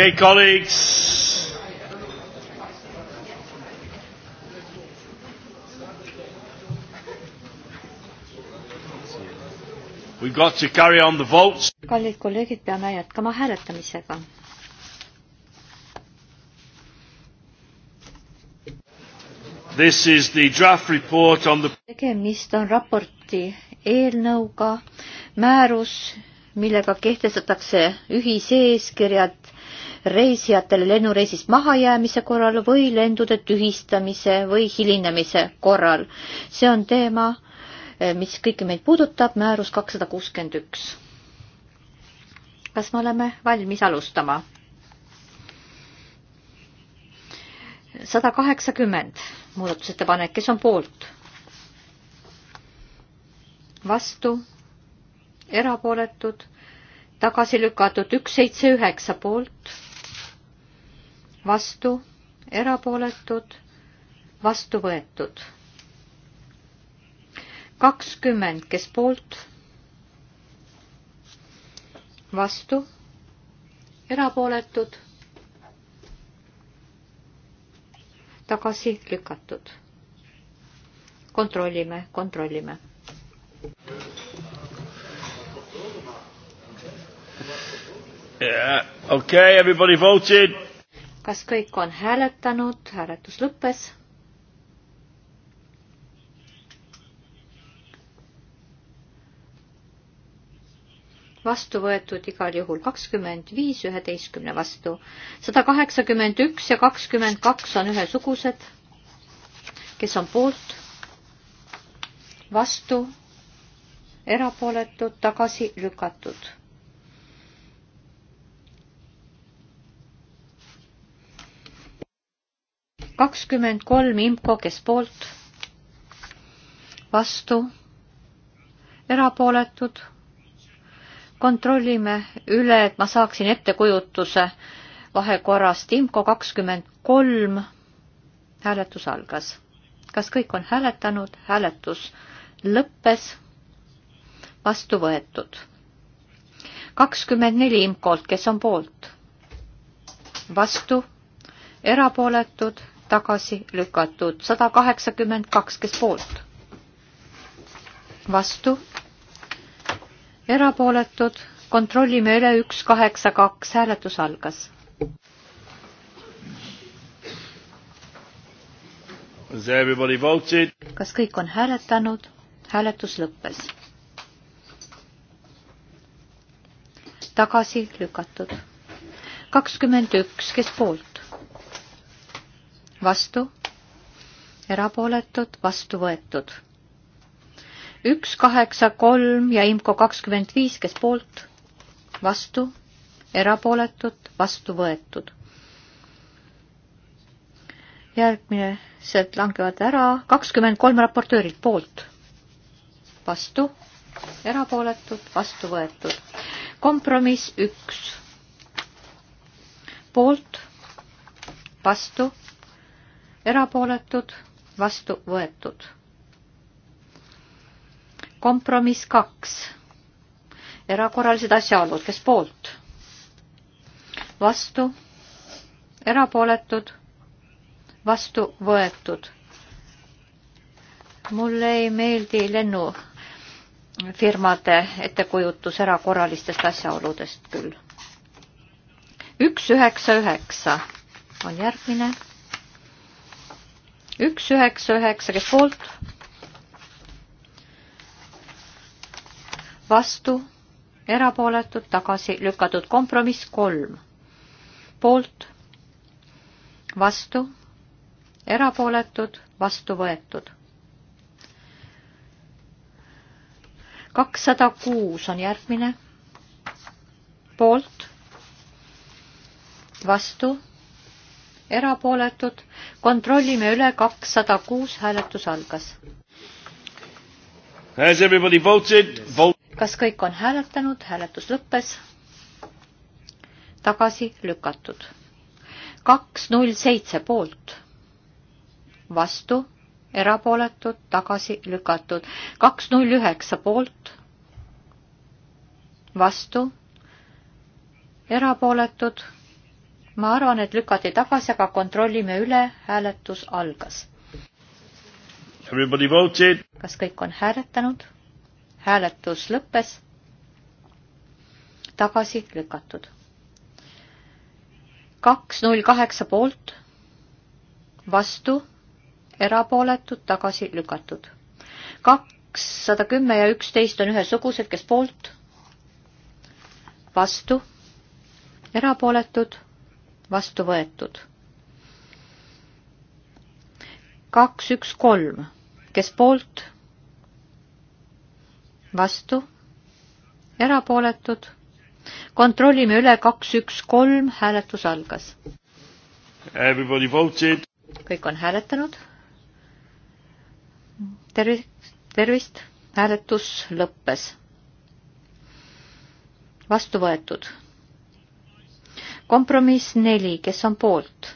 Okay, colleagues. We've got to carry on the votes. kallid kolleegid, peame jätkama hääletamisega. This is the draft report on the tegemist on raporti eelnõuga määrus, millega kehtestatakse ühiseeskirjad reisijatele lennureisist mahajäämise korral või lendude tühistamise või hilinemise korral. see on teema, eh, mis kõiki meid puudutab, määrus kakssada kuuskümmend üks. kas me oleme valmis alustama? sada kaheksakümmend muudatusettepanek, kes on poolt? vastu, erapooletud, tagasi lükatud üks seitse üheksa poolt vastu, erapooletud, vastu võetud. kakskümmend, kes poolt, vastu, erapooletud, tagasi lükatud. kontrollime, kontrollime Yeah. Okay, everybody voted kas kõik on hääletanud, hääletus lõppes. vastu võetud igal juhul kakskümmend viis üheteistkümne vastu, sada kaheksakümmend üks ja kakskümmend kaks on ühesugused. kes on poolt, vastu, erapooletud, tagasi lükatud kakskümmend kolm IMCO, kes poolt, vastu, erapooletud. kontrollime üle, et ma saaksin ettekujutuse vahekorrast. IMCO kakskümmend kolm, hääletus algas. kas kõik on hääletanud? hääletus lõppes, vastu võetud. kakskümmend neli IMCO-lt, kes on poolt, vastu erapooletud, tagasi lükatud. sada kaheksakümmend kaks, kes poolt? vastu? erapooletud, kontrollime üle üks kaheksa kaks, hääletus algas. kas kõik on hääletanud? hääletus lõppes. tagasi lükatud. kakskümmend üks, kes poolt? vastu, erapooletud, vastu võetud. üks, kaheksa, kolm ja IMCO kakskümmend viis, kes poolt, vastu, erapooletud, vastu võetud. järgmised langevad ära, kakskümmend kolm raportöörilt poolt, vastu, erapooletud, vastu võetud. kompromiss üks, poolt, vastu erapooletud, vastu võetud. kompromiss kaks, erakorralised asjaolud, kes poolt? vastu, erapooletud, vastu võetud. mulle ei meeldi lennufirmade ettekujutus erakorralistest asjaoludest küll. üks üheksa üheksa on järgmine üks üheksa üheksa, kes poolt? vastu, erapooletud, tagasi lükatud, kompromiss kolm. poolt, vastu, erapooletud, vastu võetud. kakssada kuus on järgmine. poolt, vastu erapooletud, kontrollime üle, kakssada kuus hääletus algas. kas kõik on hääletanud, hääletus lõppes, tagasi lükatud. kaks null seitse poolt, vastu, erapooletud, tagasi lükatud, kaks null üheksa poolt, vastu, erapooletud ma arvan, et lükati tagasi, aga kontrollime üle, hääletus algas. kas kõik on hääletanud? hääletus lõppes. tagasi lükatud. kaks null kaheksa poolt, vastu, erapooletud, tagasi lükatud. kakssada kümme ja üksteist on ühesugused, kes poolt, vastu, erapooletud vastu võetud. kaks, üks, kolm, kes poolt, vastu, erapooletud. kontrollime üle, kaks, üks, kolm, hääletus algas. kõik on hääletanud. tervist, tervist, hääletus lõppes. vastu võetud kompromiss neli, kes on poolt?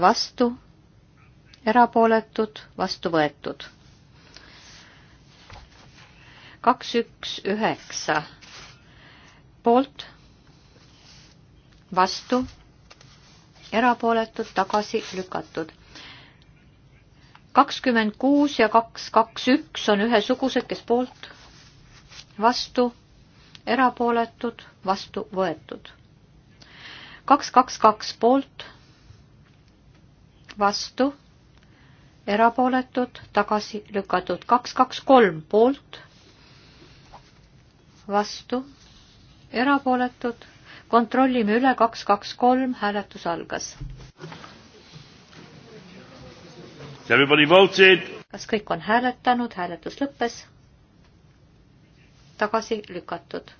vastu, erapooletud, vastu võetud. kaks, üks, üheksa, poolt, vastu, erapooletud, tagasi lükatud kakskümmend kuus ja kaks, kaks, üks on ühesugused, kes poolt, vastu, erapooletud, vastu võetud kaks, kaks, kaks poolt, vastu, erapooletud, tagasi lükatud, kaks, kaks, kolm poolt, vastu, erapooletud, kontrollime üle, kaks, kaks, kolm, hääletus algas. kas kõik on hääletanud, hääletus lõppes? tagasi lükatud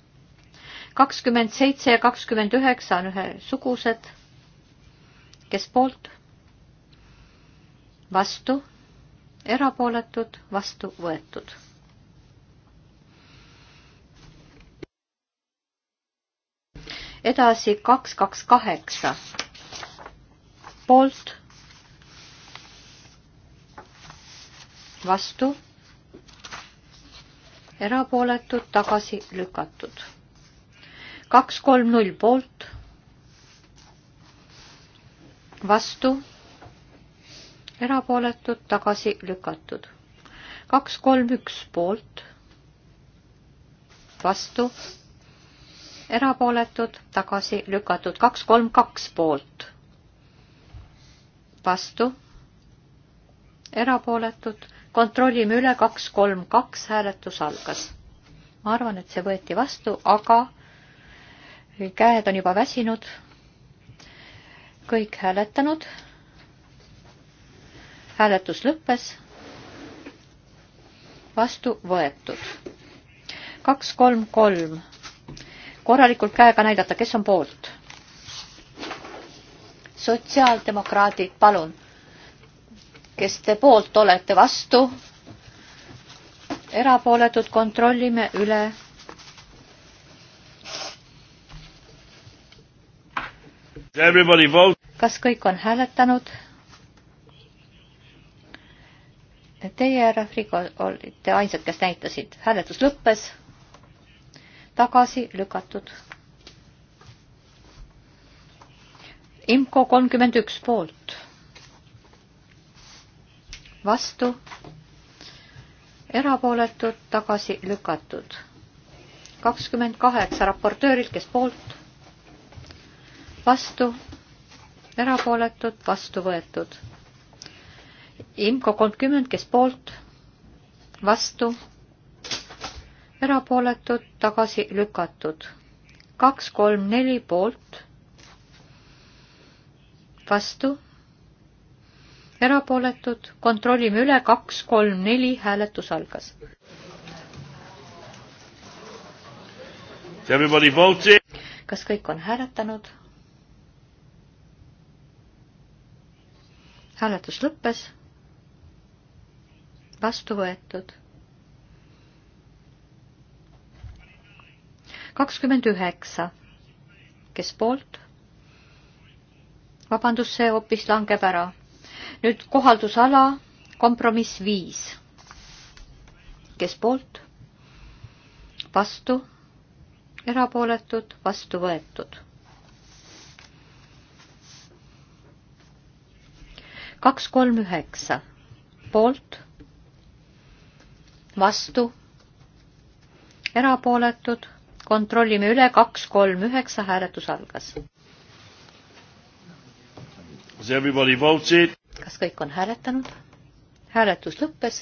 kakskümmend seitse ja kakskümmend üheksa on ühesugused. kes poolt? vastu, erapooletud, vastu võetud. edasi kaks, kaks, kaheksa. poolt, vastu, erapooletud, tagasi lükatud kaks, kolm, null poolt, vastu, erapooletud, tagasi lükatud. kaks, kolm, üks poolt, vastu, erapooletud, tagasi lükatud. kaks, kolm, kaks poolt, vastu, erapooletud, kontrollime üle, kaks, kolm, kaks, hääletus algas. ma arvan, et see võeti vastu, aga käed on juba väsinud. kõik hääletanud. hääletus lõppes. vastu võetud. kaks, kolm, kolm. korralikult käega näidata, kes on poolt. sotsiaaldemokraadid, palun. kes te poolt olete, vastu? erapooletud kontrollime üle kas kõik on hääletanud? Teie, härra Frigo, olite ainsad, kes näitasid. hääletus lõppes, tagasi lükatud. IMCO kolmkümmend üks poolt, vastu, erapooletud, tagasi lükatud. kakskümmend kaheksa raportöörilt, kes poolt vastu, erapooletud, vastu võetud. IMCO kolmkümmend, kes poolt, vastu, erapooletud, tagasi lükatud. kaks, kolm, neli poolt, vastu, erapooletud, kontrollime üle, kaks, kolm, neli, hääletus algas. kas kõik on hääletanud? hääletus lõppes. vastu võetud. kakskümmend üheksa, kes poolt? vabandust, see hoopis langeb ära. nüüd kohaldusala, kompromiss viis. kes poolt? vastu, erapooletud, vastu võetud kaks, kolm, üheksa poolt, vastu, erapooletud, kontrollime üle, kaks, kolm, üheksa, hääletus algas. kas kõik on hääletanud? hääletus lõppes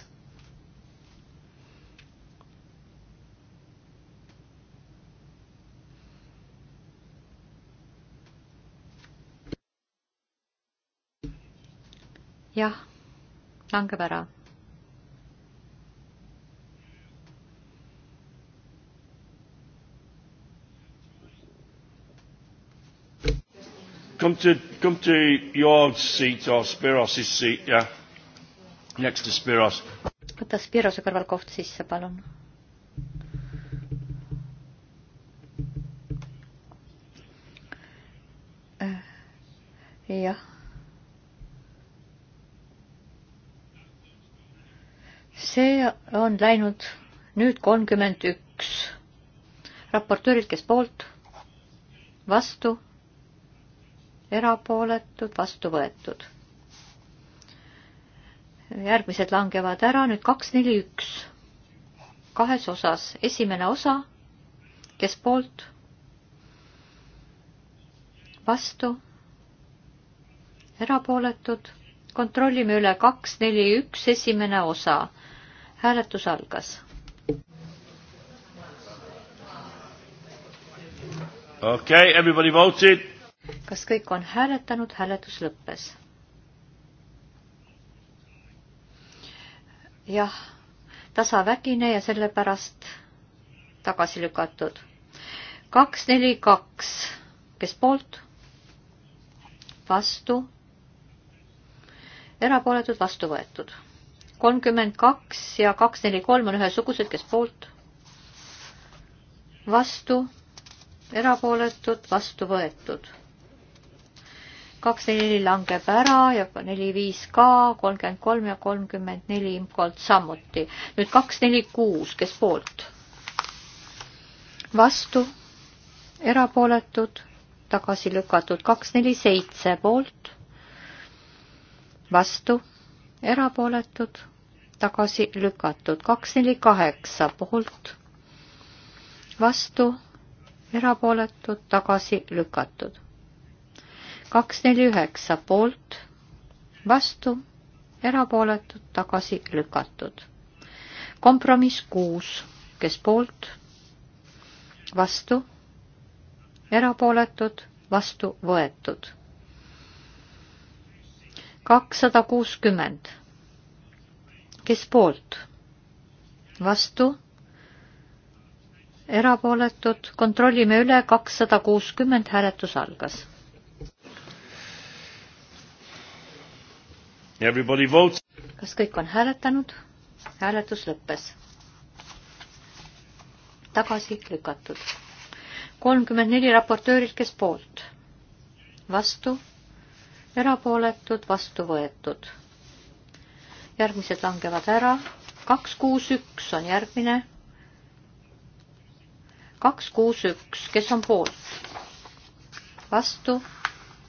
jah, langeb ära. Come to, come to your seat or Spiros' seat, yeah. Next to Spiros. Võta Spirose kõrval koht sisse, palun. Äh, jah see on läinud nüüd kolmkümmend üks. raportöörid, kes poolt, vastu, erapooletud, vastu võetud. järgmised langevad ära, nüüd kaks, neli, üks. kahes osas, esimene osa, kes poolt, vastu, erapooletud, kontrollime üle, kaks, neli, üks, esimene osa hääletus algas. okei okay,, everybody voted. kas kõik on hääletanud, hääletus lõppes. jah, tasavägine ja sellepärast tagasi lükatud. kaks, neli, kaks, kes poolt? vastu? erapooletud, vastu võetud kolmkümmend kaks ja kaks neli kolm on ühesugused, kes poolt, vastu, erapooletud, vastu võetud. kaks neli neli langeb ära ja neli viis ka, kolmkümmend kolm ja kolmkümmend neli imkolt samuti. nüüd kaks neli kuus, kes poolt, vastu, erapooletud, tagasi lükatud, kaks neli seitse poolt, vastu, erapooletud tagasi lükatud. kaks, neli, kaheksa poolt, vastu, erapooletud, tagasi lükatud. kaks, neli, üheksa poolt, vastu, erapooletud, tagasi lükatud. kompromiss kuus, kes poolt, vastu, erapooletud, vastu võetud. kakssada kuuskümmend kes poolt? vastu? erapooletud, kontrollime üle, kakssada kuuskümmend hääletus algas. kas kõik on hääletanud? hääletus lõppes. tagasi lükatud. kolmkümmend neli raportöörilt, kes poolt? vastu? erapooletud, vastu võetud järgmised langevad ära. kaks, kuus, üks on järgmine. kaks, kuus, üks, kes on poolt? vastu,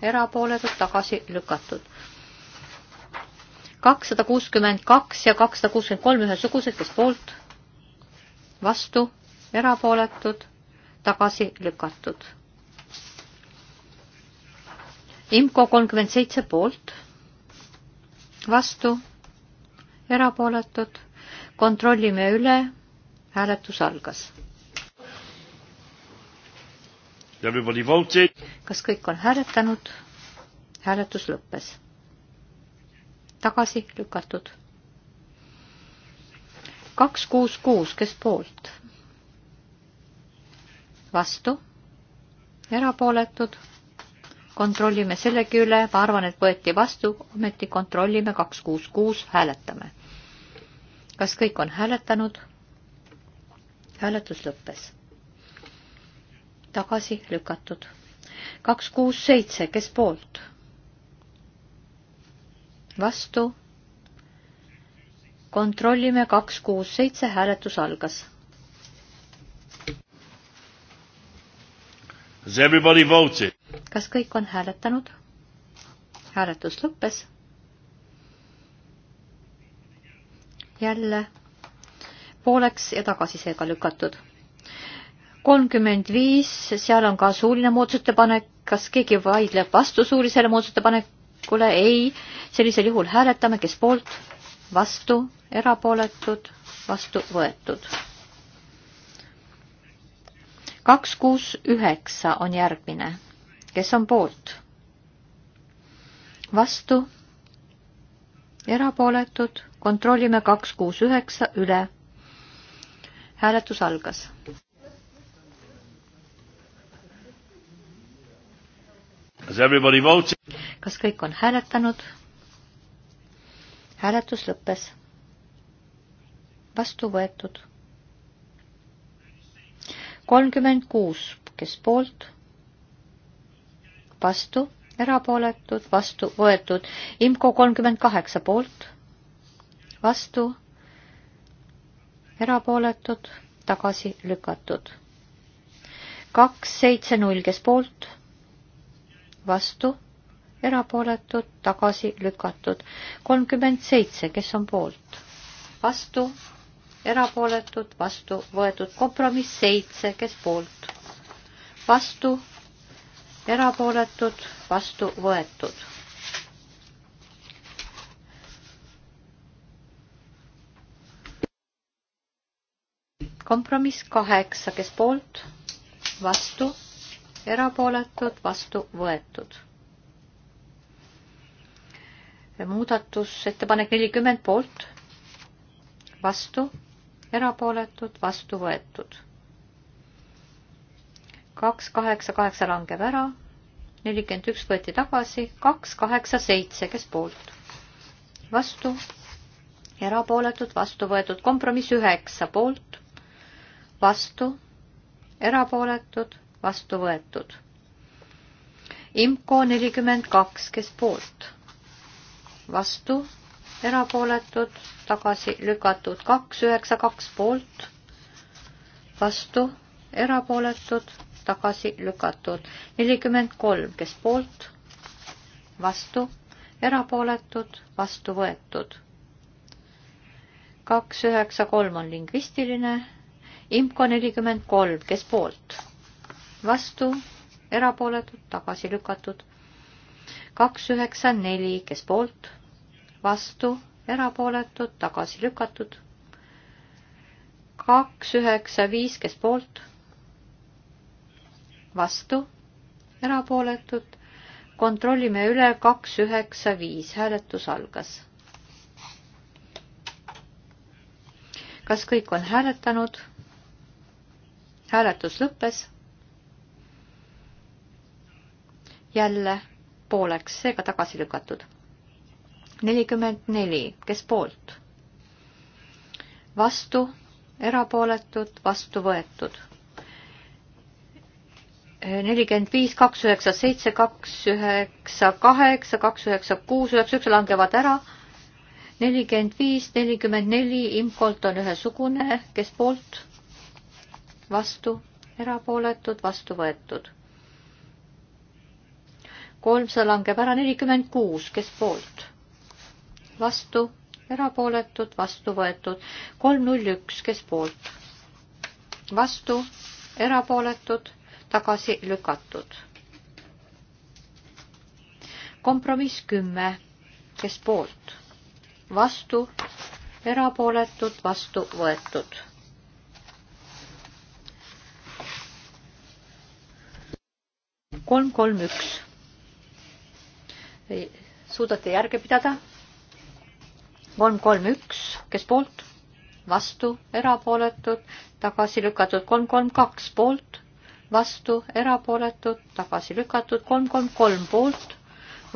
erapooletud, tagasi lükatud. kakssada kuuskümmend kaks ja kakssada kuuskümmend kolm ühesugused, kes poolt? vastu, erapooletud, tagasi lükatud. IMCO kolmkümmend seitse poolt, vastu erapooletud, kontrollime üle, hääletus algas. kas kõik on hääletanud? hääletus lõppes. tagasi lükatud. kaks kuus kuus, kes poolt? vastu, erapooletud kontrollime sellegi üle, ma arvan, et võeti vastu, ometi kontrollime kaks kuus kuus, hääletame kas kõik on hääletanud? hääletus lõppes. tagasi lükatud. kaks, kuus, seitse, kes poolt? vastu. kontrollime, kaks, kuus, seitse, hääletus algas. kas kõik on hääletanud? hääletus lõppes jälle pooleks ja tagasi seega lükatud. kolmkümmend viis, seal on ka suuline muudatusettepanek, kas keegi vaidleb vastu suulisele muudatusettepanekule? ei, sellisel juhul hääletame, kes poolt, vastu, erapooletud, vastu võetud. kaks, kuus, üheksa on järgmine, kes on poolt, vastu, erapooletud kontrollime kaks kuus üheksa üle. hääletus algas. kas kõik on hääletanud? hääletus lõppes. vastu võetud. kolmkümmend kuus, kes poolt? vastu, erapooletud, vastu võetud. IMCO kolmkümmend kaheksa poolt vastu, erapooletud, tagasi lükatud. kaks, seitse, null, kes poolt, vastu, erapooletud, tagasi lükatud. kolmkümmend seitse, kes on poolt, vastu, erapooletud, vastu võetud. kompromiss seitse, kes poolt, vastu, erapooletud, vastu võetud kompromiss kaheksa, kes poolt, vastu, erapooletud, vastu võetud. muudatusettepanek nelikümmend poolt, vastu, erapooletud, vastu võetud. kaks, kaheksa, kaheksa langeb ära, nelikümmend üks võeti tagasi, kaks, kaheksa, seitse, kes poolt, vastu, erapooletud, vastu võetud, kompromiss üheksa poolt vastu, erapooletud, vastu võetud. IMCO nelikümmend kaks, kes poolt, vastu, erapooletud, tagasi lükatud, kaks üheksa kaks poolt, vastu, erapooletud, tagasi lükatud, nelikümmend kolm, kes poolt, vastu, erapooletud, vastu võetud. kaks üheksa kolm on lingvistiline IMCO nelikümmend kolm, kes poolt? vastu, erapooletud, tagasi lükatud. kaks üheksa neli, kes poolt? vastu, erapooletud, tagasi lükatud. kaks üheksa viis, kes poolt? vastu, erapooletud. kontrollime üle, kaks üheksa viis, hääletus algas. kas kõik on hääletanud? hääletus lõppes. jälle pooleks, seega tagasi lükatud. nelikümmend neli, kes poolt? vastu, erapooletud, vastu võetud. nelikümmend viis, kaks üheksa seitse, kaks üheksa kaheksa, kaks üheksa kuus, üheksa üks langevad ära. nelikümmend viis, nelikümmend neli, imkolt on ühesugune, kes poolt? vastu, erapooletud, vastu võetud. kolmsada langeb ära, nelikümmend kuus, kes poolt? vastu, erapooletud, vastu võetud. kolm null üks, kes poolt? vastu, erapooletud, tagasi lükatud. kompromiss kümme, kes poolt? vastu, erapooletud, vastu võetud kolm, kolm, üks. suudate järge pidada? kolm, kolm, üks, kes poolt? vastu, erapooletud, tagasi lükatud, kolm, kolm, kaks poolt, vastu, erapooletud, tagasi lükatud, kolm, kolm, kolm poolt,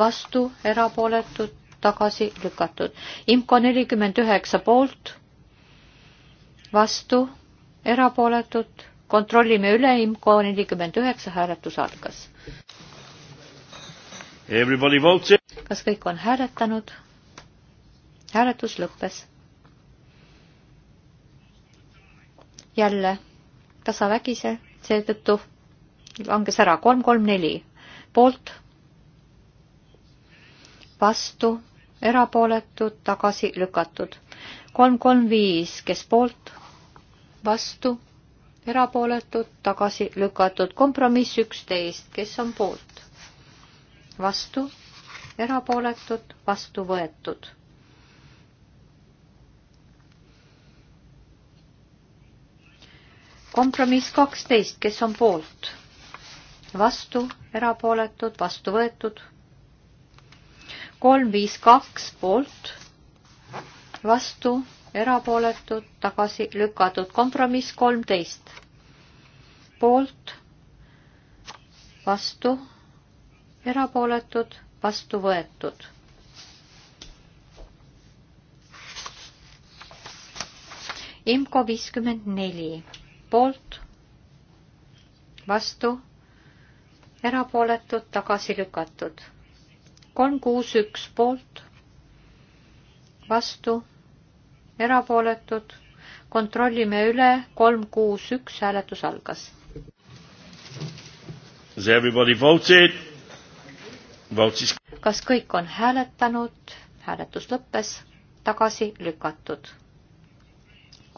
vastu, erapooletud, tagasi lükatud. IMCO nelikümmend üheksa poolt, vastu, erapooletud kontrollime üle, IMCO nelikümmend üheksa hääletus algas. kas kõik on hääletanud? hääletus lõppes. jälle tasavägise, seetõttu langes ära kolm, kolm, neli poolt, vastu, erapooletud, tagasi lükatud. kolm, kolm, viis, kes poolt, vastu erapooletud, tagasi lükatud. kompromiss üksteist, kes on poolt? vastu, erapooletud, vastu võetud. kompromiss kaksteist, kes on poolt? vastu, erapooletud, vastu võetud. kolm, viis, kaks poolt, vastu erapooletud, tagasi lükatud. kompromiss kolmteist, poolt, vastu, erapooletud, vastu võetud. IMCO viiskümmend neli, poolt, vastu, erapooletud, tagasi lükatud. kolm, kuus, üks poolt, vastu erapooletud, kontrollime üle, kolm, kuus, üks, hääletus algas. Is... kas kõik on hääletanud? hääletus lõppes, tagasi lükatud.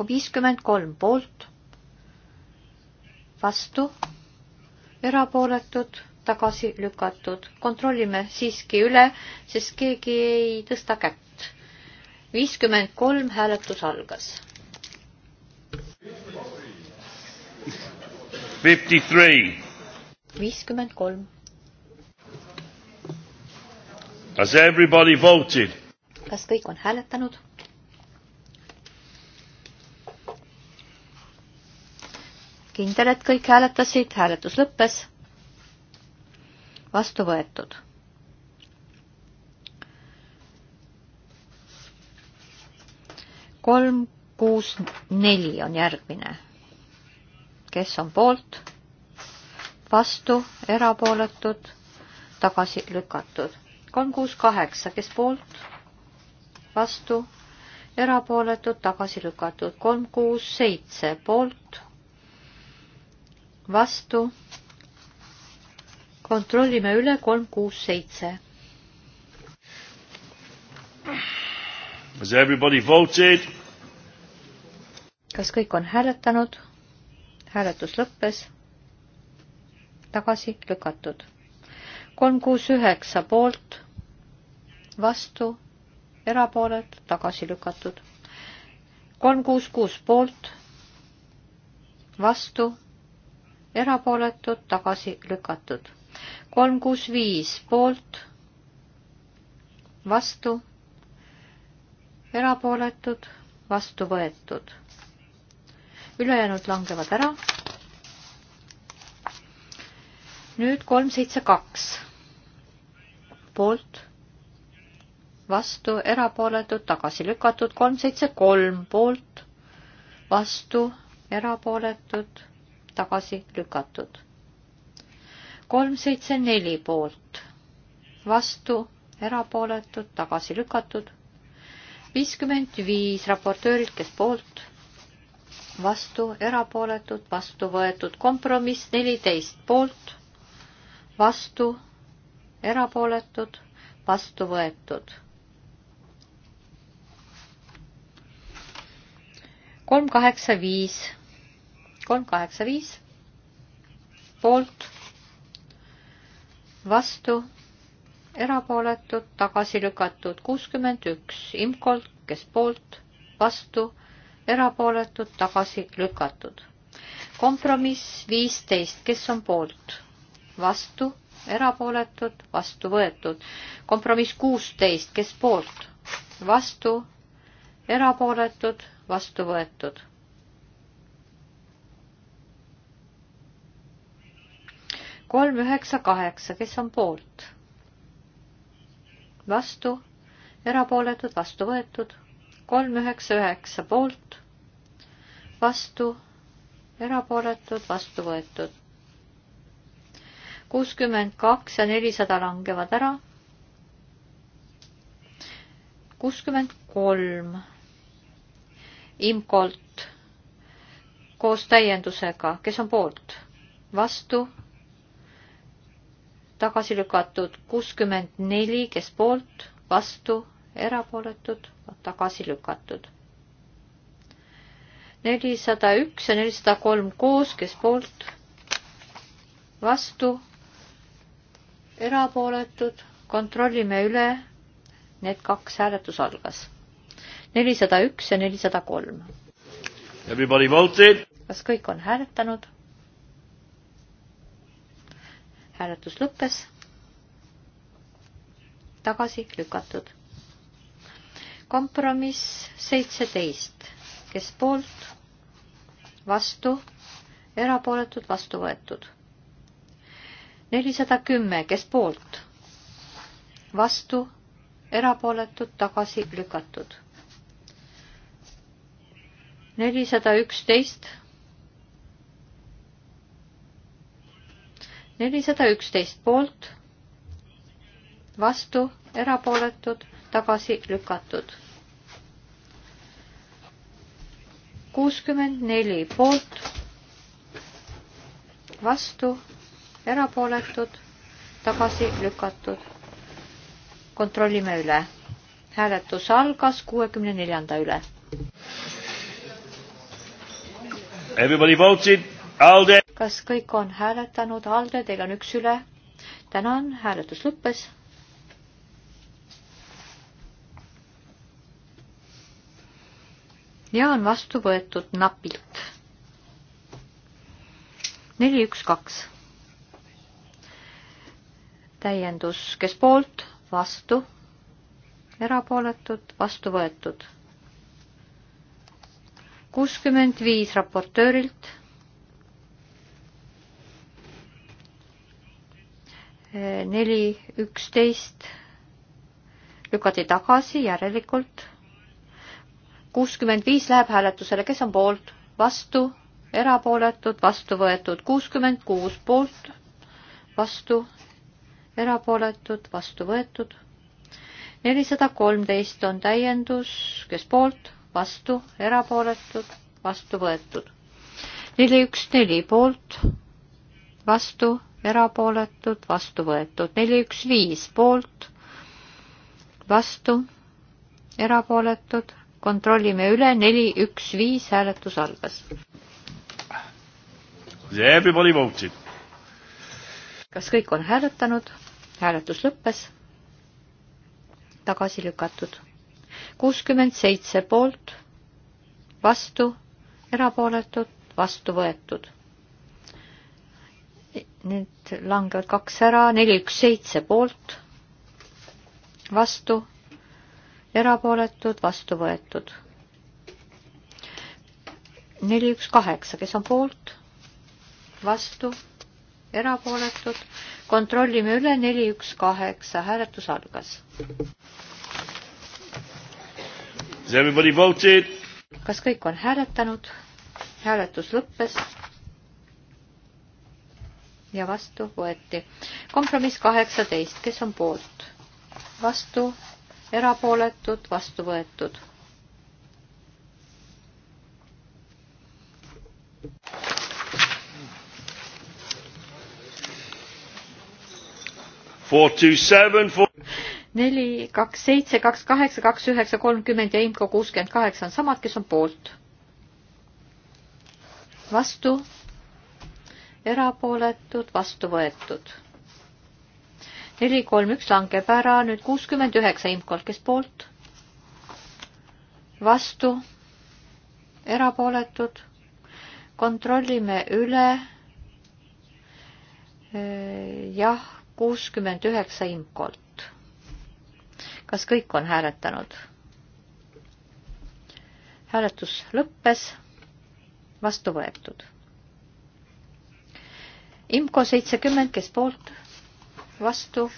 viiskümmend kolm poolt, vastu, erapooletud tagasi lükatud. kontrollime siiski üle, sest keegi ei tõsta kätt viiskümmend kolm hääletus algas. viiskümmend kolm. Has everybody voted? kas kõik on hääletanud? kindel, et kõik hääletasid, hääletus lõppes. vastu võetud kolm, kuus, neli on järgmine. kes on poolt, vastu, erapooletud, tagasi lükatud. kolm, kuus, kaheksa, kes poolt, vastu, erapooletud, tagasi lükatud. kolm, kuus, seitse, poolt, vastu. kontrollime üle, kolm, kuus, seitse Has everybody voted? kas kõik on hääletanud? hääletus lõppes. tagasi lükatud. kolm kuus üheksa poolt, vastu, erapooled, tagasi lükatud. kolm kuus kuus poolt, vastu, erapooletud, tagasi lükatud. kolm kuus viis poolt, vastu erapooletud, vastu võetud. ülejäänud langevad ära. nüüd kolm, seitse, kaks. poolt, vastu, erapooletud, tagasi lükatud, kolm, seitse, kolm, poolt, vastu, erapooletud, tagasi lükatud. kolm, seitse, neli poolt, vastu, erapooletud, tagasi lükatud viiskümmend viis raportöörilt, kes poolt, vastu, erapooletud, vastu võetud, kompromiss neliteist poolt, vastu, erapooletud, vastu võetud. kolm kaheksa viis, kolm kaheksa viis, poolt, vastu erapooletud, tagasi lükatud kuuskümmend üks, imkolt, kes poolt, vastu, erapooletud, tagasi lükatud. kompromiss viisteist, kes on poolt, vastu, erapooletud, vastu võetud. kompromiss kuusteist, kes poolt, vastu, erapooletud, vastu võetud. kolm üheksa kaheksa, kes on poolt vastu, erapooletud, vastu võetud, kolm üheksa üheksa poolt, vastu, erapooletud, vastu võetud. kuuskümmend kaks ja nelisada langevad ära. kuuskümmend kolm IMCO-lt koos täiendusega, kes on poolt, vastu tagasi lükatud kuuskümmend neli, kes poolt, vastu, erapooletud, tagasi lükatud. nelisada üks ja nelisada kolm koos, kes poolt, vastu, erapooletud, kontrollime üle, need kaks hääletus algas. nelisada üks ja nelisada kolm. Everybody voted. kas kõik on hääletanud? hääletus lõppes. tagasi lükatud. kompromiss seitseteist, kes poolt, vastu, erapooletud, vastu võetud. nelisada kümme, kes poolt, vastu, erapooletud, tagasi lükatud. nelisada üksteist nelisada üksteist poolt, vastu, erapooletud, tagasi lükatud. kuuskümmend neli poolt, vastu, erapooletud, tagasi lükatud. kontrollime üle. hääletus algas kuuekümne neljanda üle. Everybody votes it. Alde kas kõik on hääletanud, Alde, teil on üks üle. tänan, hääletus lõppes. ja on vastu võetud napilt. neli, üks, kaks. täiendus, kes poolt, vastu, erapooletud, vastu võetud kuuskümmend viis raportöörilt neli, üksteist lükati tagasi, järelikult kuuskümmend viis läheb hääletusele, kes on poolt, vastu, erapooletud, vastu võetud, kuuskümmend kuus poolt, vastu, erapooletud, vastu võetud. nelisada kolmteist on täiendus, kes poolt, vastu, erapooletud, vastu võetud. neli, üks, neli poolt, vastu erapooletud, vastu võetud. neli, üks, viis poolt, vastu, erapooletud, kontrollime üle, neli, üks, viis, hääletus algas. Everybody voted. kas kõik on hääletanud? hääletus lõppes. tagasi lükatud. kuuskümmend seitse poolt, vastu, erapooletud, vastu võetud Need langevad kaks ära, neli, üks, seitse poolt, vastu, erapooletud, vastu võetud. neli, üks, kaheksa, kes on poolt, vastu, erapooletud, kontrollime üle, neli, üks, kaheksa, hääletus algas. kas kõik on hääletanud? hääletus lõppes ja vastu võeti. kompromiss kaheksateist, kes on poolt? vastu, erapooletud, vastu võetud. neli, kaks, seitse, kaks, kaheksa, kaks, üheksa, kolmkümmend ja IMCO kuuskümmend kaheksa on samad, kes on poolt. vastu erapooletud, vastu võetud. neli, kolm, üks langeb ära, nüüd kuuskümmend üheksa imkolt, kes poolt? vastu, erapooletud, kontrollime üle. Äh, jah, kuuskümmend üheksa imkolt. kas kõik on hääletanud? hääletus lõppes, vastu võetud IMCO seitsekümmend, kes poolt, vastu,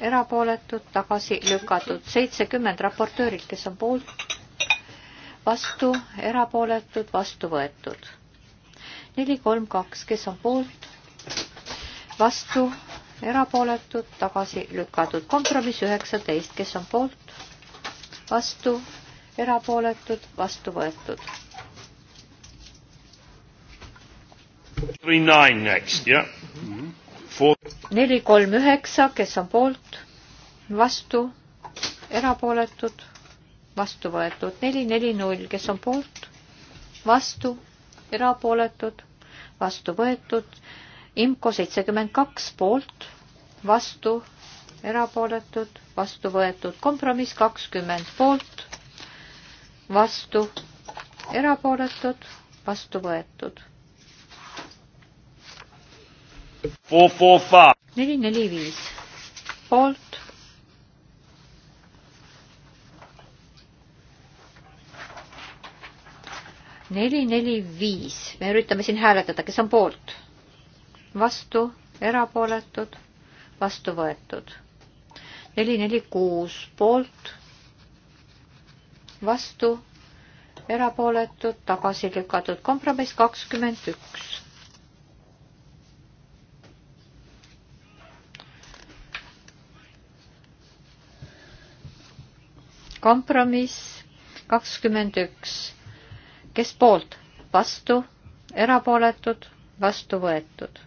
erapooletud, tagasi lükatud. seitsekümmend raportöörid, kes on poolt, vastu, erapooletud, vastu võetud. neli, kolm, kaks, kes on poolt, vastu, erapooletud, tagasi lükatud. kompromiss üheksateist, kes on poolt, vastu, erapooletud, vastu võetud. Three nine next, jah yeah neli, kolm, üheksa, kes on poolt, vastu, erapooletud, vastu võetud, neli, neli, null, kes on poolt, vastu, erapooletud, vastu võetud, IMCO seitsekümmend kaks poolt, vastu, erapooletud, vastu võetud, kompromiss kakskümmend poolt, vastu, erapooletud, vastu võetud neli, neli, viis poolt. neli, neli, viis, me üritame siin hääletada, kes on poolt, vastu, erapooletud, vastu võetud. neli, neli, kuus poolt, vastu, erapooletud, tagasi lükatud, kompromiss kakskümmend üks kompromiss kakskümmend üks, kes poolt, vastu, erapooletud, vastu võetud.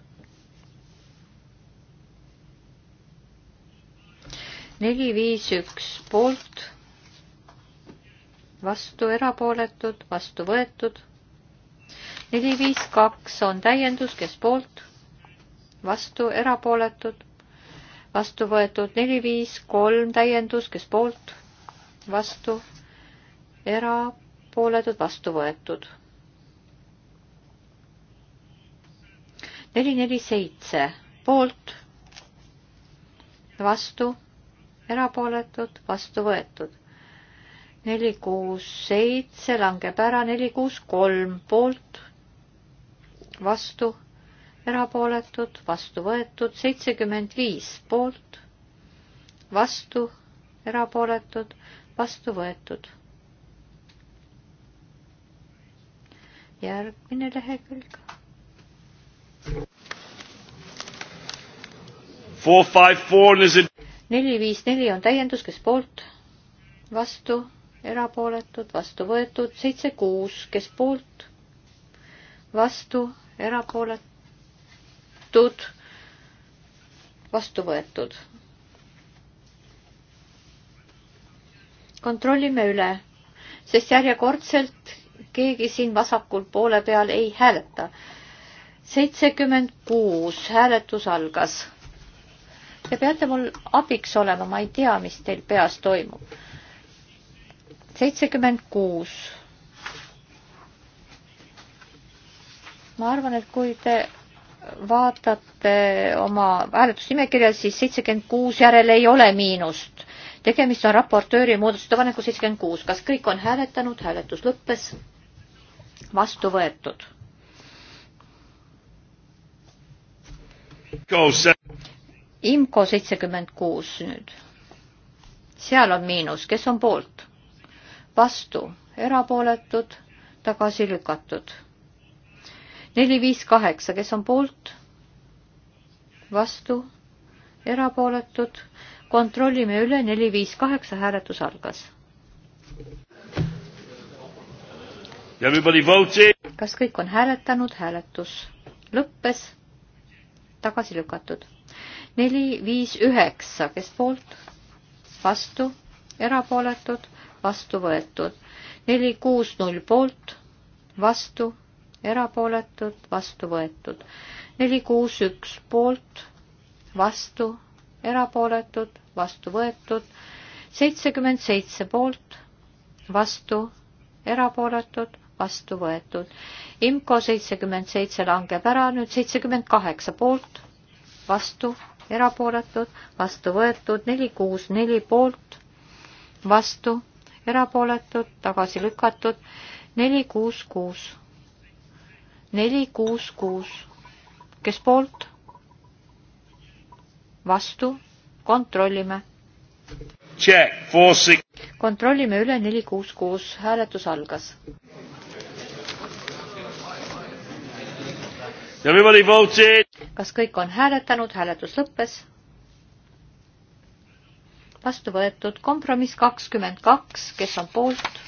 neli, viis, üks poolt, vastu, erapooletud, vastu võetud. neli, viis, kaks on täiendus, kes poolt, vastu, erapooletud, vastu võetud. neli, viis, kolm täiendus, kes poolt vastu, erapooletud, vastu võetud. neli, neli, seitse poolt, vastu, erapooletud, vastu võetud. neli, kuus, seitse langeb ära, neli, kuus, kolm poolt, vastu, erapooletud, vastu võetud, seitsekümmend viis poolt, vastu, erapooletud, vastu võetud. järgmine lehekülg. neli, viis, neli on täiendus, kes poolt, vastu, erapooletud, vastu võetud, seitse, kuus, kes poolt, vastu, erapooletud, vastu võetud kontrollime üle, sest järjekordselt keegi siin vasakul poole peal ei hääleta. seitsekümmend kuus hääletus algas. Te peate mul abiks olema, ma ei tea, mis teil peas toimub. seitsekümmend kuus. ma arvan, et kui te vaatate oma hääletusnimekirja, siis seitsekümmend kuus järel ei ole miinust tegemist on raportööri muudatusettepaneku seitsekümmend kuus. kas kõik on hääletanud? hääletus lõppes. vastu võetud. IMCO seitsekümmend kuus nüüd. seal on miinus, kes on poolt? vastu, erapooletud, tagasi lükatud. neli, viis, kaheksa, kes on poolt? vastu, erapooletud, kontrollime üle, neli, viis, kaheksa hääletus algas. kas kõik on hääletanud, hääletus lõppes, tagasi lükatud. neli, viis, üheksa, kes poolt, vastu, erapooletud, vastu võetud. neli, kuus, null poolt, vastu, erapooletud, vastu võetud. neli, kuus, üks poolt, vastu, erapooletud, vastu võetud, seitsekümmend seitse poolt, vastu, erapooletud, vastu võetud. IMCO seitsekümmend seitse langeb ära, nüüd seitsekümmend kaheksa poolt, vastu, erapooletud, vastu võetud, neli kuus neli poolt, vastu, erapooletud, tagasi lükatud, neli kuus kuus, neli kuus kuus, kes poolt, vastu kontrollime. kontrollime üle neli kuus kuus, hääletus algas. kas kõik on hääletanud, hääletus lõppes? vastu võetud kompromiss kakskümmend kaks, kes on poolt?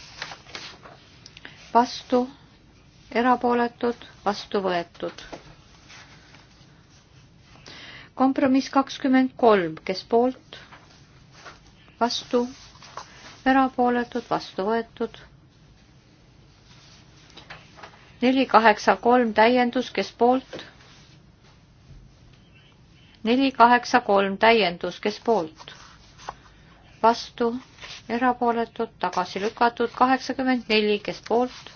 vastu, erapooletud, vastu võetud kompromiss kakskümmend kolm, kes poolt, vastu, erapooletud, vastu võetud. neli, kaheksa, kolm täiendus, kes poolt? neli, kaheksa, kolm täiendus, kes poolt? vastu, erapooletud, tagasi lükatud, kaheksakümmend neli, kes poolt?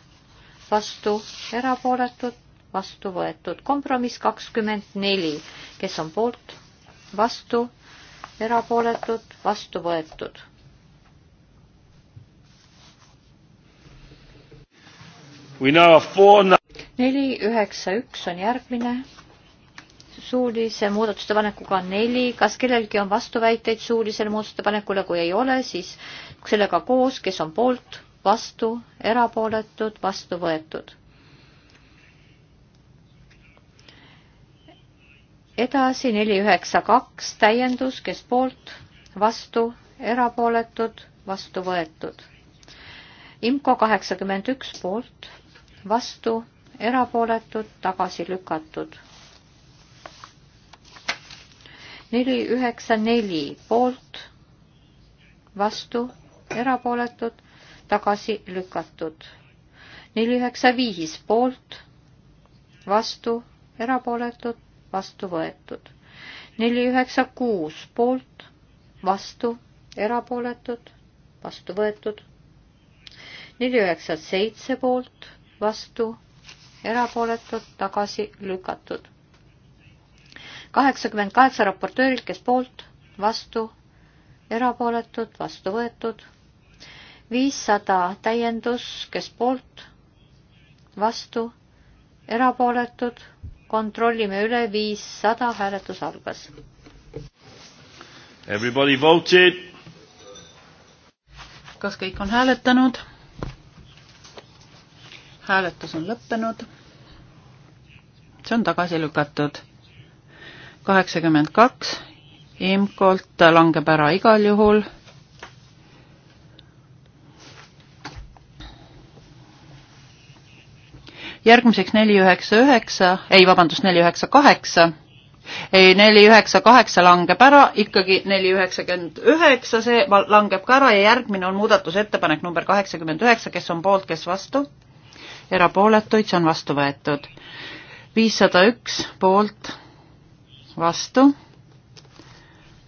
vastu, erapooletud, vastu võetud. kompromiss kakskümmend neli, kes on poolt, vastu, erapooletud, vastu võetud. neli üheksa üks on järgmine suulise muudatustepanekuga neli, kas kellelgi on vastuväiteid suulisele muudatustepanekule, kui ei ole, siis sellega koos, kes on poolt, vastu, erapooletud, vastu võetud edasi neli üheksa kaks täiendus, kes poolt, vastu, erapooletud, vastu võetud. IMCO kaheksakümmend üks poolt, vastu, erapooletud, tagasi lükatud. neli üheksa neli poolt, vastu, erapooletud, tagasi lükatud. neli üheksa viis poolt, vastu, erapooletud, vastu võetud. neli üheksa kuus poolt, vastu, erapooletud, vastu võetud. neli üheksa seitse poolt, vastu, erapooletud, tagasi lükatud. kaheksakümmend kaheksa raportöörilt, kes poolt, vastu, erapooletud, vastu võetud. viissada täiendus, kes poolt, vastu, erapooletud kontrollime üle, viissada hääletus algas. Everybody voted. kas kõik on hääletanud? hääletus on lõppenud. see on tagasi lükatud. kaheksakümmend kaks, IMCO-lt langeb ära igal juhul järgmiseks neli üheksa üheksa, ei vabandust, neli üheksa kaheksa, ei neli üheksa kaheksa langeb ära, ikkagi neli üheksakümmend üheksa, see langeb ka ära ja järgmine on muudatusettepanek number kaheksakümmend üheksa, kes on poolt, kes vastu, erapooletuid, see on vastu võetud. viissada üks poolt, vastu,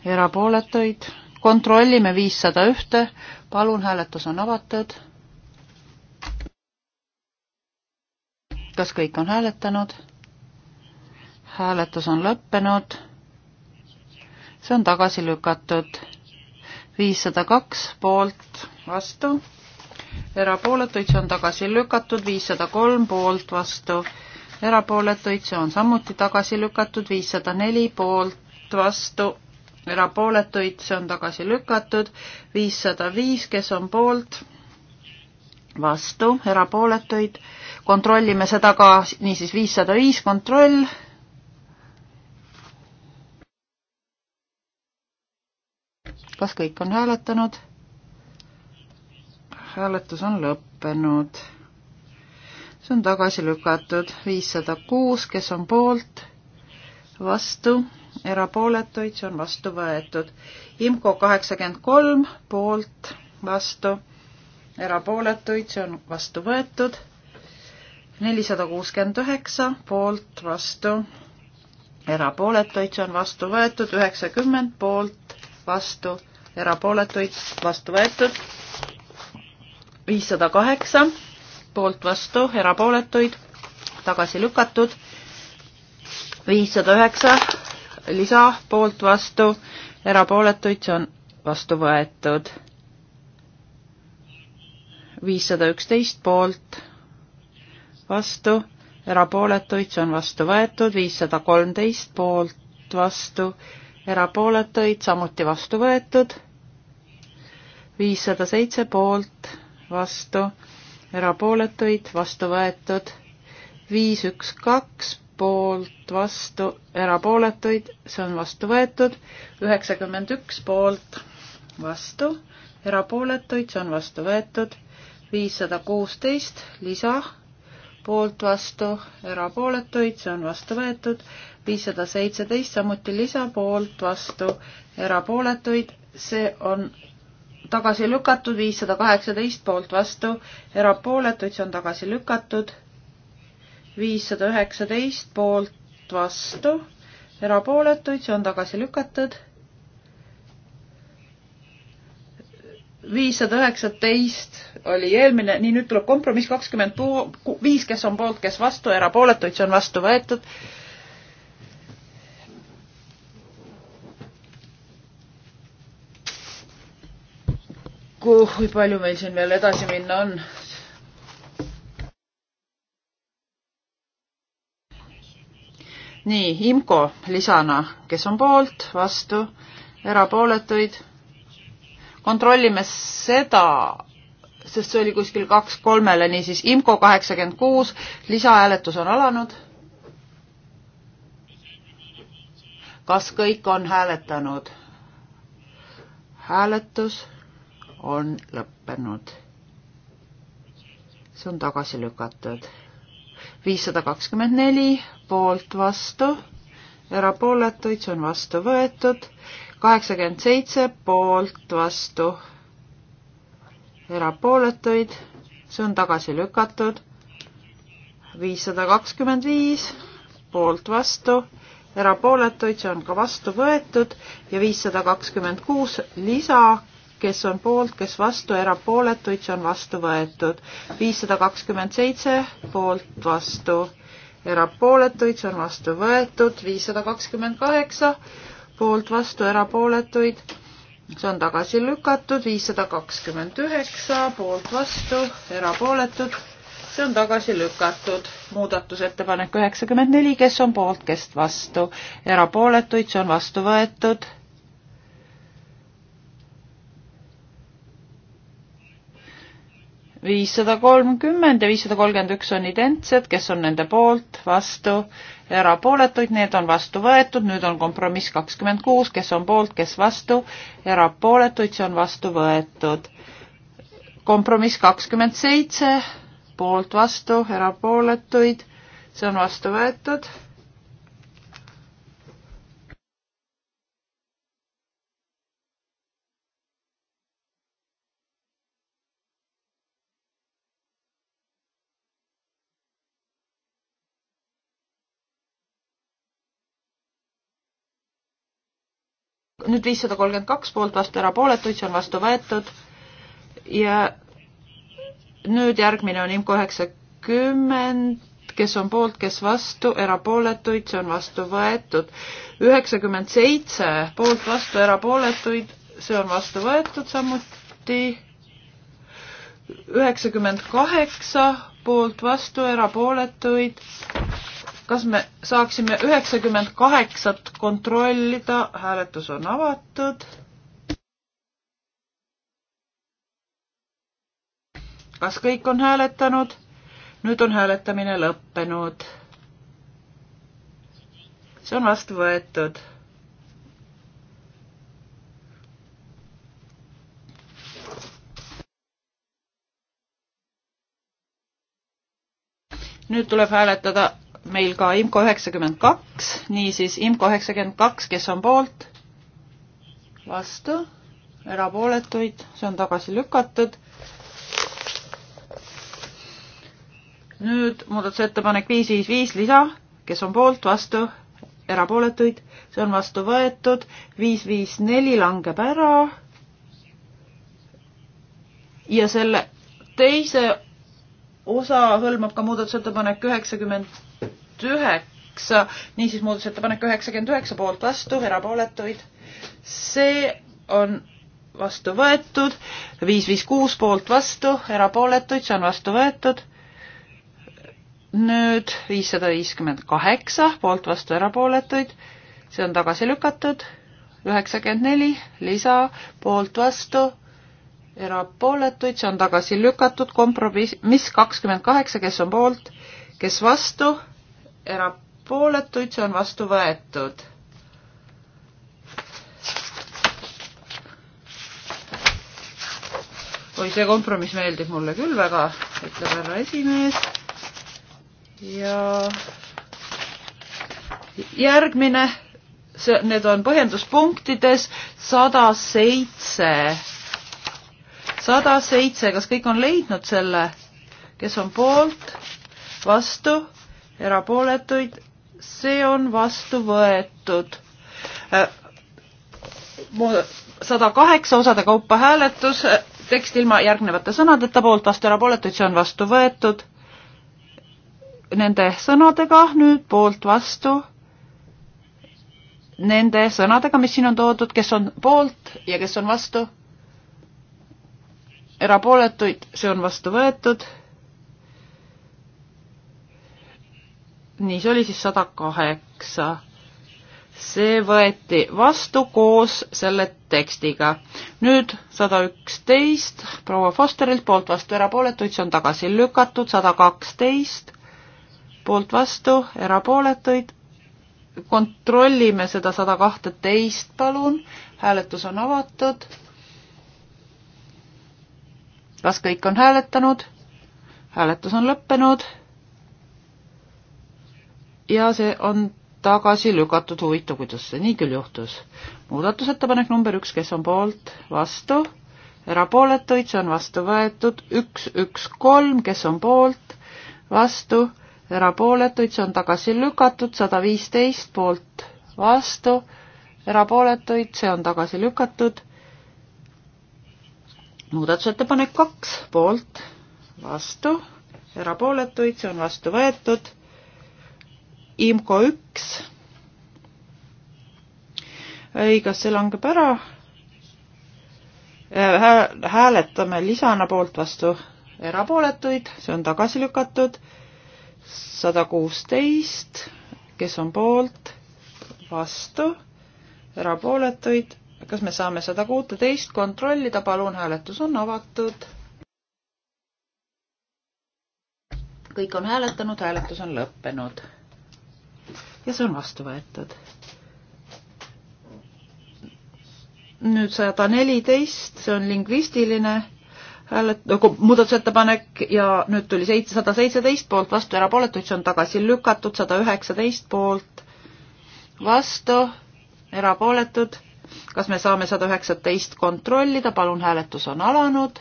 erapooletuid, kontrollime viissada ühte, palun, hääletus on avatud kas kõik on hääletanud? hääletus on lõppenud. see on tagasi lükatud. viissada kaks poolt, vastu, erapooletuid, see on tagasi lükatud, viissada kolm poolt, vastu, erapooletuid, see on samuti tagasi lükatud, viissada neli poolt, vastu, erapooletuid, see on tagasi lükatud, viissada viis, kes on poolt, vastu, erapooletuid, kontrollime seda ka, niisiis viissada viis kontroll. kas kõik on hääletanud? hääletus on lõppenud. see on tagasi lükatud, viissada kuus, kes on poolt, vastu, erapooletuid, see on vastu võetud. IMCO kaheksakümmend kolm, poolt, vastu erapooletuid, see on vastu võetud. nelisada kuuskümmend üheksa poolt, vastu, erapooletuid, see on vastu võetud, üheksakümmend poolt, vastu, erapooletuid, vastu võetud. viissada kaheksa poolt, vastu, erapooletuid, tagasi lükatud. viissada üheksa lisa poolt, vastu, erapooletuid, see on vastu võetud viissada üksteist poolt, vastu, erapooletuid, see on vastu võetud, viissada kolmteist poolt, vastu, erapooletuid, samuti vastu võetud, viissada seitse poolt, vastu, erapooletuid, vastu võetud, viis üks kaks poolt, vastu, erapooletuid, see on vastu võetud, üheksakümmend üks poolt, vastu, erapooletuid, see on vastu võetud viissada kuusteist lisa, poolt vastu, erapooletuid, see on vastu võetud, viissada seitseteist samuti lisa, poolt vastu, erapooletuid, see on tagasi lükatud, viissada kaheksateist poolt vastu, erapooletuid, see on tagasi lükatud, viissada üheksateist poolt vastu, erapooletuid, see on tagasi lükatud viissada üheksateist oli eelmine, nii nüüd tuleb kompromiss kakskümmend viis, kes on poolt, kes vastu, erapooletuid, see on vastu võetud. kui palju meil siin veel edasi minna on? nii, IMCO lisana, kes on poolt, vastu, erapooletuid kontrollime seda, sest see oli kuskil kaks kolmele, niisiis IMCO kaheksakümmend kuus, lisahääletus on alanud. kas kõik on hääletanud? hääletus on lõppenud. see on tagasi lükatud. viissada kakskümmend neli poolt vastu, erapooletuid, see on vastu võetud kaheksakümmend seitse poolt, vastu, erapooletuid, see on tagasi lükatud. viissada kakskümmend viis poolt, vastu, erapooletuid, see on ka vastu võetud ja viissada kakskümmend kuus lisa kes on poolt, kes vastu, erapooletuid, see on vastu võetud. viissada kakskümmend seitse poolt, vastu, erapooletuid, see on vastu võetud. viissada kakskümmend kaheksa poolt vastu erapooletuid, see on tagasi lükatud, viissada kakskümmend üheksa poolt vastu erapooletud, see on tagasi lükatud. muudatusettepanek üheksakümmend neli, kes on poolt, kes vastu, erapooletuid, see on vastu võetud viissada kolmkümmend ja viissada kolmkümmend üks on identsed, kes on nende poolt, vastu, erapooletuid, need on vastu võetud, nüüd on kompromiss kakskümmend kuus, kes on poolt, kes vastu, erapooletuid, see on vastu võetud. kompromiss kakskümmend seitse, poolt, vastu, erapooletuid, see on vastu võetud nüüd viissada kolmkümmend kaks poolt vastu erapooletuid, see on vastu võetud. ja nüüd järgmine on IMCO üheksakümmend, kes on poolt, kes vastu, erapooletuid, see on vastu võetud. üheksakümmend seitse poolt vastu erapooletuid, see on vastu võetud samuti. üheksakümmend kaheksa poolt vastu erapooletuid kas me saaksime üheksakümmend kaheksat kontrollida, hääletus on avatud. kas kõik on hääletanud? nüüd on hääletamine lõppenud. see on vastu võetud. nüüd tuleb hääletada meil ka IMCO üheksakümmend kaks, niisiis IMCO üheksakümmend kaks, kes on poolt, vastu, erapooletuid, see on tagasi lükatud. nüüd muudatusettepanek viis, viis, viis lisa, kes on poolt, vastu, erapooletuid, see on vastu võetud, viis, viis, neli langeb ära. ja selle teise osa hõlmab ka muudatusettepanek üheksakümmend üheksa, niisiis muudusettepanek üheksakümmend üheksa poolt vastu, erapooletuid. see on vastu võetud, viis, viis, kuus poolt vastu, erapooletuid, see on vastu võetud. nüüd viissada viiskümmend kaheksa poolt vastu, erapooletuid, see on tagasi lükatud. üheksakümmend neli lisa poolt vastu, erapooletuid, see on tagasi lükatud, kompromiss kakskümmend kaheksa, kes on poolt, kes vastu, erapooletuid, see on vastu võetud. oi, see kompromiss meeldib mulle küll väga, ütleb härra esimees. ja järgmine, see, need on põhjenduspunktides sada seitse sada seitse, kas kõik on leidnud selle, kes on poolt, vastu, erapooletuid, see on vastu võetud. Äh, sada kaheksa osade kaupa hääletus, äh, tekst ilma järgnevate sõnadeta, poolt vastu erapooletuid, see on vastu võetud. Nende sõnadega nüüd poolt vastu, nende sõnadega, mis siin on toodud, kes on poolt ja kes on vastu, erapooletuid, see on vastu võetud nii, see oli siis sada kaheksa. see võeti vastu koos selle tekstiga. nüüd sada üksteist proua Fosterilt poolt vastu erapooletuid, see on tagasi lükatud, sada kaksteist poolt vastu erapooletuid. kontrollime seda sada kahteteist, palun. hääletus on avatud. kas kõik on hääletanud? hääletus on lõppenud ja see on tagasi lükatud, huvitav, kuidas see nii küll juhtus. muudatusettepanek number üks, kes on poolt, vastu, erapooletuid, see on vastu võetud, üks, üks, kolm, kes on poolt, vastu, erapooletuid, see on tagasi lükatud, sada viisteist poolt, vastu, erapooletuid, see on tagasi lükatud. muudatusettepanek kaks, poolt, vastu, erapooletuid, see on vastu võetud IMCO üks. ei, kas see langeb ära? Äh, hääletame lisana poolt vastu erapooletuid, see on tagasi lükatud. sada kuusteist, kes on poolt, vastu, erapooletuid. kas me saame sada kuuteteist kontrollida, palun, hääletus on avatud. kõik on hääletanud, hääletus on lõppenud ja see on vastu võetud. nüüd sada neliteist, see on lingvistiline hääled, nagu muudatusettepanek ja nüüd tuli seitsesada seitseteist poolt vastu, erapooletuid, see on tagasi lükatud, sada üheksateist poolt vastu, erapooletud. kas me saame sada üheksateist kontrollida, palun, hääletus on alanud.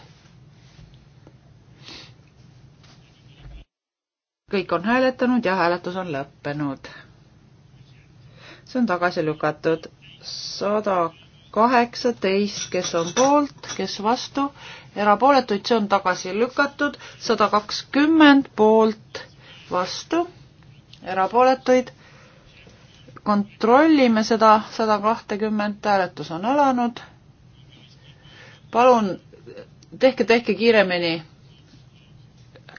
kõik on hääletanud ja hääletus on lõppenud see on tagasi lükatud. sada kaheksateist, kes on poolt, kes vastu, erapooletuid, see on tagasi lükatud. sada kakskümmend poolt, vastu, erapooletuid. kontrollime seda, sada kahtekümmet, hääletus on alanud. palun tehke, tehke kiiremini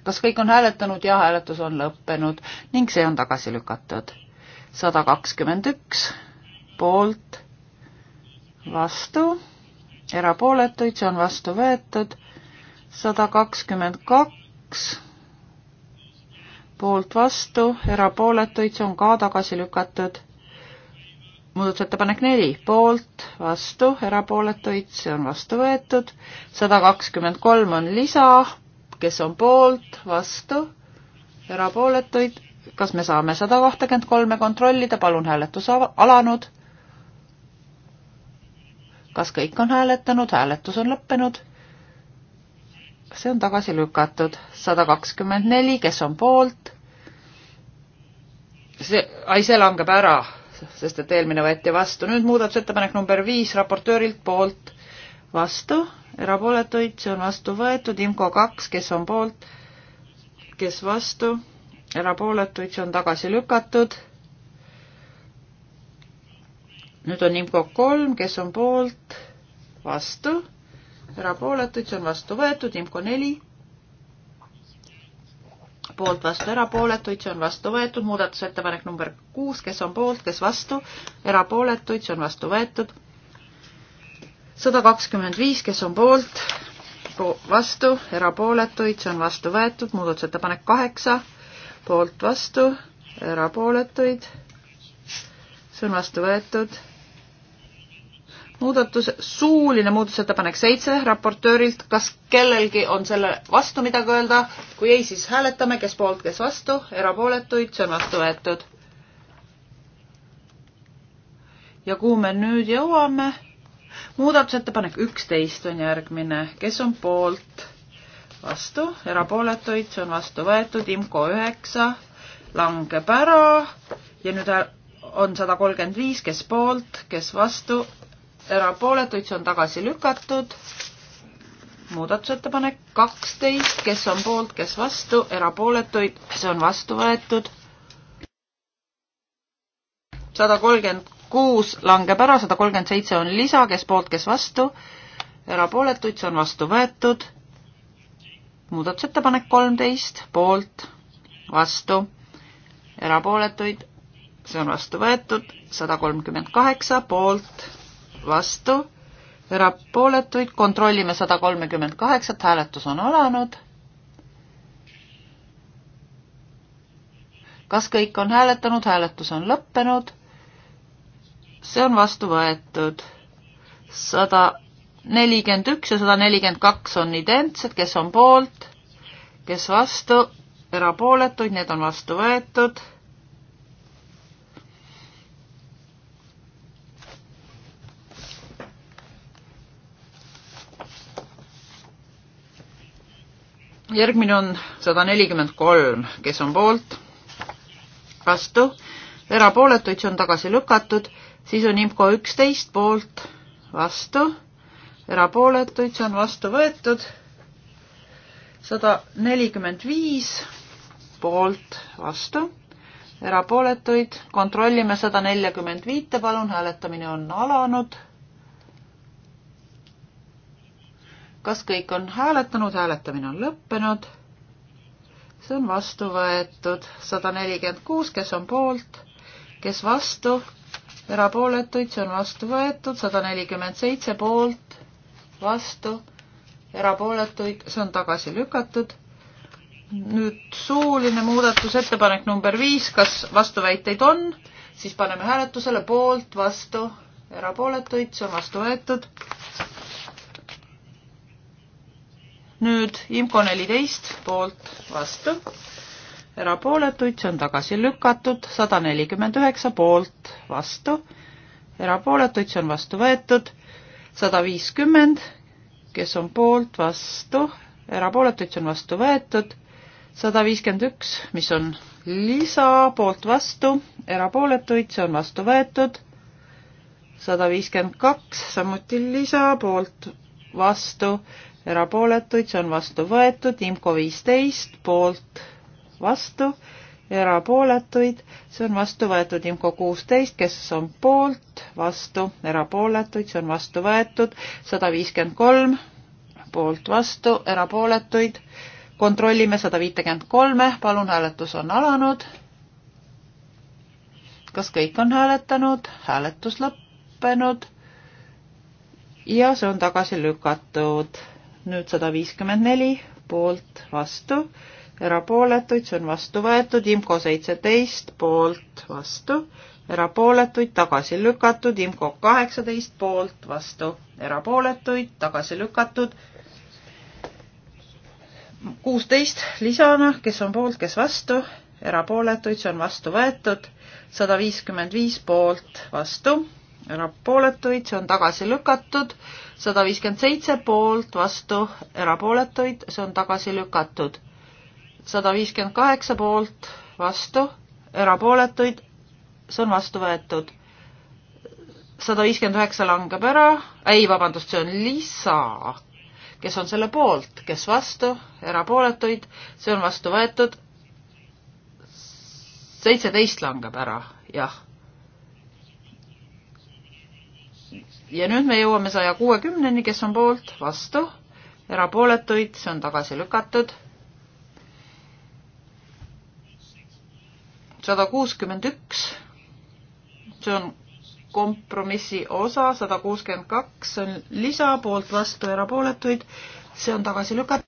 kas kõik on hääletanud ja hääletus on lõppenud ning see on tagasi lükatud sada kakskümmend üks poolt, vastu, erapooletuid, see on vastu võetud, sada kakskümmend kaks poolt, vastu, erapooletuid, see on ka tagasi lükatud muudatusettepanek neli, poolt, vastu, erapooletuid, see on vastu võetud. sada kakskümmend kolm on lisa, kes on poolt, vastu, erapooletuid, kas me saame sada kahtekümmet kolme kontrollida, palun hääletus alanud. kas kõik on hääletanud, hääletus on lõppenud? see on tagasi lükatud, sada kakskümmend neli, kes on poolt? see, ai, see langeb ära, sest et eelmine võeti vastu, nüüd muudatusettepanek number viis raportöörilt poolt, vastu, erapooletuid, see on vastu võetud, IMCO kaks, kes on poolt, kes vastu erapooletuid, see on tagasi lükatud. nüüd on IMCO kolm, kes on poolt, vastu, erapooletuid, see on vastu võetud, IMCO neli, poolt, vastu, erapooletuid, see on vastu võetud, muudatusettepanek number kuus, kes on poolt, kes vastu, erapooletuid, see on vastu võetud, sada kakskümmend viis, kes on poolt, vastu, erapooletuid, see on vastu võetud, muudatusettepanek kaheksa poolt vastu, erapooletuid, see on vastu võetud. muudatus, suuline muudatusettepanek seitse raportöörilt, kas kellelgi on selle vastu midagi öelda, kui ei, siis hääletame, kes poolt, kes vastu, erapooletuid, see on vastu võetud. ja kuhu me nüüd jõuame? muudatusettepanek üksteist on järgmine, kes on poolt vastu, erapooletuid, see on vastu võetud, IMCO üheksa langeb ära ja nüüd on sada kolmkümmend viis, kes poolt, kes vastu, erapooletuid, see on tagasi lükatud. muudatusettepanek kaksteist, kes on poolt, kes vastu, erapooletuid, see on vastu võetud. sada kolmkümmend kuus langeb ära, sada kolmkümmend seitse on lisa, kes poolt, kes vastu, erapooletuid, see on vastu võetud muudatusettepanek kolmteist, poolt, vastu, erapooletuid, see on vastu võetud, sada kolmkümmend kaheksa, poolt, vastu, erapooletuid, kontrollime sada kolmekümmend kaheksat, hääletus on alanud. kas kõik on hääletanud, hääletus on lõppenud. see on vastu võetud sada nelikümmend üks ja sada nelikümmend kaks on identsed, kes on poolt, kes vastu, erapooletuid, need on vastu võetud. järgmine on sada nelikümmend kolm, kes on poolt, vastu, erapooletuid, see on tagasi lükatud, siis on IMCO üksteist poolt, vastu erapooletuid, see on vastu võetud. sada nelikümmend viis poolt vastu, erapooletuid, kontrollime sada neljakümmend viite, palun, hääletamine on alanud. kas kõik on hääletanud, hääletamine on lõppenud. see on vastu võetud, sada nelikümmend kuus, kes on poolt, kes vastu, erapooletuid, see on vastu võetud, sada nelikümmend seitse poolt, vastu, erapooletuid, see on tagasi lükatud. nüüd suuline muudatusettepanek number viis, kas vastuväiteid on, siis paneme hääletusele poolt, vastu, erapooletuid, see on vastu võetud. nüüd IMCO neliteist, poolt, vastu, erapooletuid, see on tagasi lükatud, sada nelikümmend üheksa poolt, vastu, erapooletuid, see on vastu võetud sada viiskümmend, kes on poolt, vastu, erapooletuid, see on vastu võetud, sada viiskümmend üks, mis on lisa, poolt, vastu, erapooletuid, see on vastu võetud, sada viiskümmend kaks, samuti lisa, poolt, vastu, erapooletuid, see on vastu võetud, IMCO viisteist, poolt, vastu, erapooletuid, see on vastu võetud IMCO kuusteist, kes on poolt, vastu, erapooletuid, see on vastu võetud, sada viiskümmend kolm, poolt, vastu, erapooletuid, kontrollime sada viitekümmet kolme, palun, hääletus on alanud. kas kõik on hääletanud, hääletus lõppenud ja see on tagasi lükatud. nüüd sada viiskümmend neli, poolt, vastu erapooletuid, see on vastu võetud, IMCO seitseteist poolt vastu, erapooletuid tagasi lükatud, IMCO kaheksateist poolt vastu, erapooletuid tagasi lükatud, kuusteist lisana, kes on poolt, kes vastu, erapooletuid, see on vastu võetud, sada viiskümmend viis poolt vastu, erapooletuid, see on tagasi lükatud, sada viiskümmend seitse poolt vastu, erapooletuid, see on tagasi lükatud sada viiskümmend kaheksa poolt, vastu, erapooletuid, see on vastu võetud. sada viiskümmend üheksa langeb ära, ei, vabandust, see on lisa. kes on selle poolt, kes vastu, erapooletuid, see on vastu võetud. seitseteist langeb ära, jah. ja nüüd me jõuame saja kuuekümneni, kes on poolt, vastu, erapooletuid, see on tagasi lükatud sada kuuskümmend üks, see on kompromissi osa, sada kuuskümmend kaks on lisa, poolt, vastu, erapooletuid, see on tagasi lükatud.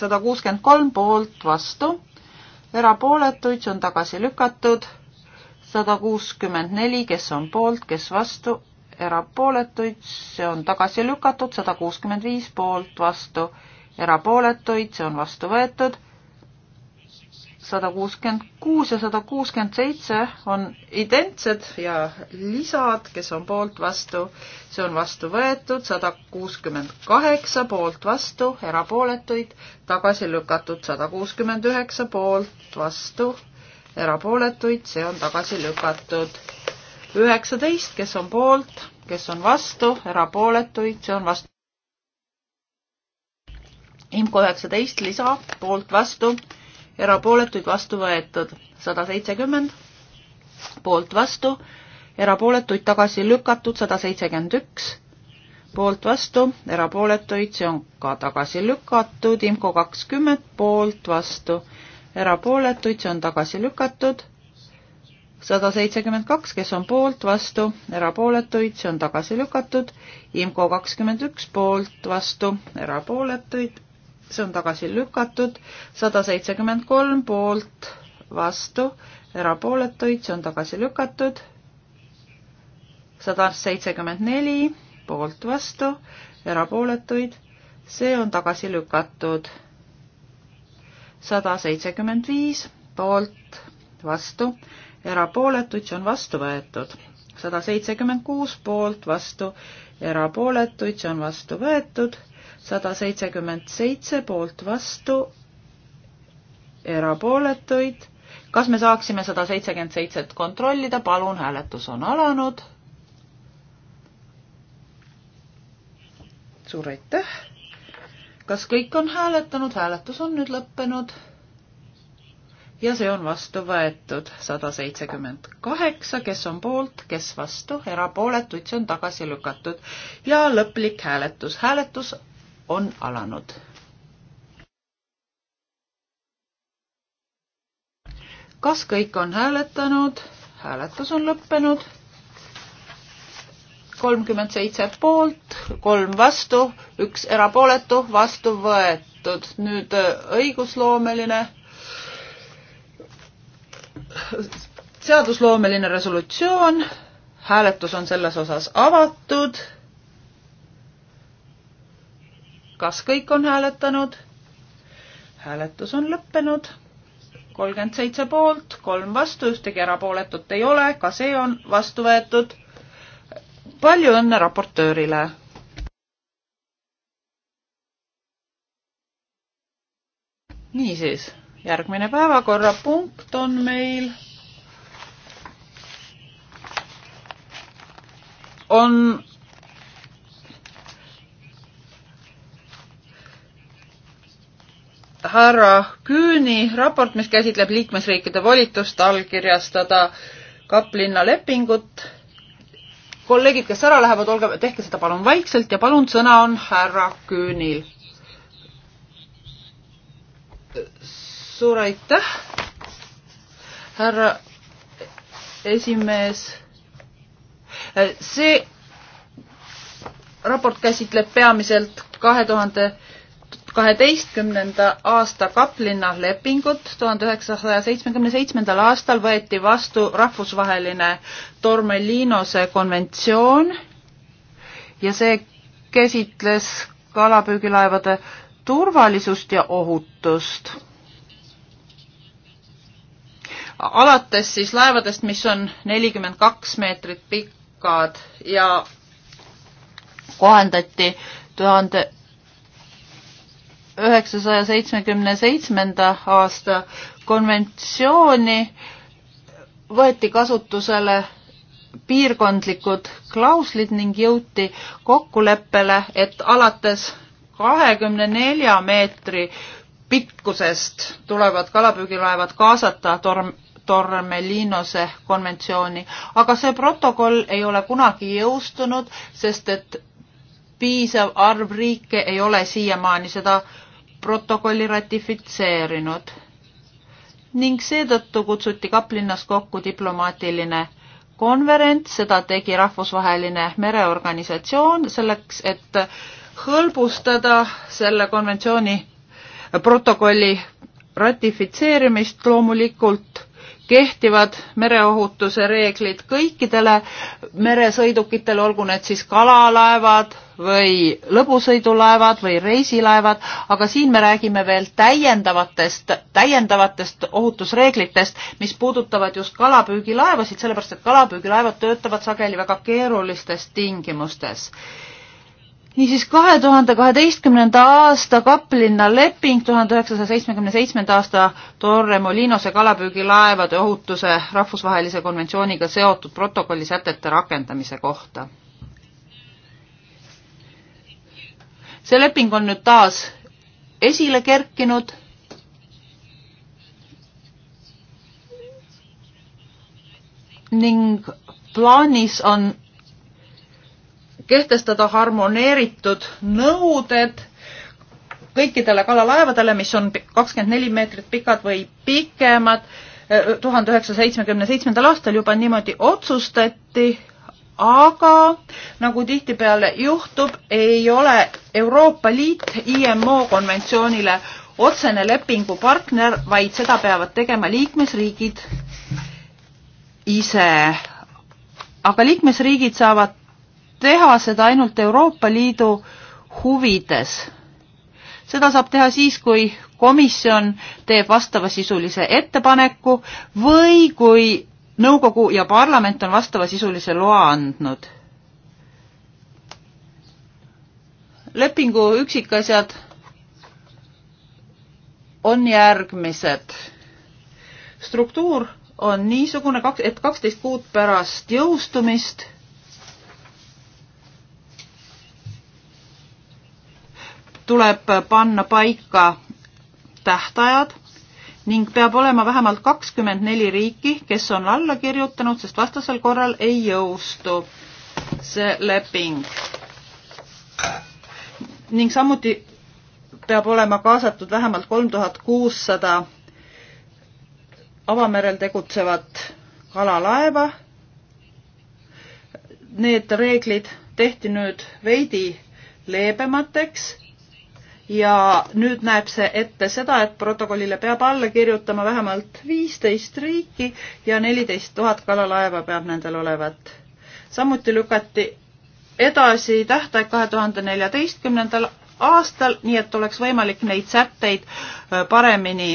sada kuuskümmend kolm poolt, vastu, erapooletuid, see on tagasi lükatud. sada kuuskümmend neli, kes on poolt, kes vastu, erapooletuid, see on tagasi lükatud, sada kuuskümmend viis poolt, vastu, erapooletuid, see on vastu võetud sada kuuskümmend kuus ja sada kuuskümmend seitse on identsed ja lisad, kes on poolt vastu, see on vastu võetud, sada kuuskümmend kaheksa poolt vastu, erapooletuid, tagasi lükatud, sada kuuskümmend üheksa poolt vastu, erapooletuid, see on tagasi lükatud. üheksateist, kes on poolt, kes on vastu, erapooletuid, see on vastu. IMCO üheksateist lisa poolt vastu erapooletuid vastu võetud sada seitsekümmend, poolt vastu, erapooletuid tagasi lükatud sada seitsekümmend üks, poolt vastu, erapooletuid, see on ka tagasi lükatud, IMCO kakskümmend, poolt vastu, erapooletuid, see on tagasi lükatud, sada seitsekümmend kaks, kes on poolt, vastu, erapooletuid, see on tagasi lükatud, IMCO kakskümmend üks, poolt, vastu, erapooletuid see on tagasi lükatud, sada seitsekümmend kolm poolt, vastu, erapooletuid, see on tagasi lükatud, sada seitsekümmend neli poolt, vastu, erapooletuid, see on tagasi lükatud, sada seitsekümmend viis poolt, vastu, erapooletuid, see on vastu võetud, sada seitsekümmend kuus poolt, vastu, erapooletuid, see on vastu võetud sada seitsekümmend seitse poolt vastu, erapooletuid. kas me saaksime sada seitsekümmend seitset kontrollida, palun, hääletus on alanud. suur aitäh. kas kõik on hääletanud, hääletus on nüüd lõppenud? ja see on vastu võetud sada seitsekümmend kaheksa, kes on poolt, kes vastu, erapooletuid, see on tagasi lükatud ja lõplik hääletus, hääletus on alanud. kas kõik on hääletanud? hääletus on lõppenud. kolmkümmend seitse poolt, kolm vastu, üks erapooletu, vastu võetud. nüüd äh, õigusloomeline, seadusloomeline resolutsioon. hääletus on selles osas avatud kas kõik on hääletanud? hääletus on lõppenud. kolmkümmend seitse poolt, kolm vastu, ühtegi erapooletut ei ole, ka see on vastu võetud. palju õnne raportöörile. niisiis, järgmine päevakorrapunkt on meil on härra Küüni raport, mis käsitleb liikmesriikide volitust allkirjastada Kaplinna lepingut. kolleegid, kes ära lähevad, olge, tehke seda palun vaikselt ja palun, sõna on härra Küünil. suur aitäh, härra esimees. see raport käsitleb peamiselt kahe tuhande 2000 kaheteistkümnenda aasta Kaplinna lepingut tuhande üheksasaja seitsmekümne seitsmendal aastal võeti vastu rahvusvaheline Tormelinose konventsioon ja see käsitles kalapüügilaevade turvalisust ja ohutust. alates siis laevadest, mis on nelikümmend kaks meetrit pikad ja kohandati tuhande üheksasaja seitsmekümne seitsmenda aasta konventsiooni võeti kasutusele piirkondlikud klauslid ning jõuti kokkuleppele, et alates kahekümne nelja meetri pikkusest tulevad kalapüügilaevad kaasata torm-, Tormelinose konventsiooni, aga see protokoll ei ole kunagi jõustunud, sest et piisav arv riike ei ole siiamaani seda protokolli ratifitseerinud ning seetõttu kutsuti Kaplinnas kokku diplomaatiline konverents, seda tegi rahvusvaheline mereorganisatsioon selleks, et hõlbustada selle konventsiooni protokolli ratifitseerimist loomulikult kehtivad mereohutuse reeglid kõikidele meresõidukitele, olgu need siis kalalaevad või lõbusõidulaevad või reisilaevad, aga siin me räägime veel täiendavatest, täiendavatest ohutusreeglitest, mis puudutavad just kalapüügilaevasid, sellepärast et kalapüügilaevad töötavad sageli väga keerulistes tingimustes niisiis kahe tuhande kaheteistkümnenda aasta Kaplinna leping, tuhande üheksasaja seitsmekümne seitsmenda aasta Torre Molinose kalapüügilaevade ohutuse rahvusvahelise konventsiooniga seotud protokolli sätete rakendamise kohta. see leping on nüüd taas esile kerkinud. ning plaanis on kehtestada harmoneeritud nõuded kõikidele kalalaevadele, mis on kakskümmend neli meetrit pikad või pikemad. tuhande üheksasaja seitsmekümne seitsmendal aastal juba niimoodi otsustati, aga nagu tihtipeale juhtub, ei ole Euroopa Liit IMO konventsioonile otsene lepingupartner, vaid seda peavad tegema liikmesriigid ise. aga liikmesriigid saavad teha seda ainult Euroopa Liidu huvides. seda saab teha siis, kui komisjon teeb vastavasisulise ettepaneku või kui nõukogu ja parlament on vastavasisulise loa andnud. lepingu üksikasjad on järgmised. struktuur on niisugune, et kaksteist kuud pärast jõustumist tuleb panna paika tähtajad ning peab olema vähemalt kakskümmend neli riiki, kes on alla kirjutanud, sest vastasel korral ei jõustu see leping. ning samuti peab olema kaasatud vähemalt kolm tuhat kuussada avamerel tegutsevat kalalaeva. Need reeglid tehti nüüd veidi leebemateks ja nüüd näeb see ette seda, et protokollile peab alla kirjutama vähemalt viisteist riiki ja neliteist tuhat kalalaeva peab nendel olevat. samuti lükati edasi tähtaeg kahe tuhande neljateistkümnendal aastal, nii et oleks võimalik neid sätteid äh, paremini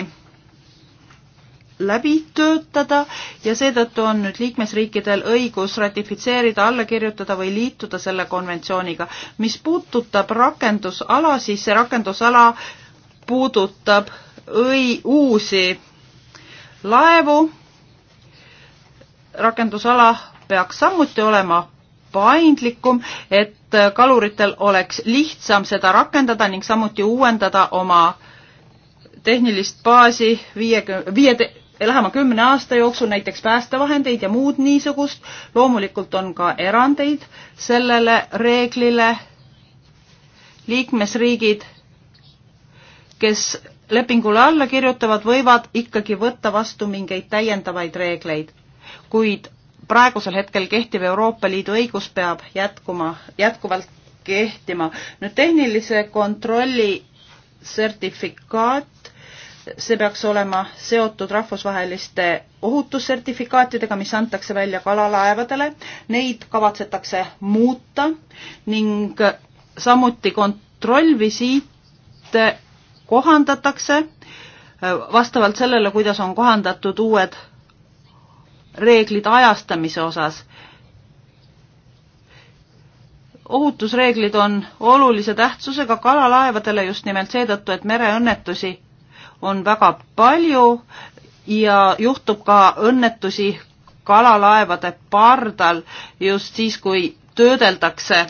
läbi töötada ja seetõttu on nüüd liikmesriikidel õigus ratifitseerida, alla kirjutada või liituda selle konventsiooniga. mis puudutab rakendusala, siis see rakendusala puudutab õi-, uusi laevu, rakendusala peaks samuti olema paindlikum, et kaluritel oleks lihtsam seda rakendada ning samuti uuendada oma tehnilist baasi viiekümne, viie, lähema kümne aasta jooksul näiteks päästevahendeid ja muud niisugust. loomulikult on ka erandeid sellele reeglile. liikmesriigid, kes lepingule alla kirjutavad, võivad ikkagi võtta vastu mingeid täiendavaid reegleid, kuid praegusel hetkel kehtiv Euroopa Liidu õigus peab jätkuma, jätkuvalt kehtima. nüüd tehnilise kontrolli sertifikaat see peaks olema seotud rahvusvaheliste ohutussertifikaatidega, mis antakse välja kalalaevadele. Neid kavatsetakse muuta ning samuti kontrollvisiite kohandatakse äh, vastavalt sellele, kuidas on kohandatud uued reeglid ajastamise osas. ohutusreeglid on olulise tähtsusega kalalaevadele just nimelt seetõttu, et mereõnnetusi on väga palju ja juhtub ka õnnetusi kalalaevade pardal just siis, kui töödeldakse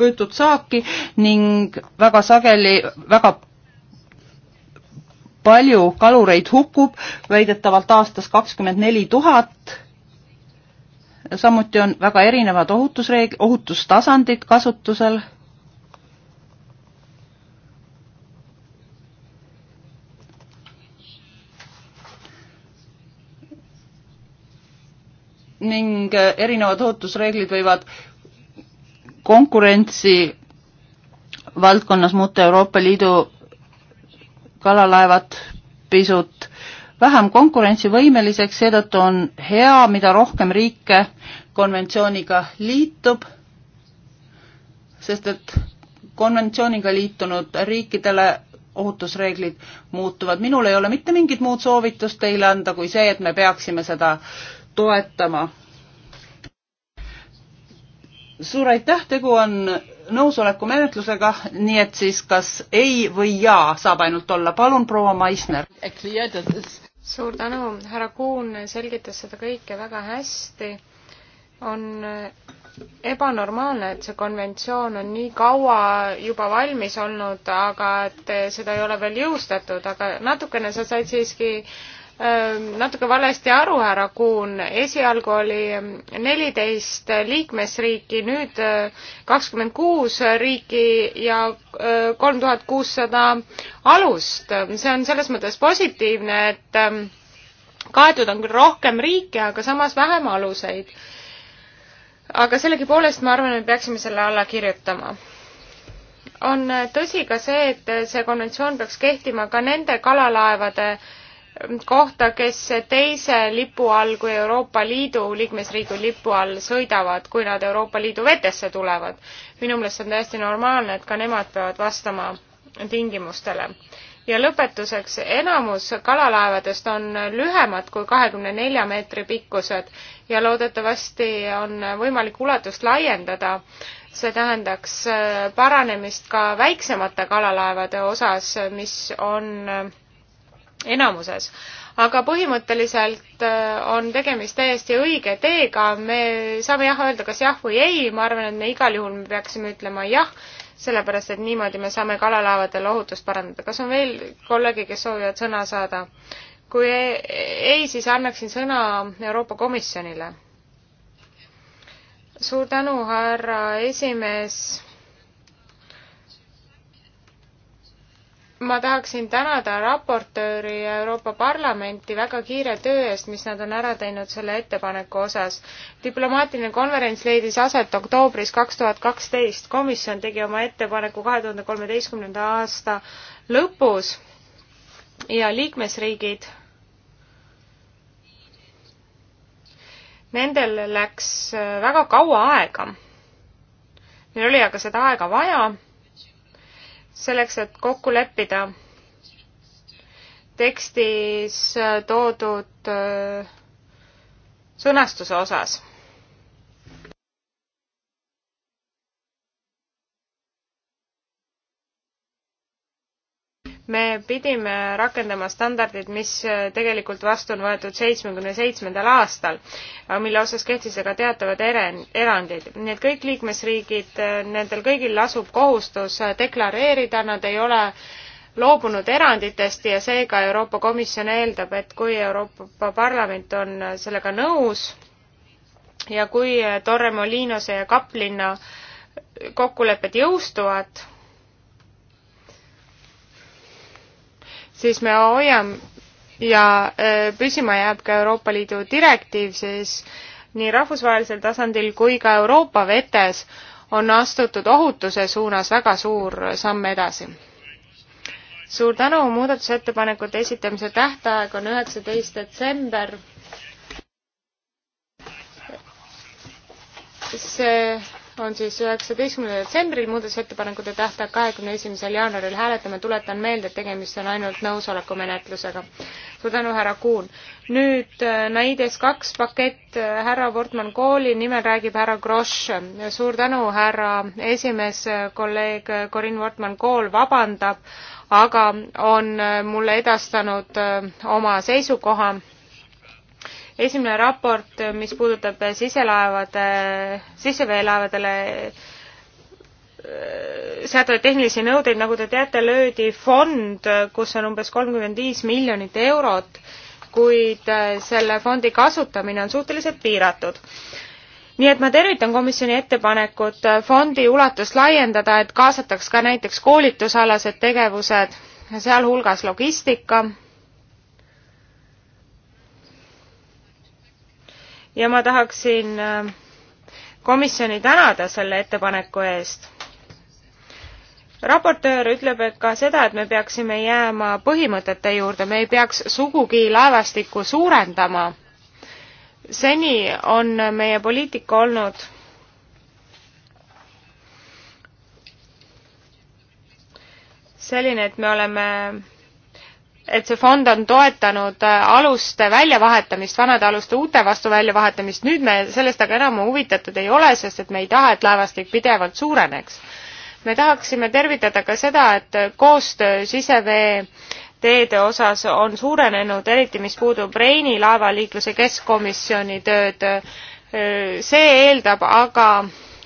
püütud saaki ning väga sageli väga palju kalureid hukkub, väidetavalt aastas kakskümmend neli tuhat. samuti on väga erinevad ohutusreeg-, ohutustasandid kasutusel ning äh, erinevad ohutusreeglid võivad konkurentsi valdkonnas muuta Euroopa Liidu kalalaevad pisut vähem konkurentsivõimeliseks, seetõttu on hea, mida rohkem riike konventsiooniga liitub, sest et konventsiooniga liitunud riikidele ohutusreeglid muutuvad. minul ei ole mitte mingit muud soovitust teile anda kui see, et me peaksime seda toetama. suur aitäh, tegu on nõusoleku menetlusega, nii et siis kas ei või jaa saab ainult olla. palun, proua Maisner. suur tänu, härra Kuhn selgitas seda kõike väga hästi. on ebanormaalne, et see konventsioon on nii kaua juba valmis olnud, aga et seda ei ole veel jõustatud, aga natukene sa said siiski Äh, natuke valesti aru, härra Kuhn, esialgu oli ähm, neliteist liikmesriiki, nüüd äh, kakskümmend kuus riiki ja äh, kolm tuhat kuussada alust. see on selles mõttes positiivne, et ähm, kaetud on küll rohkem riike, aga samas vähem aluseid. aga sellegipoolest ma arvan, et me peaksime selle alla kirjutama on tõsi ka see, et see konventsioon peaks kehtima ka nende kalalaevade äh, kohta, kes teise lipu all kui Euroopa Liidu liikmesriigi lipu all sõidavad, kui nad Euroopa Liidu vetesse tulevad. minu meelest on täiesti normaalne, et ka nemad peavad vastama tingimustele. ja lõpetuseks, enamus kalalaevadest on lühemad kui kahekümne nelja meetri pikkused ja loodetavasti on võimalik ulatust laiendada see tähendaks äh, paranemist ka väiksemate kalalaevade osas, mis on äh, enamuses. aga põhimõtteliselt äh, on tegemist täiesti õige teega, me saame jah öelda kas jah või ei, ma arvan, et me igal juhul me peaksime ütlema jah, sellepärast et niimoodi me saame kalalaevadel ohutust parandada. kas on veel kolleege, kes soovivad sõna saada? kui e-, ei, siis annaksin sõna Euroopa Komisjonile. suur tänu, härra esimees ma tahaksin tänada raportööri ja Euroopa Parlamenti väga kiire töö eest, mis nad on ära teinud selle ettepaneku osas. diplomaatiline konverents leidis aset oktoobris kaks tuhat kaksteist. komisjon tegi oma ettepaneku kahe tuhande kolmeteistkümnenda aasta lõpus ja liikmesriigid, nendel läks väga kaua aega. meil oli aga seda aega vaja selleks, et kokku leppida tekstis toodud äh, sõnastuse osas me pidime rakendama standardid, mis äh, tegelikult vastu on võetud seitsmekümne seitsmendal aastal, äh, mille osas kehtisid aga teatavad eren-, erandid. nii et kõik liikmesriigid, äh, nendel kõigil lasub kohustus deklareerida, nad ei ole loobunud eranditest ja seega Euroopa Komisjon eeldab, et kui Euroopa Parlament on sellega nõus ja kui Torre Molinose ja Kaplinna kokkulepped jõustuvad, siis me hoiame ja äh, püsima jääb ka Euroopa Liidu direktiiv, siis nii rahvusvahelisel tasandil kui ka Euroopa vetes on astutud ohutuse suunas väga suur samm edasi. suur tänu, muudatusettepanekute esitamise tähtaeg on üheksateist detsember. see on siis üheksateistkümnendal detsembril, muudatusettepanekute tähtaeg kahekümne esimesel jaanuaril hääletame, tuletan meelde, et tegemist on ainult nõusolekumenetlusega. suur tänu, härra Kuun. nüüd äh, Naides kaks pakett, äh, härra Wortmann Kooli nimel räägib härra Grosch. suur tänu, härra esimees, äh, kolleeg Corinne Wortmann Kool vabandab, aga on mulle edastanud oma seisukoha esimene raport, mis puudutab siselaevade, siseveelaevadele äh, seatavaid tehnilisi nõudeid, nagu te teate, löödi fond, kus on umbes kolmkümmend viis miljonit eurot, kuid äh, selle fondi kasutamine on suhteliselt piiratud. nii et ma tervitan komisjoni ettepanekut äh, fondi ulatust laiendada, et kaasataks ka näiteks koolitusalased tegevused, sealhulgas logistika ja ma tahaksin äh, komisjoni tänada selle ettepaneku eest. raportöör ütleb ka seda, et me peaksime jääma põhimõtete juurde, me ei peaks sugugi laevastikku suurendama. seni on meie poliitika olnud selline, et me oleme et see fond on toetanud äh, aluste väljavahetamist, vanade aluste uute vastu väljavahetamist, nüüd me sellest aga enam huvitatud ei ole, sest et me ei taha, et laevastik pidevalt suureneks. me tahaksime tervitada ka seda, et koostöö siseveeteede osas on suurenenud, eriti mis puudub Reini laevaliikluse keskkomisjoni tööd. Äh, see eeldab aga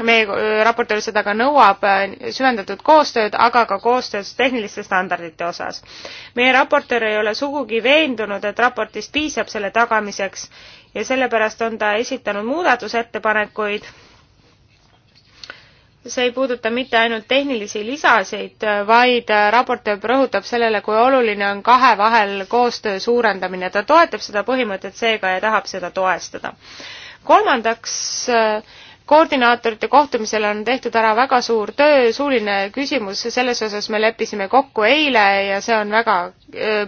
meie äh, raportöör seda ka nõuab, äh, süvendatud koostööd, aga ka koostööd tehniliste standardite osas. meie raportöör ei ole sugugi veendunud, et raportist piisab selle tagamiseks ja sellepärast on ta esitanud muudatusettepanekuid, see ei puuduta mitte ainult tehnilisi lisasid, äh, vaid raportöör rõhutab sellele, kui oluline on kahe vahel koostöö suurendamine. ta toetab seda põhimõtet seega ja tahab seda toestada. kolmandaks äh, koordinaatorite kohtumisel on tehtud ära väga suur töö, suuline küsimus, selles osas me leppisime kokku eile ja see on väga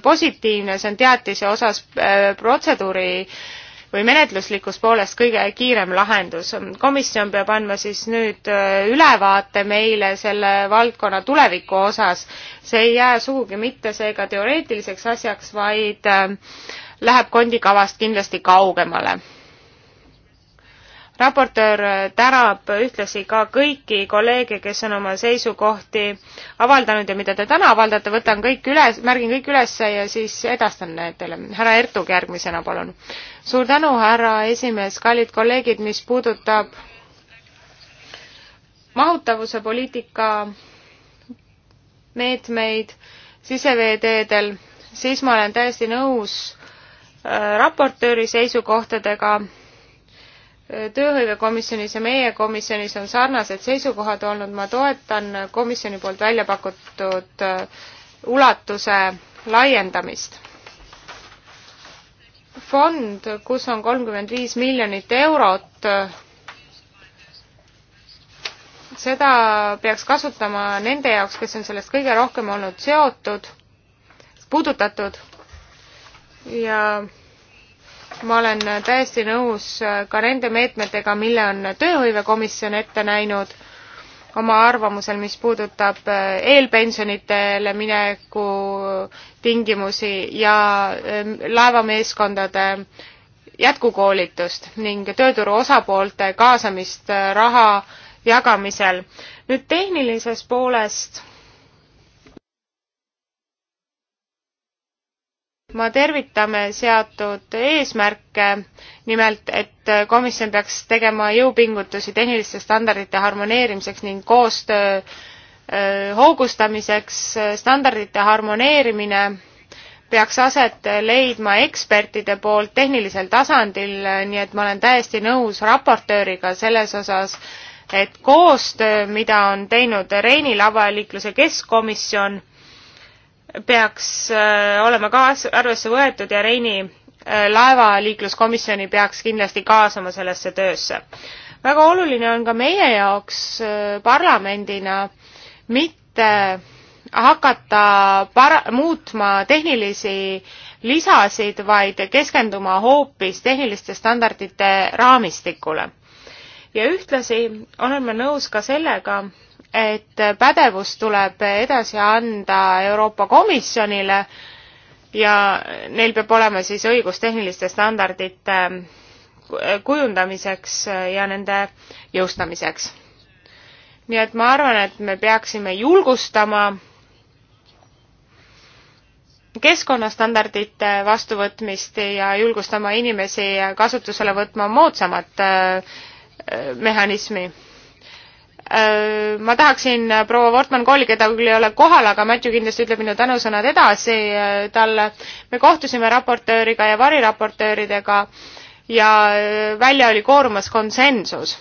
positiivne, see on teatise osas protseduuri või menetluslikust poolest kõige kiirem lahendus. komisjon peab andma siis nüüd ülevaate meile selle valdkonna tuleviku osas. see ei jää sugugi mitte seega teoreetiliseks asjaks, vaid läheb kondikavast kindlasti kaugemale raportöör tänab ühtlasi ka kõiki kolleege, kes on oma seisukohti avaldanud ja mida te täna avaldate, võtan kõik üles, märgin kõik üles ja siis edastan need teile. härra Ertug järgmisena, palun. suur tänu, härra esimees, kallid kolleegid, mis puudutab mahutavuse poliitika meetmeid siseveeteedel, siis ma olen täiesti nõus äh, raportööri seisukohtadega tööhõivekomisjonis ja meie komisjonis on sarnased seisukohad olnud, ma toetan komisjoni poolt välja pakutud äh, ulatuse laiendamist. fond, kus on kolmkümmend viis miljonit eurot, seda peaks kasutama nende jaoks, kes on sellest kõige rohkem olnud seotud, puudutatud ja ma olen täiesti nõus äh, ka nende meetmetega, mille on tööhõivekomisjon ette näinud oma arvamusel, mis puudutab äh, eelpensionitele mineku tingimusi ja ähm, laevameeskondade jätkukoolitust ning tööturu osapoolte kaasamist äh, raha jagamisel. nüüd tehnilisest poolest ma tervitame seatud eesmärke, nimelt et komisjon peaks tegema jõupingutusi tehniliste standardite harmoneerimiseks ning koostöö hoogustamiseks, standardite harmoneerimine peaks aset leidma ekspertide poolt tehnilisel tasandil, nii et ma olen täiesti nõus raportööriga selles osas, et koostöö, mida on teinud Reini lavaliikluse keskkomisjon, peaks äh, olema ka arvesse võetud ja Reini äh, laevaliikluskomisjoni peaks kindlasti kaasama sellesse töösse. väga oluline on ka meie jaoks äh, parlamendina mitte hakata para-, muutma tehnilisi lisasid, vaid keskenduma hoopis tehniliste standardite raamistikule. ja ühtlasi olen ma nõus ka sellega, et pädevus tuleb edasi anda Euroopa Komisjonile ja neil peab olema siis õigus tehniliste standardite kujundamiseks ja nende jõustamiseks. nii et ma arvan, et me peaksime julgustama keskkonnastandardite vastuvõtmist ja julgustama inimesi kasutusele võtma moodsamat äh, mehhanismi Äh, ma tahaksin äh, proua Wortmann-Kooli, keda küll ei ole kohal, aga Matthew kindlasti ütleb minu tänusõnad edasi äh, talle. me kohtusime raportööriga ja variraportööridega ja välja oli koorumas konsensus.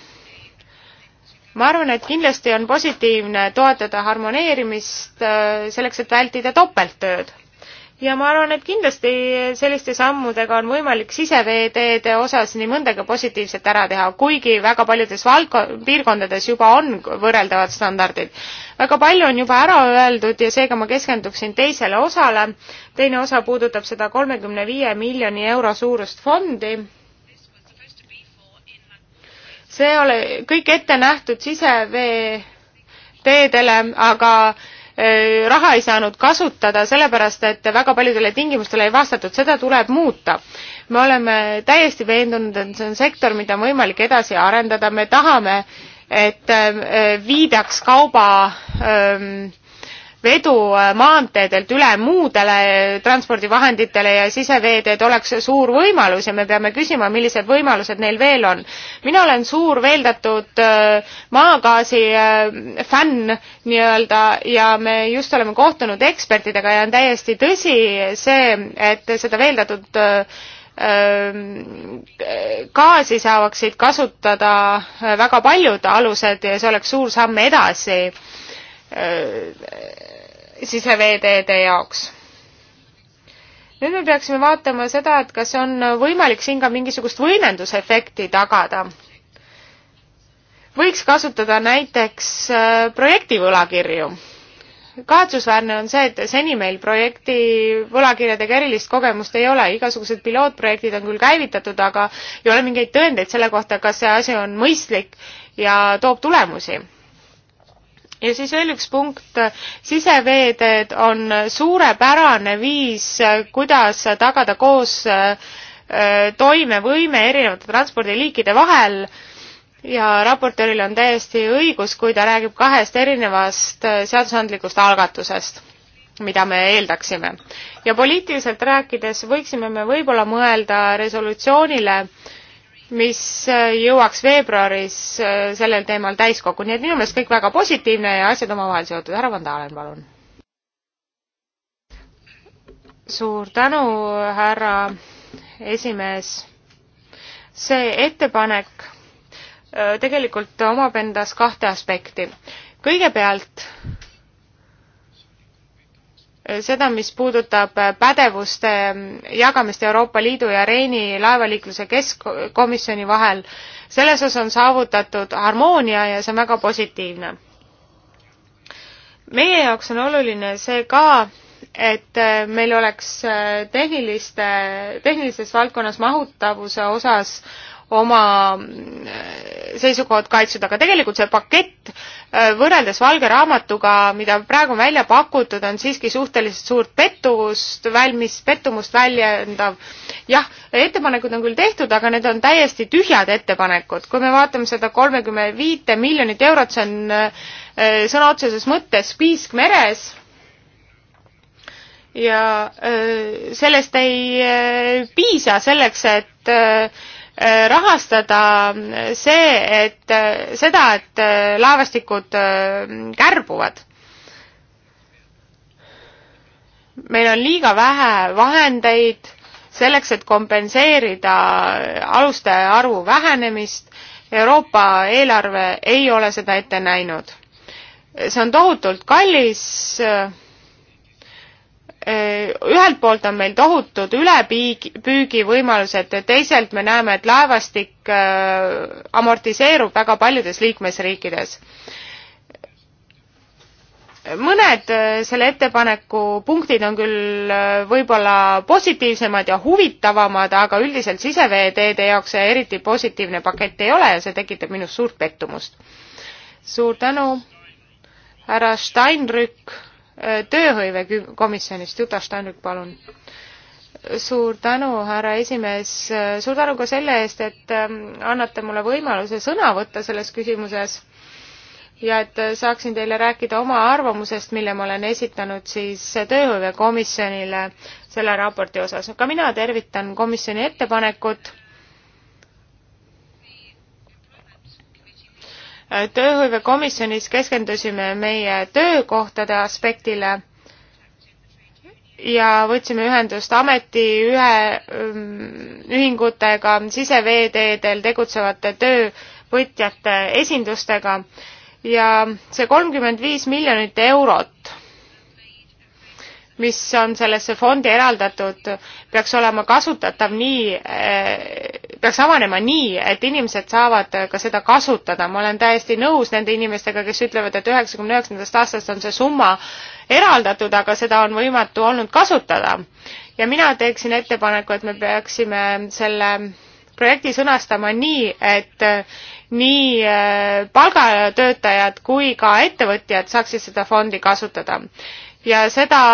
ma arvan, et kindlasti on positiivne toetada harmoneerimist selleks, et vältida topelttööd ja ma arvan, et kindlasti selliste sammudega on võimalik siseveeteede osas nii mõndagi positiivset ära teha, kuigi väga paljudes valdko-, piirkondades juba on võrreldavad standardid. väga palju on juba ära öeldud ja seega ma keskenduksin teisele osale. teine osa puudutab seda kolmekümne viie miljoni euro suurust fondi. see ole kõik ette nähtud sisevee teedele, aga Äh, raha ei saanud kasutada, sellepärast et väga paljudele tingimustele ei vastatud, seda tuleb muuta. me oleme täiesti veendunud, et see on sektor, mida on võimalik edasi arendada, me tahame, et äh, viidaks kauba öö, ähm, vedu äh, maanteedelt üle muudele transpordivahenditele ja siseveeteed oleks suur võimalus ja me peame küsima, millised võimalused neil veel on. mina olen suur veeldatud äh, maagaasi äh, fänn nii-öelda ja me just oleme kohtunud ekspertidega ja on täiesti tõsi see, et seda veeldatud gaasi saaksid kasutada väga paljud alused ja see oleks suur samm edasi siseveeteede jaoks. nüüd me peaksime vaatama seda, et kas on võimalik siin ka mingisugust võimendusefekti tagada. võiks kasutada näiteks äh, projektivõlakirju. kahetsusväärne on see, et seni meil projekti võlakirjadega erilist kogemust ei ole, igasugused pilootprojektid on küll käivitatud, aga ei ole mingeid tõendeid selle kohta, kas see asi on mõistlik ja toob tulemusi ja siis veel üks punkt, siseveeteed on suurepärane viis, kuidas tagada koos äh, toimevõime erinevate transpordiliikide vahel ja raportööril on täiesti õigus, kui ta räägib kahest erinevast äh, seadusandlikust algatusest, mida me eeldaksime. ja poliitiliselt rääkides võiksime me võib-olla mõelda resolutsioonile äh, mis äh, jõuaks veebruaris äh, sellel teemal täiskokku, nii et minu meelest kõik väga positiivne ja asjad omavahel seotud. härra Van Dalen, palun. suur tänu, härra esimees. see ettepanek äh, tegelikult omab endas kahte aspekti. kõigepealt Äh, seda, mis puudutab äh, pädevuste ähm, jagamist Euroopa Liidu ja Reini laevaliikluse keskkomisjoni vahel, selles osas on saavutatud harmoonia ja see on väga positiivne. meie jaoks on oluline see ka, et äh, meil oleks tehniliste, tehnilises valdkonnas mahutavuse osas oma äh, seisukohad kaitsnud, aga tegelikult see pakett äh, võrreldes valge raamatuga, mida praegu on välja pakutud, on siiski suhteliselt suurt pettust, valmis pettumust väljendav. jah, ettepanekud on küll tehtud, aga need on täiesti tühjad ettepanekud. kui me vaatame seda kolmekümne viite miljonit eurot, see on äh, sõna otseses mõttes piisk meres ja sellest ei piisa selleks, et Äh, rahastada see, et äh, seda, et äh, laevastikud kärbuvad. meil on liiga vähe vahendeid selleks, et kompenseerida aluste arvu vähenemist. Euroopa eelarve ei ole seda ette näinud. see on tohutult kallis Äh, ühelt poolt on meil tohutud ülepüügivõimalused, teisalt me näeme, et laevastik äh, amortiseerub väga paljudes liikmesriikides. mõned äh, selle ettepaneku punktid on küll võib-olla positiivsemad ja huvitavamad, aga üldiselt siseveeteede jaoks see eriti positiivne pakett ei ole ja see tekitab minus suurt pettumust. suur tänu, härra Steinrück Äh, tööhõive komisjonist, Juta Steinrück, palun. suur tänu, härra esimees, äh, suur tänu ka selle eest, et ähm, annate mulle võimaluse sõna võtta selles küsimuses ja et äh, saaksin teile rääkida oma arvamusest, mille ma olen esitanud siis tööhõivekomisjonile selle raporti osas. ka mina tervitan komisjoni ettepanekut tööhõivekomisjonis keskendusime meie töökohtade aspektile ja võtsime ühendust ametiühe mm, ühingutega, siseveeteedel tegutsevate töövõtjate esindustega ja see kolmkümmend viis miljonit eurot, mis on sellesse fondi eraldatud, peaks olema kasutatav nii eh, peaks avanema nii, et inimesed saavad ka seda kasutada, ma olen täiesti nõus nende inimestega, kes ütlevad, et üheksakümne üheksandast aastast on see summa eraldatud, aga seda on võimatu olnud kasutada. ja mina teeksin ettepaneku, et me peaksime selle projekti sõnastama nii, et nii äh, palgatöötajad kui ka ettevõtjad saaksid seda fondi kasutada. ja seda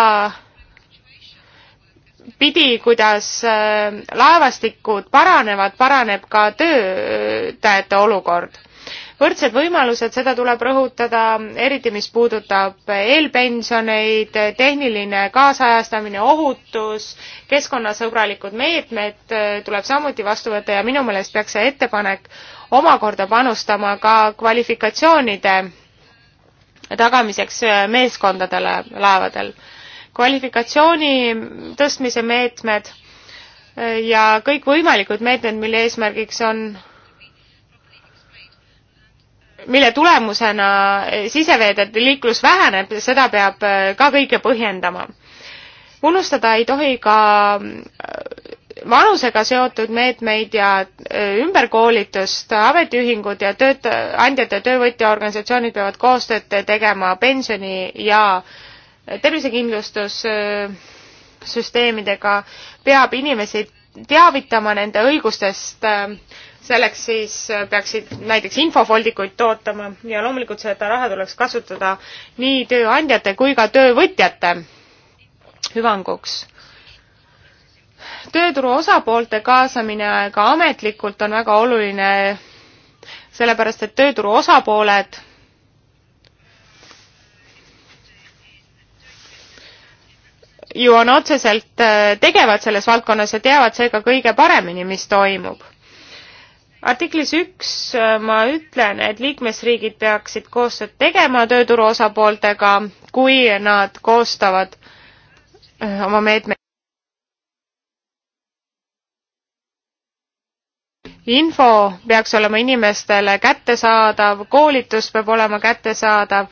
pidi, kuidas äh, laevastikud paranevad, paraneb ka töötajate olukord. võrdsed võimalused, seda tuleb rõhutada, eriti mis puudutab eelpensioneid, tehniline kaasajastamine, ohutus, keskkonnasõbralikud meetmed äh, tuleb samuti vastu võtta ja minu meelest peaks see ettepanek omakorda panustama ka kvalifikatsioonide tagamiseks äh, meeskondadele laevadel kvalifikatsiooni tõstmise meetmed ja kõikvõimalikud meetmed, mille eesmärgiks on mille tulemusena siseveeteede liiklus väheneb, seda peab ka kõike põhjendama. unustada ei tohi ka vanusega seotud meetmeid ja ümberkoolitust, ametiühingud ja tööandjate töövõtja organisatsioonid peavad koostööd tegema pensioni ja tervisekindlustussüsteemidega äh, peab inimesi teavitama nende õigustest, äh, selleks siis äh, peaksid näiteks infofoldikuid tootma ja loomulikult seda raha tuleks kasutada nii tööandjate kui ka töövõtjate hüvanguks. tööturu osapoolte kaasamine ka ametlikult on väga oluline, sellepärast et tööturu osapooled ju on otseselt, äh, tegevad selles valdkonnas ja teavad seega kõige paremini, mis toimub artiklis üks äh, ma ütlen, et liikmesriigid peaksid koostööd tegema tööturu osapooltega, kui nad koostavad äh, oma meetmeid. info peaks olema inimestele kättesaadav, koolitus peab olema kättesaadav,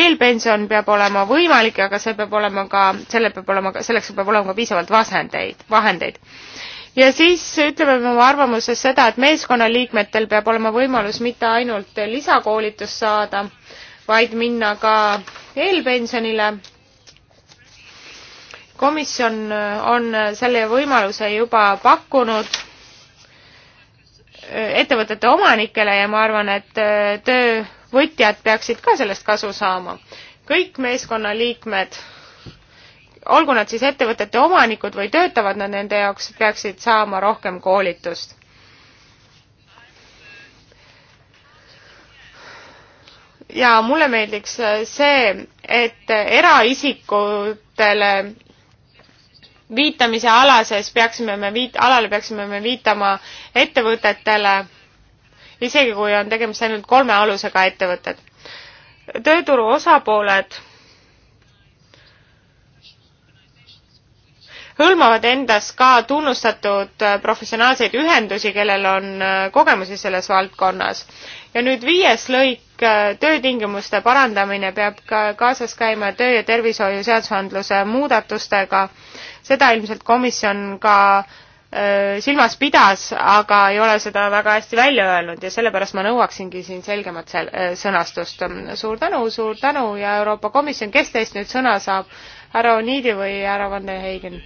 eelpension peab olema võimalik, aga see peab olema ka, sellel peab olema ka, selleks peab olema ka piisavalt vasendeid, vahendeid. ja siis ütleme oma arvamuses seda, et meeskonnaliikmetel peab olema võimalus mitte ainult lisakoolitust saada, vaid minna ka eelpensionile. komisjon on selle võimaluse juba pakkunud ettevõtete omanikele ja ma arvan, et äh, töövõtjad peaksid ka sellest kasu saama. kõik meeskonna liikmed, olgu nad siis ettevõtete omanikud või töötavad nad nende jaoks, peaksid saama rohkem koolitust. ja mulle meeldiks äh, see, et eraisikutele viitamise alases peaksime me viit-, alale peaksime me viitama ettevõtetele, isegi kui on tegemist ainult kolme alusega ettevõtted. tööturu osapooled hõlmavad endas ka tunnustatud professionaalseid ühendusi, kellel on äh, kogemusi selles valdkonnas. ja nüüd viies lõik, äh, töötingimuste parandamine peab ka kaasas käima töö- ja tervishoiu seadusandluse muudatustega seda ilmselt komisjon ka öö, silmas pidas, aga ei ole seda väga hästi välja öelnud ja sellepärast ma nõuaksingi siin selgemat sel-, sõnastust. suur tänu, suur tänu ja Euroopa Komisjon, kes teist nüüd sõna saab, härra Oniidi või härra Van de Heigen?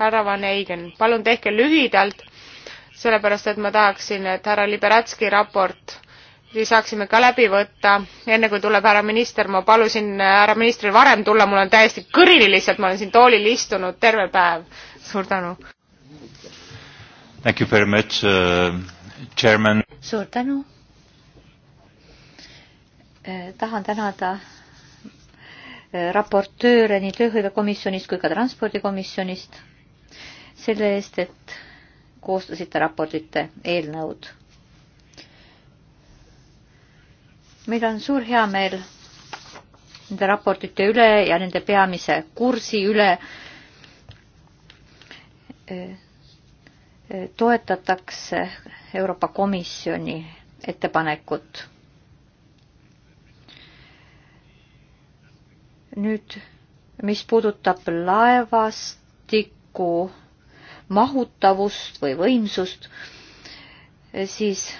härra Van Heigen, palun tehke lühidalt, sellepärast et ma tahaksin, et härra Liberatski raport saaksime ka läbi võtta, enne kui tuleb härra minister, ma palusin härra ministril varem tulla, mul on täiesti kõrini lihtsalt, ma olen siin toolil istunud terve päev. suur tänu. Thank you very much uh,, chairman. suur tänu. Eh, tahan tänada eh, raportööre nii tööhõivekomisjonist kui ka transpordikomisjonist selle eest, et koostasite raportite eelnõud meil on suur heameel nende raportite üle ja nende peamise kursi üle. toetatakse Euroopa Komisjoni ettepanekut. nüüd, mis puudutab laevastiku mahutavust või võimsust, siis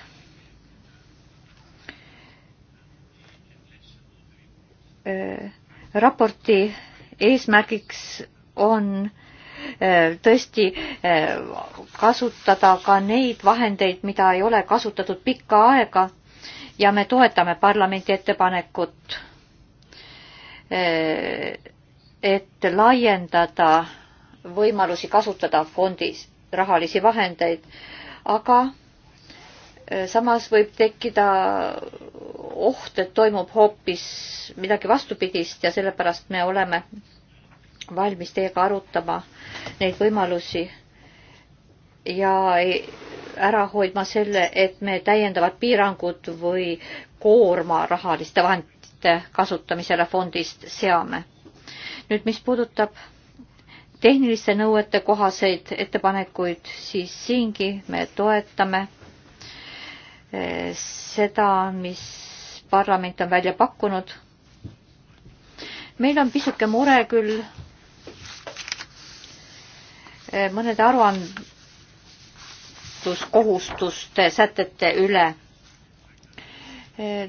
Äh, raporti eesmärgiks on äh, tõesti äh, kasutada ka neid vahendeid, mida ei ole kasutatud pikka aega ja me toetame parlamendi ettepanekut, et laiendada võimalusi kasutada fondis rahalisi vahendeid, aga Äh, samas võib tekkida oht, et toimub hoopis midagi vastupidist ja sellepärast me oleme valmis teiega arutama neid võimalusi ja ära hoidma selle, et me täiendavad piirangud või koorma rahaliste vahendite kasutamisele fondist seame. nüüd, mis puudutab tehniliste nõuete kohaseid ettepanekuid, siis siingi me toetame seda, mis parlament on välja pakkunud. meil on pisuke mure küll mõnede aruandluskohustuste sätete üle.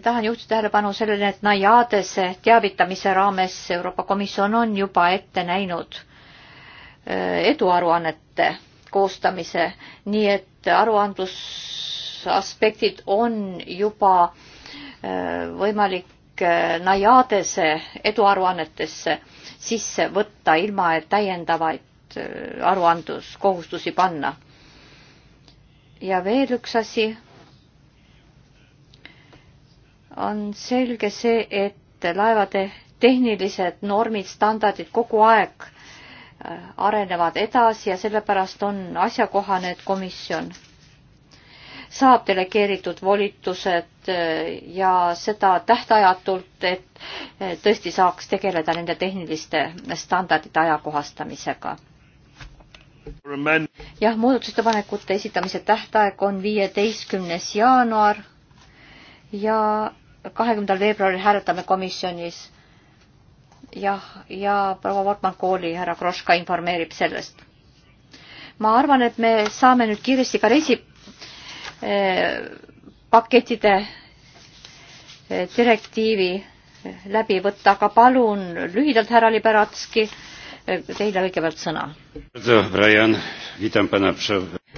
tahan juhtida tähelepanu sellele, et Naiadese teavitamise raames Euroopa Komisjon on juba ette näinud eh, eduaruannete koostamise, nii et aruandlus majandusaspektid on juba äh, võimalik äh, Najadese eduaruannetesse sisse võtta, ilma et täiendavaid äh, aruandluskohustusi panna. ja veel üks asi. on selge see, et laevade tehnilised normid, standardid kogu aeg arenevad edasi ja sellepärast on asjakohane, et komisjon saab delegeeritud volitused eh, ja seda tähtajatult, et eh, tõesti saaks tegeleda nende tehniliste standardite ajakohastamisega. jah, muudatusettepanekute esitamise tähtaeg on viieteistkümnes jaanuar ja kahekümnendal veebruaril hääletame komisjonis jah, ja proua Wortmann kooli härra Kroška informeerib sellest. ma arvan, et me saame nüüd kiiresti ka resi-, pakettide eh, direktiivi eh, läbi võtta, aga palun lühidalt, härra Liberatski, eh, teile kõigepealt sõna.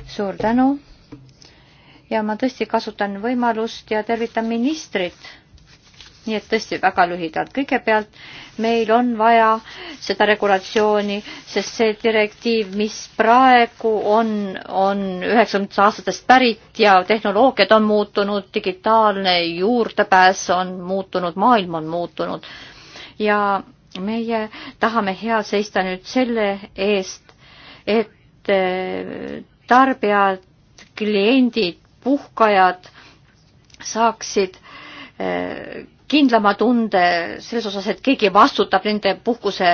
suur tänu ja ma tõesti kasutan võimalust ja tervitan ministrit nii et tõesti väga lühidalt. kõigepealt meil on vaja seda regulatsiooni, sest see direktiiv, mis praegu on, on üheksakümnendatest aastatest pärit ja tehnoloogiad on muutunud, digitaalne juurdepääs on muutunud, maailm on muutunud ja meie tahame hea seista nüüd selle eest, et äh, tarbijad, kliendid, puhkajad saaksid äh, kindlama tunde selles osas, et keegi vastutab nende puhkuse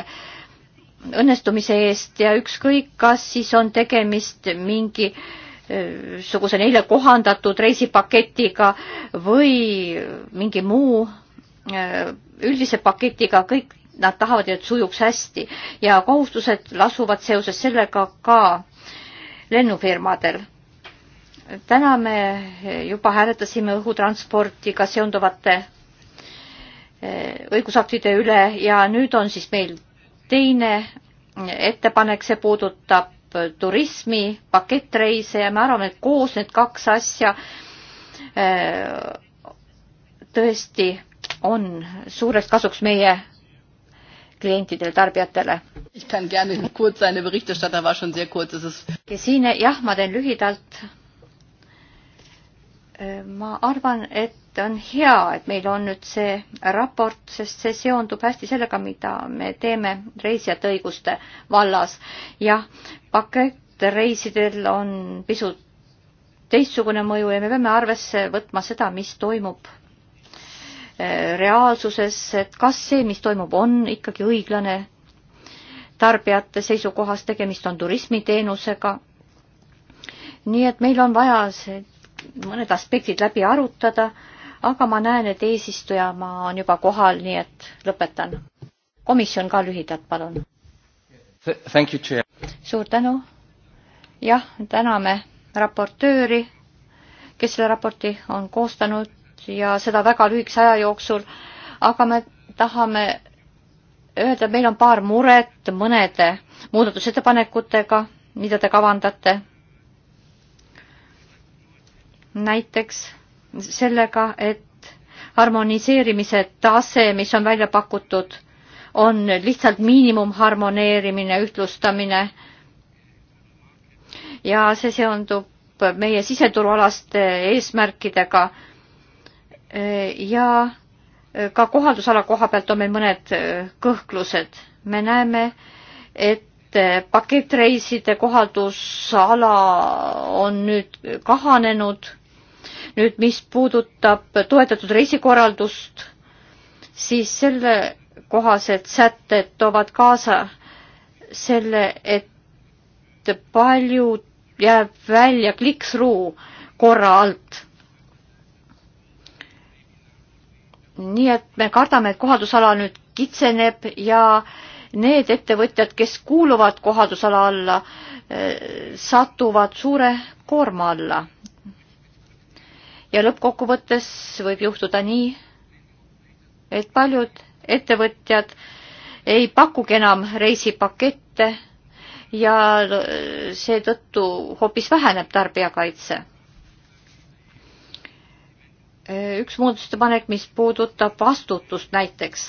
õnnestumise eest ja ükskõik, kas siis on tegemist mingi eh, suguse neile kohandatud reisipaketiga või mingi muu eh, üldise paketiga, kõik nad tahavad, et sujuks hästi ja kohustused lasuvad seoses sellega ka lennufirmadel. täna me juba hääletasime õhutransportiga seonduvate Eh, õigusaktide üle ja nüüd on siis meil teine ettepanek, see puudutab turismi, pakettreise ja me arvame, et koos need kaks asja eh, tõesti on suureks kasuks meie klientidele, tarbijatele. ja siin jah, ma teen lühidalt ma arvan, et on hea, et meil on nüüd see raport, sest see seondub hästi sellega, mida me teeme reisijate õiguste vallas. jah, pakettreisidel on pisut teistsugune mõju ja me peame arvesse võtma seda, mis toimub eh, reaalsuses, et kas see, mis toimub, on ikkagi õiglane tarbijate seisukohast, tegemist on turismiteenusega. nii et meil on vaja see mõned aspektid läbi arutada, aga ma näen, et eesistujamaa on juba kohal, nii et lõpetan. komisjon ka lühidalt, palun. suur tänu. jah, täname raportööri, kes selle raporti on koostanud ja seda väga lühikese aja jooksul, aga me tahame öelda, et meil on paar muret mõnede muudatusettepanekutega, mida te kavandate näiteks sellega, et harmoniseerimise tase, mis on välja pakutud, on lihtsalt miinimumharmoneerimine, ühtlustamine. ja see seondub meie siseturualaste eesmärkidega. ja ka kohaldusala koha pealt on meil mõned kõhklused. me näeme, et pakettreiside kohaldusala on nüüd kahanenud nüüd, mis puudutab toetatud reisikorraldust, siis selle kohased sätted toovad kaasa selle, et palju jääb välja click-through korra alt. nii et me kardame, et kohaldusala nüüd kitseneb ja need ettevõtjad, kes kuuluvad kohaldusala alla, satuvad suure koorma alla ja lõppkokkuvõttes võib juhtuda nii, et paljud ettevõtjad ei pakugi enam reisipakette ja seetõttu hoopis väheneb tarbijakaitse. üks muudatustepanek, mis puudutab vastutust näiteks.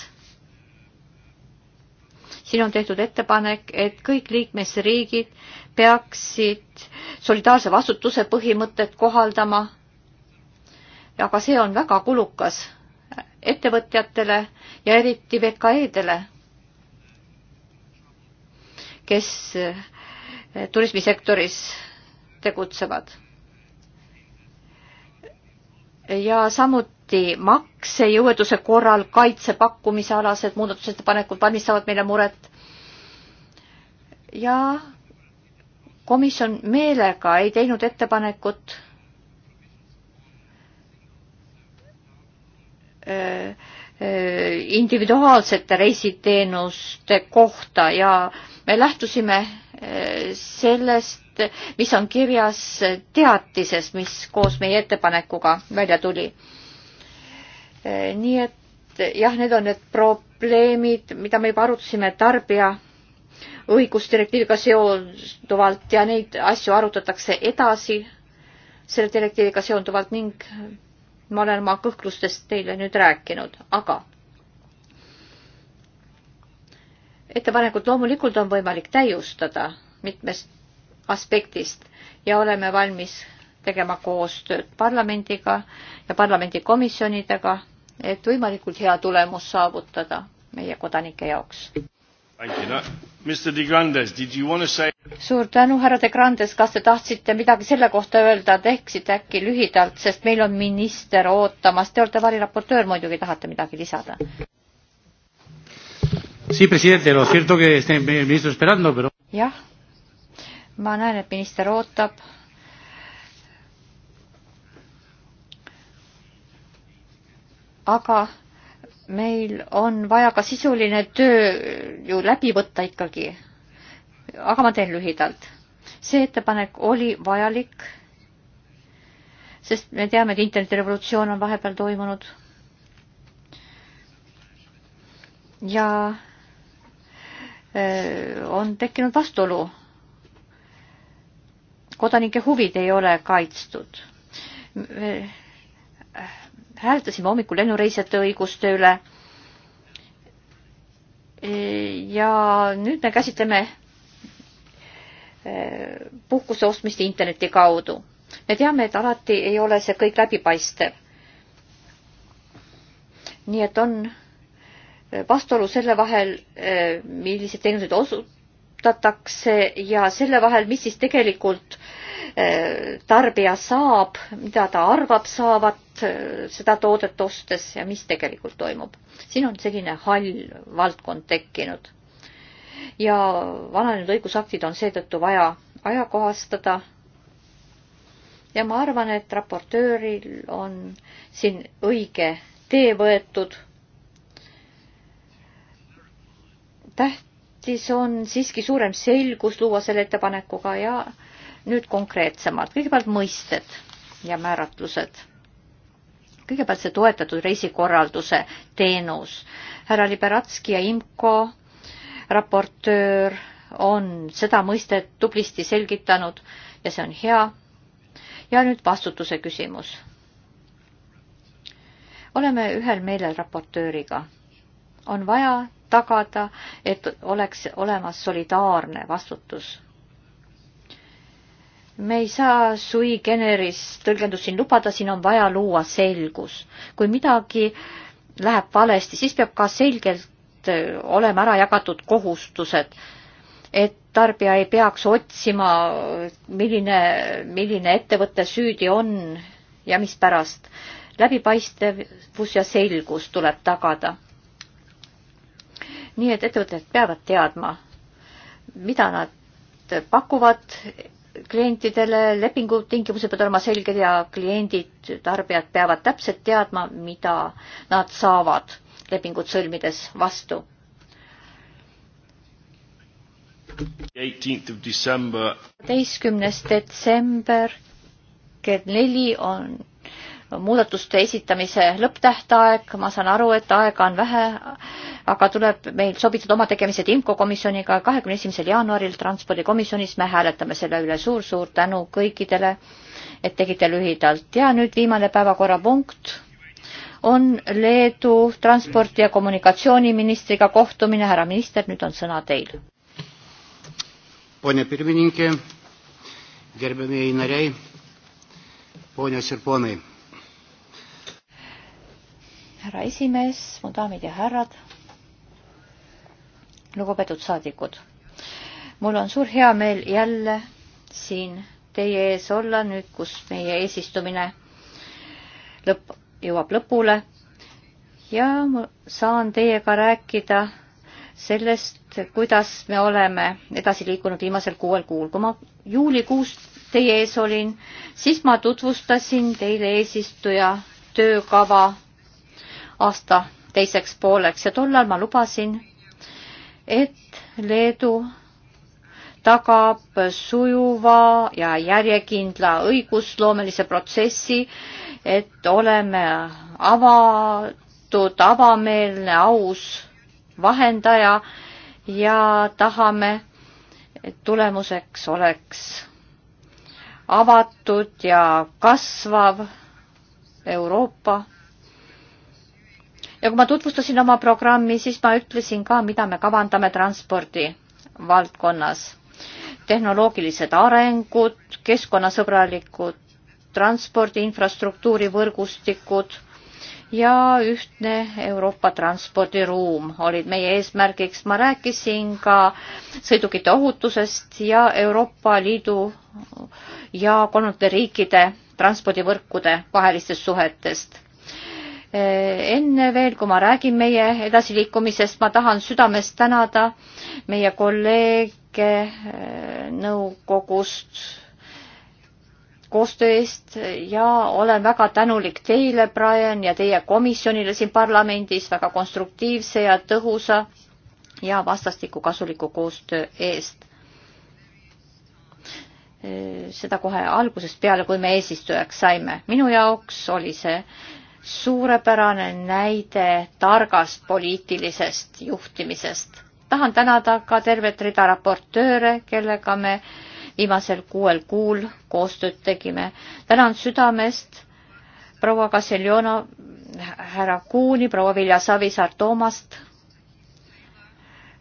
siin on tehtud ettepanek, et kõik liikmesriigid peaksid solidaarse vastutuse põhimõtet kohaldama aga see on väga kulukas ettevõtjatele ja eriti VKE-dele, kes eh, turismisektoris tegutsevad. ja samuti maksejõuetuse korral kaitsepakkumise alased muudatusettepanekud valmistavad meile muret. ja komisjon meelega ei teinud ettepanekut Äh, äh, individuaalsete reisiteenuste kohta ja me lähtusime äh, sellest, mis on kirjas teatises, mis koos meie ettepanekuga välja tuli. nii et jah, need on need probleemid, mida me juba arutasime tarbija õigusdirektiiviga seonduvalt ja neid asju arutatakse edasi selle direktiiviga seonduvalt ning ma olen oma kõhklustest teile nüüd rääkinud, aga ettepanekut loomulikult on võimalik täiustada mitmest aspektist ja oleme valmis tegema koostööd parlamendiga ja parlamendikomisjonidega, et võimalikult hea tulemus saavutada meie kodanike jaoks. Mr. De Grandes, did you want to say? suur tänu, härra De Grandes, kas te tahtsite midagi selle kohta öelda, teeksite äkki lühidalt, sest meil on minister ootamas, te olete variraportöör, muidugi tahate midagi lisada? jah, ma näen, et minister ootab. aga meil on vaja ka sisuline töö ju läbi võtta ikkagi aga ma teen lühidalt. see ettepanek oli vajalik, sest me teame, et internetirevolutsioon on vahepeal toimunud. ja äh, on tekkinud vastuolu. kodanike huvid ei ole kaitstud. Äh, hääletasime hommikul lennureisijate õiguste üle. Äh, ja nüüd me käsitleme puhkuse ostmist interneti kaudu. me teame, et alati ei ole see kõik läbipaistev. nii et on vastuolu selle vahel, milliseid teenuseid osutatakse ja selle vahel, mis siis tegelikult eh, tarbija saab, mida ta arvab saavat eh, seda toodet ostes ja mis tegelikult toimub. siin on selline hall valdkond tekkinud ja vananenud õigusaktid on seetõttu vaja ajakohastada. ja ma arvan, et raportööril on siin õige tee võetud. tähtis on siiski suurem selgus luua selle ettepanekuga ja nüüd konkreetsemalt, kõigepealt mõisted ja määratlused. kõigepealt see toetatud reisikorralduse teenus. härra Liberatski ja IMCO raportöör on seda mõistet tublisti selgitanud ja see on hea. ja nüüd vastutuse küsimus. oleme ühel meelel raportööriga. on vaja tagada, et oleks olemas solidaarne vastutus. me ei saa sui generis tõlgendust siin lubada, siin on vaja luua selgus. kui midagi läheb valesti, siis peab ka selgelt Äh, olema ära jagatud kohustused, et tarbija ei peaks otsima, milline, milline ettevõte süüdi on ja mispärast. läbipaistvus ja selgus tuleb tagada. nii et ettevõtted peavad teadma, mida nad pakuvad klientidele, lepingutingimused peavad olema selged ja kliendid, tarbijad peavad täpselt teadma, mida nad saavad lepingut sõlmides vastu. kaheteistkümnes detsember kell neli on muudatuste esitamise lõpptähtaeg, ma saan aru, et aega on vähe, aga tuleb meil sobitada oma tegemised IMCO komisjoniga. kahekümne esimesel jaanuaril transpordikomisjonis me hääletame selle üle suur,. suur-suur tänu kõikidele, et tegite lühidalt ja nüüd viimane päevakorrapunkt on Leedu transpordi- ja kommunikatsiooniministriga kohtumine. härra minister, nüüd on sõna teil. Pone pirmininke, gerbemieji narei, ponios ja ponei. härra esimees, mu daamid ja härrad, lugupeetud saadikud, mul on suur heameel jälle siin teie ees olla nüüd, kus meie eesistumine lõpp jõuab lõpule ja ma saan teiega rääkida sellest, kuidas me oleme edasi liikunud viimasel kuuel kuul. kui ma juulikuus teie ees olin, siis ma tutvustasin teile eesistuja töökava aasta teiseks pooleks ja tollal ma lubasin, et Leedu tagab sujuva ja järjekindla õigusloomelise protsessi et oleme avatud, avameelne, aus vahendaja ja tahame, et tulemuseks oleks avatud ja kasvav Euroopa. ja kui ma tutvustasin oma programmi, siis ma ütlesin ka, mida me kavandame transpordi valdkonnas. tehnoloogilised arengud, keskkonnasõbralikud transpordi infrastruktuuri võrgustikud ja ühtne Euroopa transpordiruum olid meie eesmärgiks. ma rääkisin ka sõidukite ohutusest ja Euroopa Liidu ja kolmandate riikide transpordivõrkude vahelistest suhetest. enne veel, kui ma räägin meie edasiliikumisest, ma tahan südamest tänada meie kolleege äh, nõukogust koostöö eest ja olen väga tänulik teile, Brian, ja teie komisjonile siin parlamendis väga konstruktiivse ja tõhusa ja vastastikku kasuliku koostöö eest. seda kohe algusest peale, kui me eesistujaks saime. minu jaoks oli see suurepärane näide targast poliitilisest juhtimisest. tahan tänada ka tervet rida raportööre, kellega me äh, viimasel kuuel kuul koostööd tegime. tänan südamest proua Kaseljona, härra Kuuni, proua Vilja Savisaar Toomast,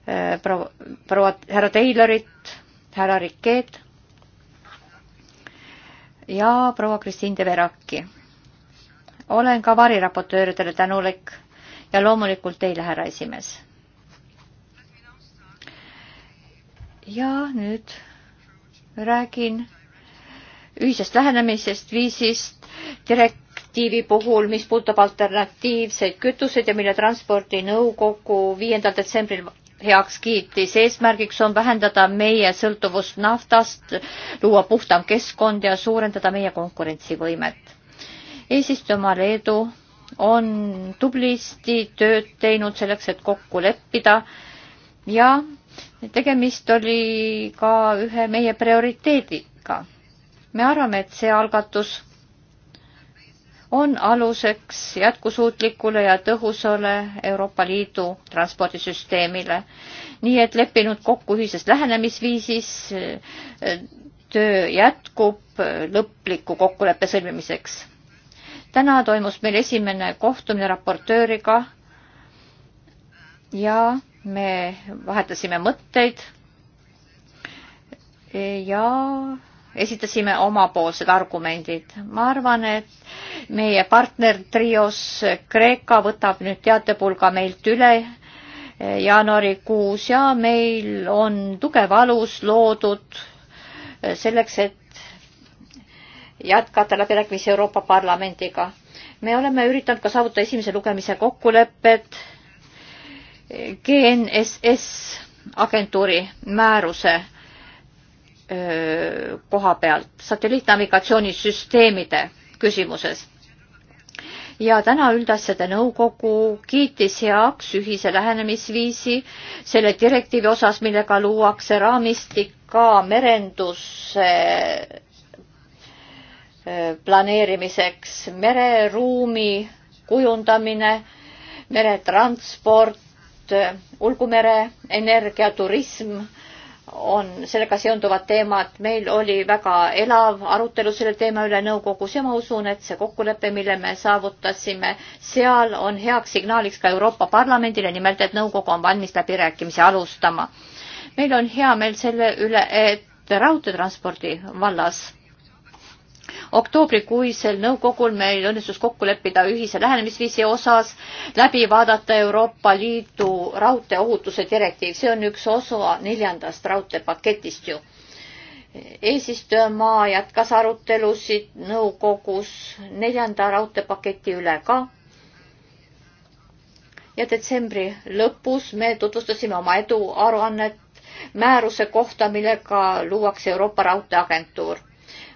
eh, proua, proua, härra Taylorit, härra Rikeet ja proua Kristiin Deveraki. olen ka variraportööridele tänulik ja loomulikult teile, härra esimees. ja nüüd räägin ühisest lähenemisest, viisist direktiivi puhul, mis puudutab alternatiivseid kütuseid ja mille transpordinõukogu viiendal detsembril heaks kiitis. eesmärgiks on vähendada meie sõltuvust naftast, luua puhtam keskkond ja suurendada meie konkurentsivõimet. eesistuja Leedu on tublisti tööd teinud selleks, et kokku leppida ja tegemist oli ka ühe meie prioriteediga. me arvame, et see algatus on aluseks jätkusuutlikule ja tõhusale Euroopa Liidu transpordisüsteemile. nii et leppinud kokku ühises lähenemisviisis, töö jätkub lõpliku kokkuleppe sõlmimiseks. täna toimus meil esimene kohtumine raportööriga ja me vahetasime mõtteid ja esitasime omapoolsed argumendid. ma arvan, et meie partner trios Kreeka võtab nüüd teatepulga meilt üle jaanuarikuus ja meil on tugev alus loodud selleks, et jätkata läbirääkimisi Euroopa Parlamendiga. me oleme üritanud ka saavutada esimese lugemise kokkulepped GNSS agentuuri määruse koha pealt satelliitnavigatsioonisüsteemide küsimuses. ja täna üldasjade nõukogu kiitis heaks ühise lähenemisviisi selle direktiivi osas, millega luuakse raamistik ka merenduse planeerimiseks, mereruumi kujundamine, meretransport, just Ulgumere energia, turism on sellega seonduvad teemad. meil oli väga elav arutelu selle teema üle nõukogus ja ma usun, et see kokkulepe, mille me saavutasime seal, on heaks signaaliks ka Euroopa Parlamendile, nimelt et nõukogu on valmis läbirääkimisi alustama. meil on hea meel selle üle, et raudteetranspordi vallas oktoobrikuisel nõukogul meil õnnestus kokku leppida ühise lähenemisviisi osas, läbi vaadata Euroopa Liidu raudteeohutuse direktiiv, see on üks osa neljandast raudteepaketist ju eesistujamaa jätkas arutelusid nõukogus neljanda raudteepaketi üle ka. ja detsembri lõpus me tutvustasime oma eduaruannet määruse kohta, millega luuakse Euroopa Raudteeagentuur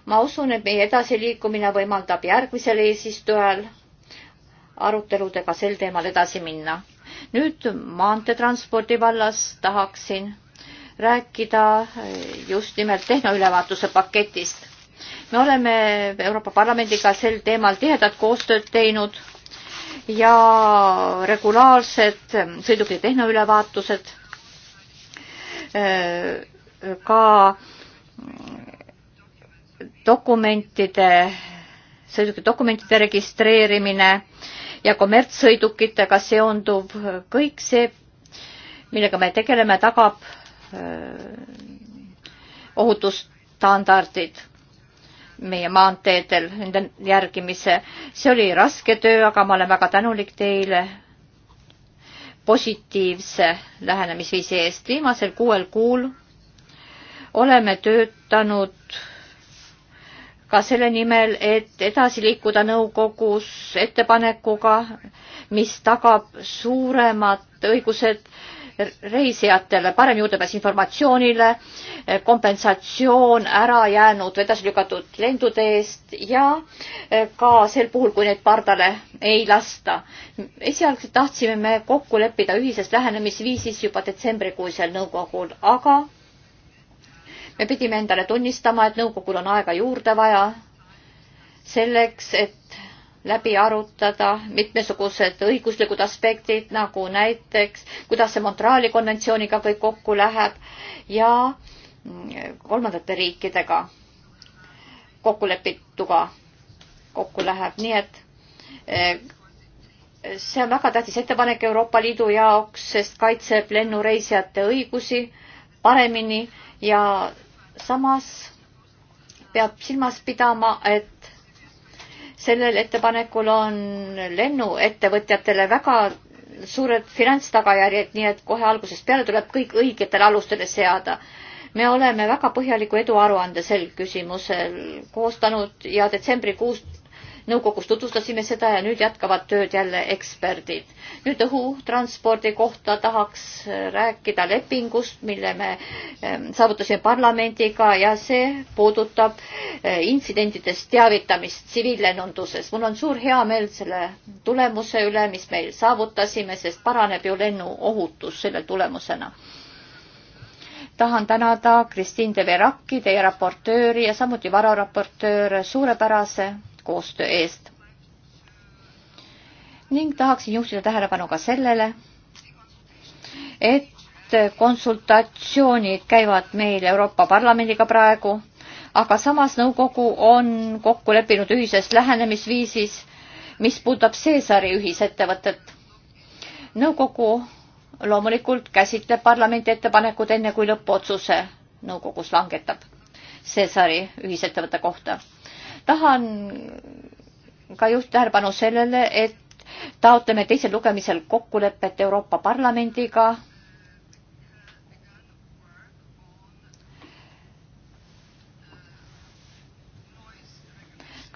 ma usun, et meie edasiliikumine võimaldab järgmisel eesistujal aruteludega sel teemal edasi minna. nüüd maanteetranspordi vallas tahaksin rääkida eh, just nimelt tehnoülevaatuse paketist. me oleme Euroopa Parlamendiga sel teemal tihedat koostööd teinud ja regulaarsed eh, sõiduki tehnoülevaatused eh, ka dokumentide, sõidukidokumentide registreerimine ja kommertssõidukitega seonduv, kõik see, millega me tegeleme, tagab äh, ohutusstandardid meie maanteedel, nende järgimise. see oli raske töö, aga ma olen väga tänulik teile positiivse lähenemisviisi eest. viimasel kuuel kuul oleme töötanud ka selle nimel, et edasi liikuda nõukogus ettepanekuga, mis tagab suuremad õigused reisijatele, parem juurdepääs informatsioonile, kompensatsioon ärajäänud või edasi lükatud lendude eest ja eh, ka sel puhul, kui neid pardale ei lasta. esialgselt tahtsime me kokku leppida ühises lähenemisviisis juba detsembrikuisel nõukogul, aga me pidime endale tunnistama, et nõukogul on aega juurde vaja selleks, et läbi arutada mitmesugused õiguslikud aspektid, nagu näiteks, kuidas see Montreali konventsiooniga kõik kokku läheb ja kolmandate riikidega kokkulepituga kokku läheb, nii et eh, see on väga tähtis ettepanek Euroopa Liidu jaoks, sest kaitseb lennureisijate õigusi paremini ja samas peab silmas pidama, et sellel ettepanekul on lennuettevõtjatele väga suured finantstagajärjed, nii et kohe algusest peale tuleb kõik õigetele alustele seada. me oleme väga põhjaliku eduaruande sel küsimusel koostanud ja detsembrikuust nõukogus tutvustasime seda ja nüüd jätkavad tööd jälle eksperdid. nüüd õhutranspordi kohta tahaks rääkida lepingust, mille me saavutasime parlamendiga ja see puudutab eh, intsidentidest teavitamist tsiviillennunduses. mul on suur heameel selle tulemuse üle, mis meil saavutasime, sest paraneb ju lennuohutus selle tulemusena tahan tänada Kristiin Deveraki, teie raportööri ja samuti vararaportööre suurepärase koostöö eest. ning tahaksin juhtida tähelepanu ka sellele, et konsultatsioonid käivad meil Euroopa Parlamendiga praegu, aga samas nõukogu on kokku leppinud ühises lähenemisviisis, mis puudutab Seesari ühisettevõtet. nõukogu loomulikult käsitleb parlamendi ettepanekud enne, kui lõppotsuse nõukogus langetab Seesari ühisettevõtte kohta tahan ka juhtida tähelepanu sellele, et taotleme teisel lugemisel kokkulepet Euroopa Parlamendiga.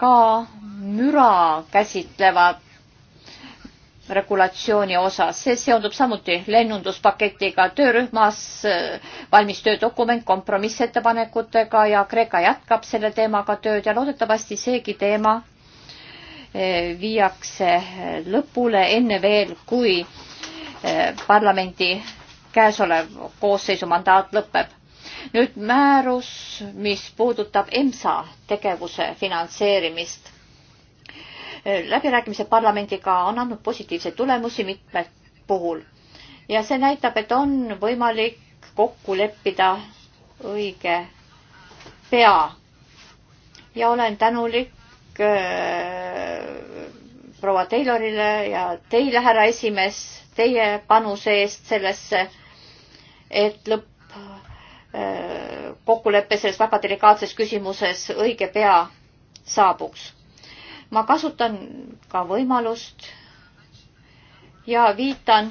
ka müra käsitlevad regulatsiooni osas, see seondub samuti lennunduspaketiga. töörühmas äh, valmis töödokument kompromissettepanekutega ja Kreeka jätkab selle teemaga tööd ja loodetavasti seegi teema äh, viiakse äh, lõpule enne veel, kui parlamendi käesolev koosseisu mandaat lõpeb nüüd määrus, mis puudutab EMSA tegevuse finantseerimist läbirääkimised parlamendiga on andnud positiivseid tulemusi mitmed puhul ja see näitab, et on võimalik kokku leppida õige pea. ja olen tänulik äh, proua Taylorile ja teile, härra esimees, teie panuse eest sellesse, et lõpp äh, kokkulepe selles väga delikaatses küsimuses õige pea saabuks ma kasutan ka võimalust ja viitan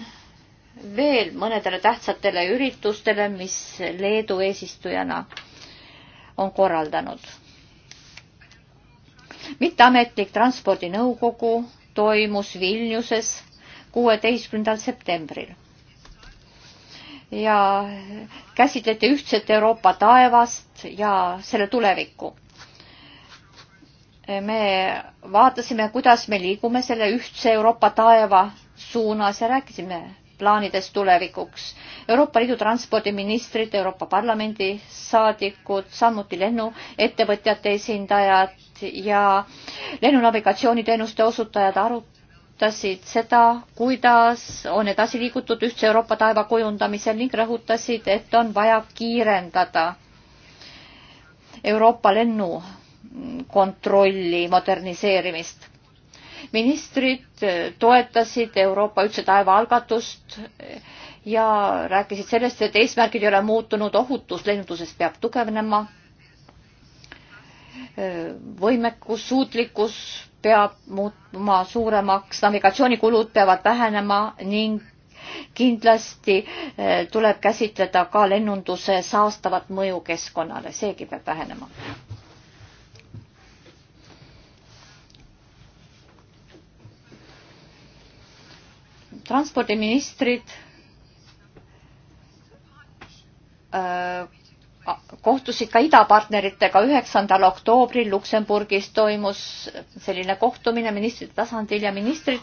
veel mõnedele tähtsatele üritustele, mis Leedu eesistujana on korraldanud. mitteametlik transpordinõukogu toimus Vilniuses kuueteistkümnendal septembril ja käsitleti ühtset Euroopa taevast ja selle tulevikku me vaatasime, kuidas me liigume selle ühtse Euroopa taeva suunas ja rääkisime plaanidest tulevikuks. Euroopa Liidu transpordiministrid, Euroopa Parlamendi saadikud, samuti lennuettevõtjate esindajad ja lennunavigatsiooniteenuste osutajad arutasid seda, kuidas on edasi liigutud ühtse Euroopa taeva kujundamisel ning rõhutasid, et on vaja kiirendada Euroopa lennu kontrolli moderniseerimist. ministrid toetasid Euroopa Ühtse Taeva algatust ja rääkisid sellest, et eesmärgid ei ole muutunud, ohutus lennunduses peab tugevnema, võimekus, suutlikkus peab muutuma suuremaks, navigatsioonikulud peavad vähenema ning kindlasti eh, tuleb käsitleda ka lennunduse saastavat mõju keskkonnale, seegi peab vähenema transpordiministrid äh, kohtusid ka idapartneritega üheksandal oktoobril Luksemburgis toimus selline kohtumine ministrite tasandil ja ministrid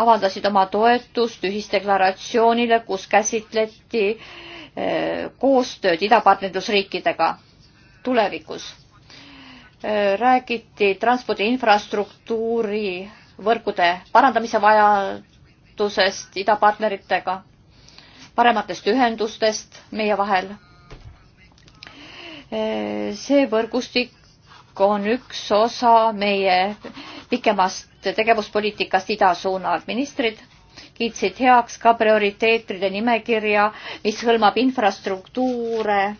avaldasid oma toetust ühisdeklaratsioonile, kus käsitleti äh, koostööd idapartnerlusriikidega tulevikus. Äh, räägiti transpordi infrastruktuuri võrkude parandamise vaja, partnerlussuhtlusest idapartneritega, parematest ühendustest meie vahel. see võrgustik on üks osa meie pikemast tegevuspoliitikast ida suunal. ministrid kiitsid heaks ka prioriteetide nimekirja, mis hõlmab infrastruktuure,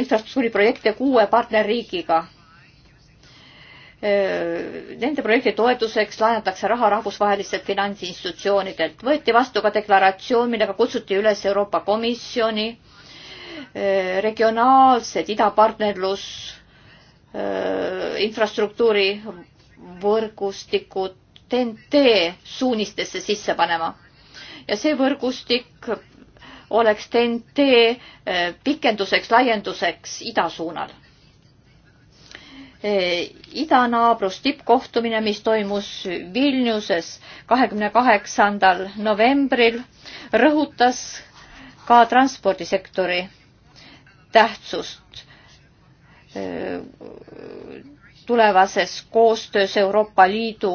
infrastruktuuriprojekte kuue partnerriigiga nende projekti toetuseks laenatakse raha rahvusvahelistelt finantsinstitutsioonidelt. võeti vastu ka deklaratsioon, millega kutsuti üles Euroopa Komisjoni eh, regionaalsed idapartnerlus eh, infrastruktuuri võrgustikud TNT suunistesse sisse panema. ja see võrgustik oleks TNT eh, pikenduseks, laienduseks ida suunal Eh, idanaabrus tippkohtumine, mis toimus Vilniuses kahekümne kaheksandal novembril, rõhutas ka transpordisektori tähtsust eh, tulevases koostöös Euroopa Liidu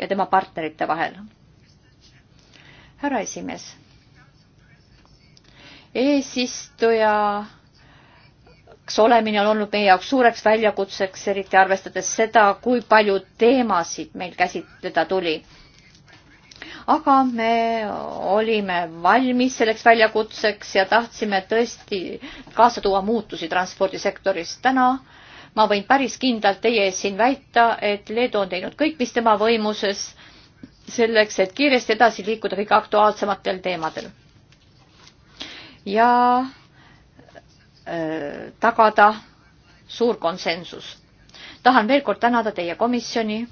ja tema partnerite vahel. härra esimees, eesistuja eks olemine on olnud meie jaoks suureks väljakutseks, eriti arvestades seda, kui palju teemasid meil käsitleda tuli. aga me olime valmis selleks väljakutseks ja tahtsime tõesti kaasa tuua muutusi transpordisektoris. täna ma võin päris kindlalt teie ees siin väita, et Leedu on teinud kõik, mis tema võimuses selleks, et kiiresti edasi liikuda kõige aktuaalsematel teemadel. ja Äh, tagada suur konsensus. tahan veel kord tänada teie komisjoni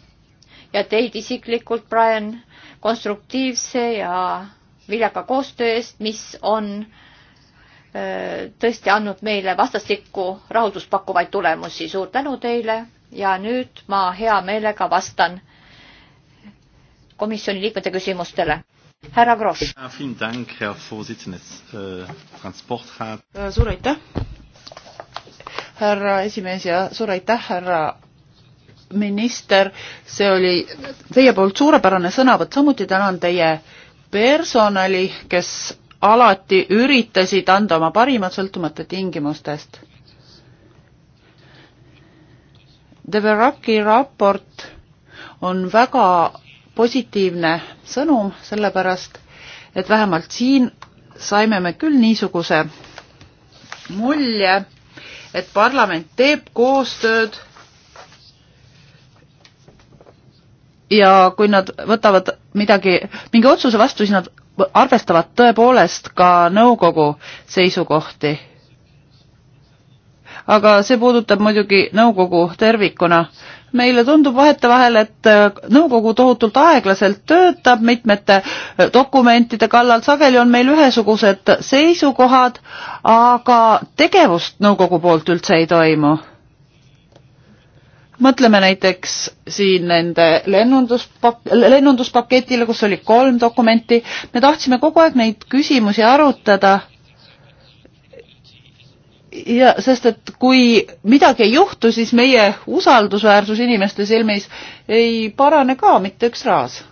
ja teid isiklikult, Brian, konstruktiivse ja viljaka koostöö eest, mis on äh, tõesti andnud meile vastastikku rahulduspakkuvaid tulemusi. suur tänu teile ja nüüd ma hea meelega vastan komisjoni liikmete küsimustele. härra Grosch. Äh, suur aitäh, härra esimees ja suur aitäh, härra minister, see oli teie poolt suurepärane sõnavõtt, samuti tänan teie personali, kes alati üritasid anda oma parimat sõltumata tingimustest. De Veraki raport on väga positiivne sõnum, sellepärast et vähemalt siin saime me küll niisuguse mulje, et parlament teeb koostööd ja kui nad võtavad midagi, mingi otsuse vastu, siis nad arvestavad tõepoolest ka nõukogu seisukohti. aga see puudutab muidugi nõukogu tervikuna meile tundub vahetevahel, et äh, nõukogu tohutult aeglaselt töötab mitmete äh, dokumentide kallal, sageli on meil ühesugused seisukohad, aga tegevust nõukogu poolt üldse ei toimu mõtleme näiteks siin nende lennunduspap-, lennunduspaketile, kus oli kolm dokumenti, me tahtsime kogu aeg neid küsimusi arutada ja sest, et kui midagi ei juhtu, siis meie usaldusväärsus inimeste silmis ei parane ka mitte üks raas.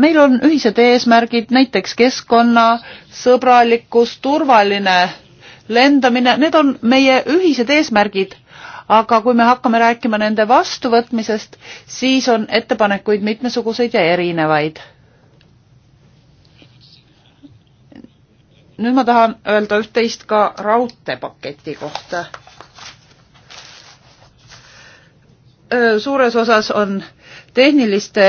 meil on ühised eesmärgid, näiteks keskkonna, sõbralikkus, turvaline lendamine, need on meie ühised eesmärgid aga kui me hakkame rääkima nende vastuvõtmisest, siis on ettepanekuid mitmesuguseid ja erinevaid nüüd ma tahan öelda üht-teist ka raudteepaketi kohta. suures osas on tehniliste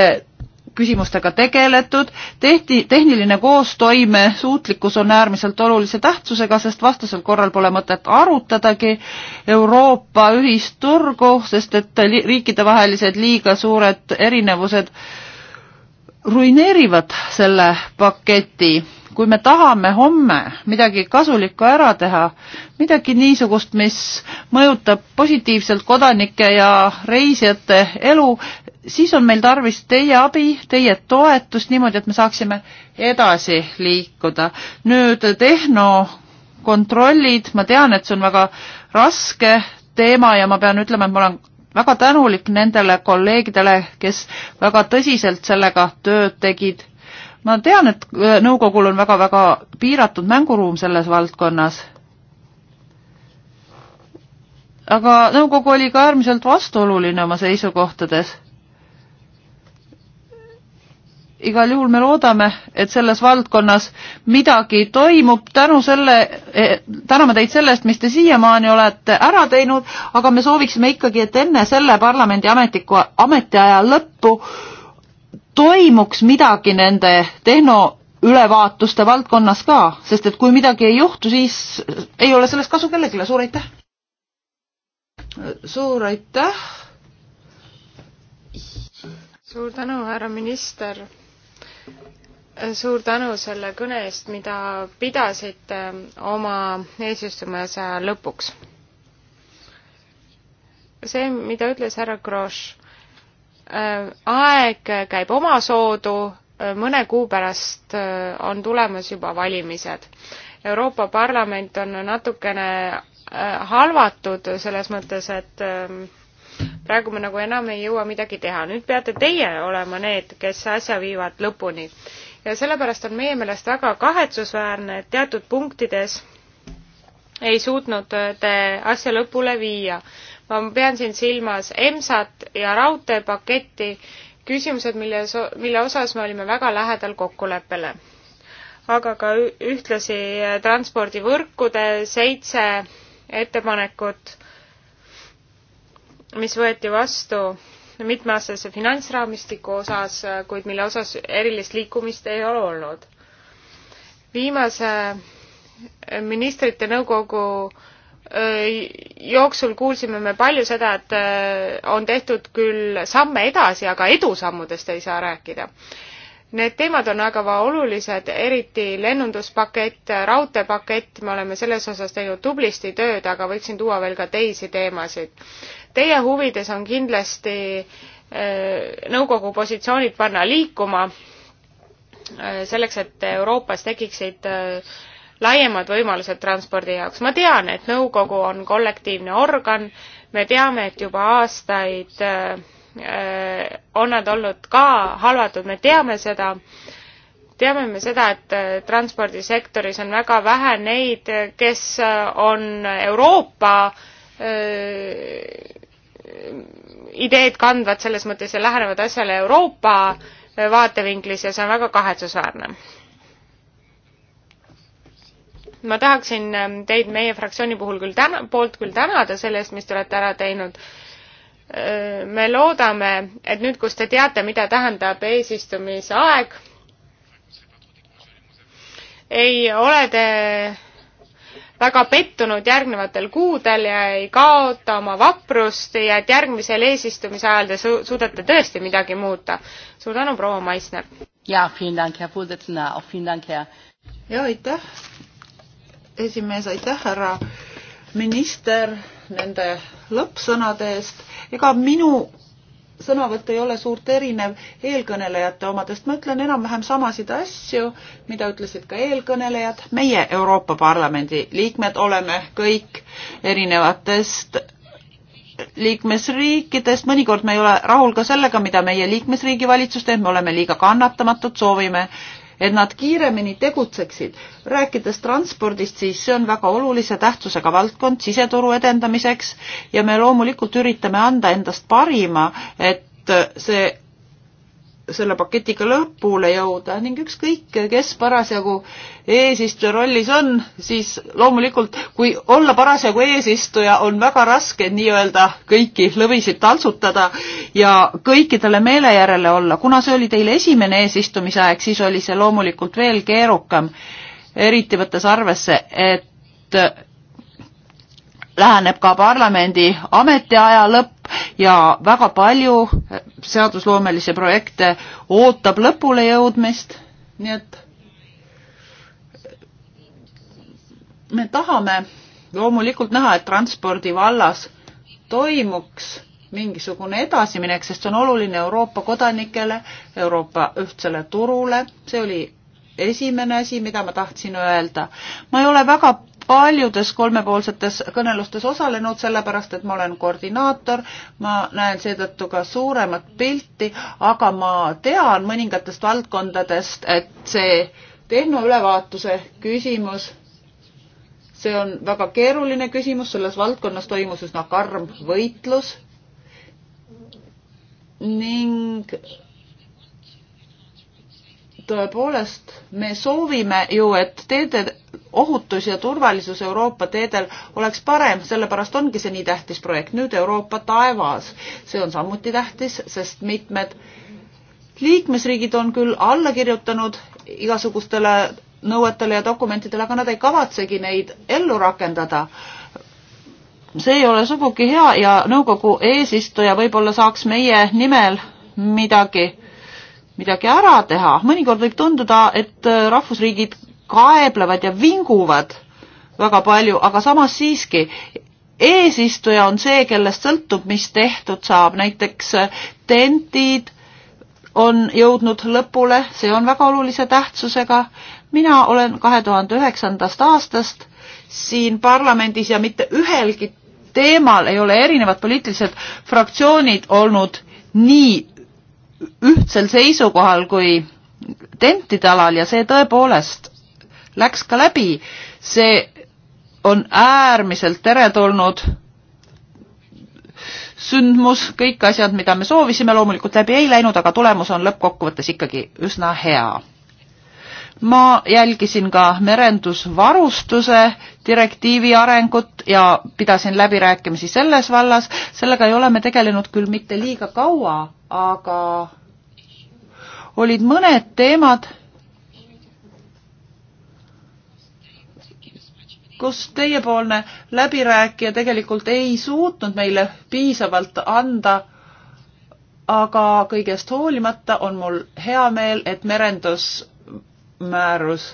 küsimustega tegeletud, tehti, tehniline koostoime, suutlikkus on äärmiselt olulise tähtsusega, sest vastasel korral pole mõtet arutadagi Euroopa ühisturgu, sest et riikidevahelised liiga suured erinevused ruineerivad selle paketi kui me tahame homme midagi kasulikku ära teha, midagi niisugust, mis mõjutab positiivselt kodanike ja reisijate elu, siis on meil tarvis teie abi, teie toetust niimoodi, et me saaksime edasi liikuda. nüüd tehnokontrollid, ma tean, et see on väga raske teema ja ma pean ütlema, et ma olen väga tänulik nendele kolleegidele, kes väga tõsiselt sellega tööd tegid ma tean, et äh, nõukogul on väga-väga piiratud mänguruum selles valdkonnas, aga nõukogu oli ka äärmiselt vastuoluline oma seisukohtades. igal juhul me loodame, et selles valdkonnas midagi toimub tänu selle, eh, täname teid selle eest, mis te siiamaani olete ära teinud, aga me sooviksime ikkagi, et enne selle parlamendi ametniku ametiaja lõppu äh, toimuks midagi nende tehnoülevaatuste valdkonnas ka, sest et kui midagi ei juhtu, siis ei ole sellest kasu kellelegi, suur aitäh! suur aitäh! suur tänu, härra minister! suur tänu selle kõne eest, mida pidasite oma eesistumise lõpuks. see, mida ütles härra Grosch Äh, aeg käib omasoodu, äh, mõne kuu pärast äh, on tulemas juba valimised. Euroopa Parlament on natukene halvatud selles mõttes, et ähm, praegu me nagu enam ei jõua midagi teha. nüüd peate teie olema need, kes asja viivad lõpuni. ja sellepärast on meie meelest väga kahetsusväärne, et teatud punktides ei suutnud te asja lõpule viia ma pean siin silmas EMSA-t ja raudteepaketti, küsimused, mille, mille osas me olime väga lähedal kokkuleppele. aga ka ühtlasi äh, transpordivõrkude seitse ettepanekut, mis võeti vastu mitmeaastase finantsraamistiku osas, äh, kuid mille osas erilist liikumist ei ole olnud. viimase äh, ministrite nõukogu äh, jooksul kuulsime me palju seda, et on tehtud küll samme edasi, aga edusammudest ei saa rääkida. Need teemad on väga olulised, eriti lennunduspakett, raudteepakett, me oleme selles osas teinud tublisti tööd, aga võiksin tuua veel ka teisi teemasid. Teie huvides on kindlasti nõukogu positsioonid panna liikuma selleks, et Euroopas tekiksid laiemad võimalused transpordi jaoks. ma tean, et nõukogu on kollektiivne organ, me teame, et juba aastaid äh, on nad olnud ka halvatud, me teame seda, teame me seda, et äh, transpordisektoris on väga vähe neid, kes äh, on Euroopa ideed kandvad selles mõttes ja lähenevad asjale Euroopa vaatevinklis ja see on väga kahetsusväärne ma tahaksin ähm, teid meie fraktsiooni puhul küll täna, poolt küll tänada selle eest, mis te olete ära teinud. Äh, me loodame, et nüüd, kus te teate, mida tähendab eesistumisaeg, ei ole te väga pettunud järgnevatel kuudel ja ei kaota oma vaprust ja et järgmisel eesistumise ajal te su suudate tõesti midagi muuta. suur tänu, proua Maisner! ja aitäh, esimees, aitäh, härra minister, nende lõppsõnade eest. ega minu sõnavõtt ei ole suurt erinev eelkõnelejate omadest, ma ütlen enam-vähem samasid asju, mida ütlesid ka eelkõnelejad. meie Euroopa Parlamendi liikmed oleme kõik erinevatest liikmesriikidest, mõnikord me ei ole rahul ka sellega, mida meie liikmesriigi valitsus teeb, me oleme liiga kannatamatud, soovime et nad kiiremini tegutseksid. rääkides transpordist, siis see on väga olulise tähtsusega valdkond siseturu edendamiseks ja me loomulikult üritame anda endast parima, et see selle paketiga lõpule jõuda ning ükskõik, kes parasjagu eesistuja rollis on, siis loomulikult, kui olla parasjagu eesistuja, on väga raske nii-öelda kõiki lõvisid taltsutada ja kõikidele meele järele olla. kuna see oli teil esimene eesistumise aeg, siis oli see loomulikult veel keerukam, eriti võttes arvesse, et läheneb ka parlamendi ametiaja lõpp ja väga palju seadusloomelisi projekte ootab lõpule jõudmist, nii et me tahame loomulikult näha, et transpordi vallas toimuks mingisugune edasiminek, sest see on oluline Euroopa kodanikele, Euroopa ühtsele turule, see oli esimene asi, mida ma tahtsin öelda. ma ei ole väga paljudes kolmepoolsetes kõnelustes osalenud, sellepärast et ma olen koordinaator, ma näen seetõttu ka suuremat pilti, aga ma tean mõningatest valdkondadest, et see tehnoülevaatuse küsimus, see on väga keeruline küsimus, selles valdkonnas toimus üsna karm võitlus ning tõepoolest, me soovime ju, et teede ohutus ja turvalisus Euroopa teedel oleks parem, sellepärast ongi see nii tähtis projekt. nüüd Euroopa taevas, see on samuti tähtis, sest mitmed liikmesriigid on küll alla kirjutanud igasugustele nõuetele ja dokumentidele, aga nad ei kavatsegi neid ellu rakendada. see ei ole sugugi hea ja nõukogu eesistuja võib-olla saaks meie nimel midagi midagi ära teha. mõnikord võib tunduda, et rahvusriigid kaeblevad ja vinguvad väga palju, aga samas siiski eesistuja on see, kellest sõltub, mis tehtud saab, näiteks äh, tentid on jõudnud lõpule, see on väga olulise tähtsusega. mina olen kahe tuhande üheksandast aastast siin parlamendis ja mitte ühelgi teemal ei ole erinevad poliitilised fraktsioonid olnud nii ühtsel seisukohal kui tentide alal ja see tõepoolest läks ka läbi. see on äärmiselt teretulnud sündmus, kõik asjad, mida me soovisime, loomulikult läbi ei läinud, aga tulemus on lõppkokkuvõttes ikkagi üsna hea. ma jälgisin ka merendusvarustuse direktiivi arengut ja pidasin läbirääkimisi selles vallas, sellega ei ole me tegelenud küll mitte liiga kaua, aga olid mõned teemad, kus teiepoolne läbirääkija tegelikult ei suutnud meile piisavalt anda, aga kõigest hoolimata on mul hea meel, et merendusmäärus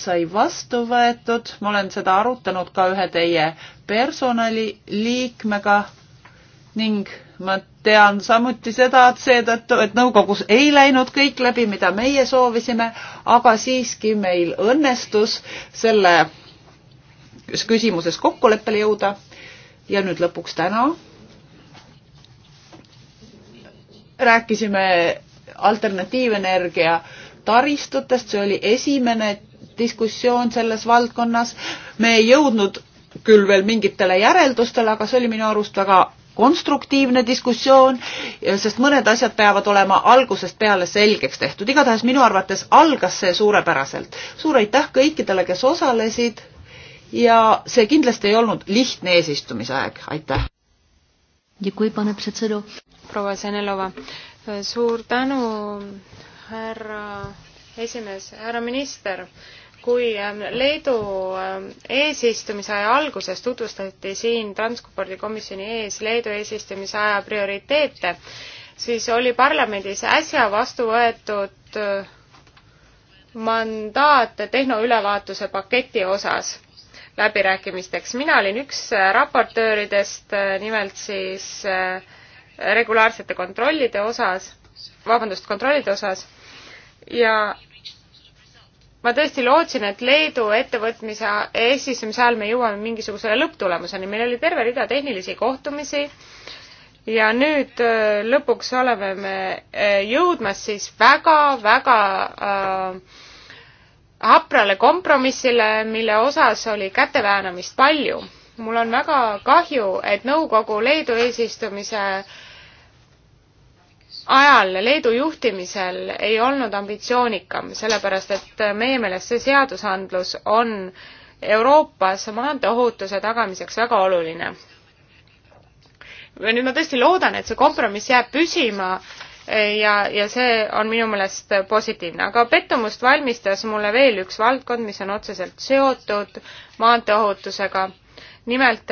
sai vastu võetud, ma olen seda arutanud ka ühe teie personaliliikmega ning ma tean samuti seda, et seetõttu, et nõukogus ei läinud kõik läbi, mida meie soovisime, aga siiski meil õnnestus selle küsimuses kokkuleppele jõuda. ja nüüd lõpuks täna rääkisime alternatiivenergia taristutest, see oli esimene diskussioon selles valdkonnas. me ei jõudnud küll veel mingitele järeldustele, aga see oli minu arust väga konstruktiivne diskussioon, sest mõned asjad peavad olema algusest peale selgeks tehtud. igatahes minu arvates algas see suurepäraselt. suur aitäh kõikidele, kes osalesid ja see kindlasti ei olnud lihtne eesistumise aeg, aitäh! proua Senelova, suur tänu, härra esimees, härra minister kui ähm, Leedu ähm, eesistumise aja alguses tutvustati siin transpordikomisjoni ees Leedu eesistumise aja prioriteete, siis oli parlamendis äsja vastu võetud äh, mandaat tehnoülevaatuse paketi osas läbirääkimisteks. mina olin üks äh, raportööridest, äh, nimelt siis regulaarsete kontrollide osas, vabandust, kontrollide osas ja ma tõesti lootsin, et Leedu ettevõtmise e-, eesistumise ajal me jõuame mingisugusele lõpptulemuseni, meil oli terve rida tehnilisi kohtumisi ja nüüd äh, lõpuks oleme me äh, jõudmas siis väga-väga äh, haprale kompromissile, mille osas oli käteväänamist palju. mul on väga kahju, et nõukogu Leedu eesistumise äh, ajal Leedu juhtimisel ei olnud ambitsioonikam, sellepärast et meie meelest see seadusandlus on Euroopas maanteeohutuse tagamiseks väga oluline. ja nüüd ma tõesti loodan, et see kompromiss jääb püsima ja, ja see on minu meelest positiivne, aga pettumust valmistas mulle veel üks valdkond, mis on otseselt seotud maanteeohutusega nimelt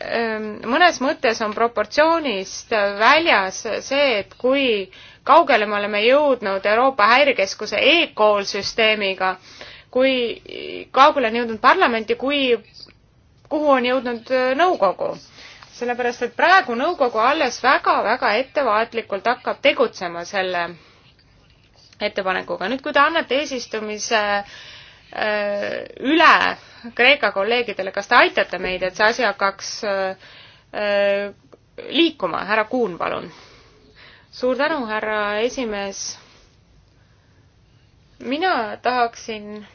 ähm, mõnes mõttes on proportsioonist väljas see, et kui kaugele me oleme jõudnud Euroopa Häirekeskuse e-call süsteemiga, kui kaugele on jõudnud parlament ja kui, kuhu on jõudnud äh, nõukogu. sellepärast, et praegu nõukogu alles väga-väga ettevaatlikult hakkab tegutsema selle ettepanekuga. nüüd, kui te annate eesistumise äh, Äh, üle Kreeka kolleegidele, kas te aitate meid, et see asi hakkaks äh, äh, liikuma, härra Kuhn, palun. suur tänu, härra esimees. mina tahaksin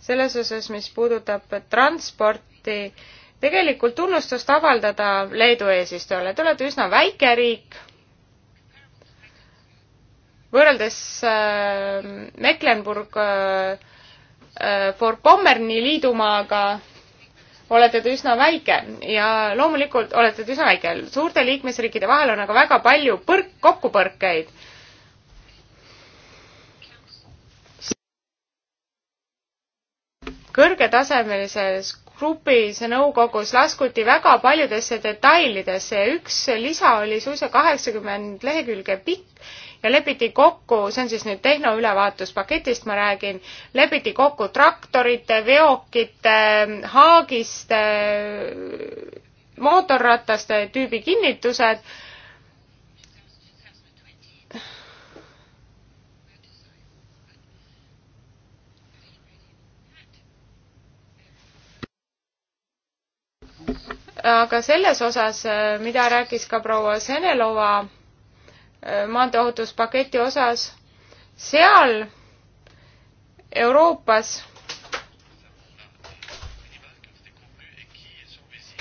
selles osas, mis puudutab transporti, tegelikult tunnustust avaldada Leedu eesistujale, te olete üsna väike riik võrreldes äh, Mecklenburg äh, äh Forpommerni liidumaaga olete te üsna väike ja loomulikult olete te üsna väike. suurte liikmesriikide vahel on aga väga palju põrk, kokkupõrkeid. kõrgetasemelises grupis nõukogus laskuti väga paljudesse detailidesse ja üks lisa oli suisa kaheksakümmend lehekülge pikk ja lepiti kokku, see on siis nüüd tehnoülevaatuspaketist ma räägin, lepiti kokku traktorite, veokite, haagiste, mootorrataste tüübi kinnitused aga selles osas, eh, mida rääkis ka proua Senelova, maanteeohutuspaketi osas. seal Euroopas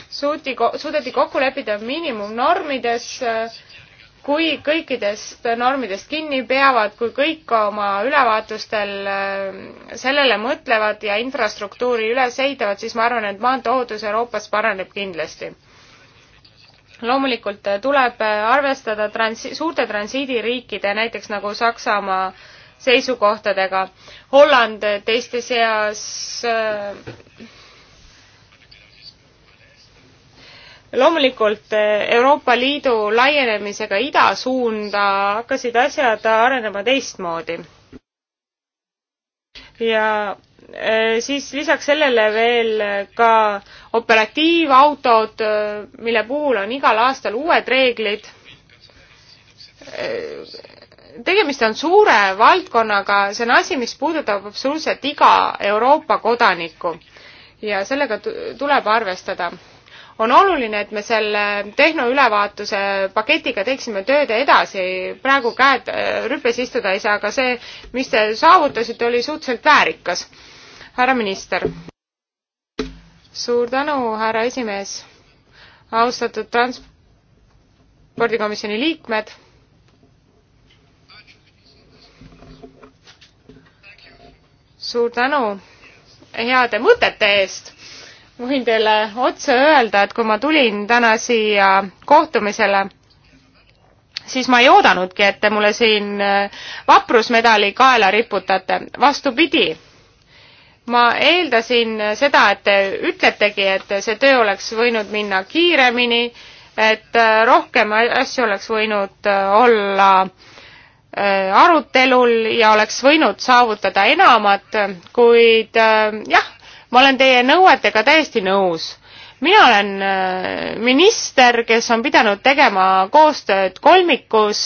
suuti, suudeti kokku leppida miinimumnormides, kui kõikidest normidest kinni peavad, kui kõik oma ülevaatustel äh, sellele mõtlevad ja infrastruktuuri üles ehitavad, siis ma arvan, et maanteeohutus Euroopas paraneb kindlasti loomulikult äh, tuleb äh, arvestada trans-, suurte transiidiriikide, näiteks nagu Saksamaa seisukohtadega. Holland äh, teiste seas loomulikult Euroopa Liidu laienemisega ida suunda hakkasid asjad arenema teistmoodi. ja siis lisaks sellele veel ka operatiivautod, mille puhul on igal aastal uued reeglid. tegemist on suure valdkonnaga, see on asi, mis puudutab absoluutselt iga Euroopa kodanikku ja sellega tuleb arvestada on oluline, et me selle tehnoülevaatuse paketiga teeksime tööd edasi, praegu käed äh, rüpes istuda ei saa, aga see, mis te saavutasite, oli suhteliselt väärikas. härra minister suur tänu, härra esimees. austatud transpordikomisjoni liikmed. suur tänu heade mõtete eest. võin teile otse öelda, et kui ma tulin täna siia kohtumisele, siis ma ei oodanudki, et te mulle siin äh, vaprusmedali kaela riputate. vastupidi ma eeldasin seda, et te ütletegi, et see töö oleks võinud minna kiiremini, et äh, rohkem asju oleks võinud äh, olla äh, arutelul ja oleks võinud saavutada enamat, kuid jah, ma olen teie nõuetega täiesti nõus. mina olen minister, kes on pidanud tegema koostööd kolmikus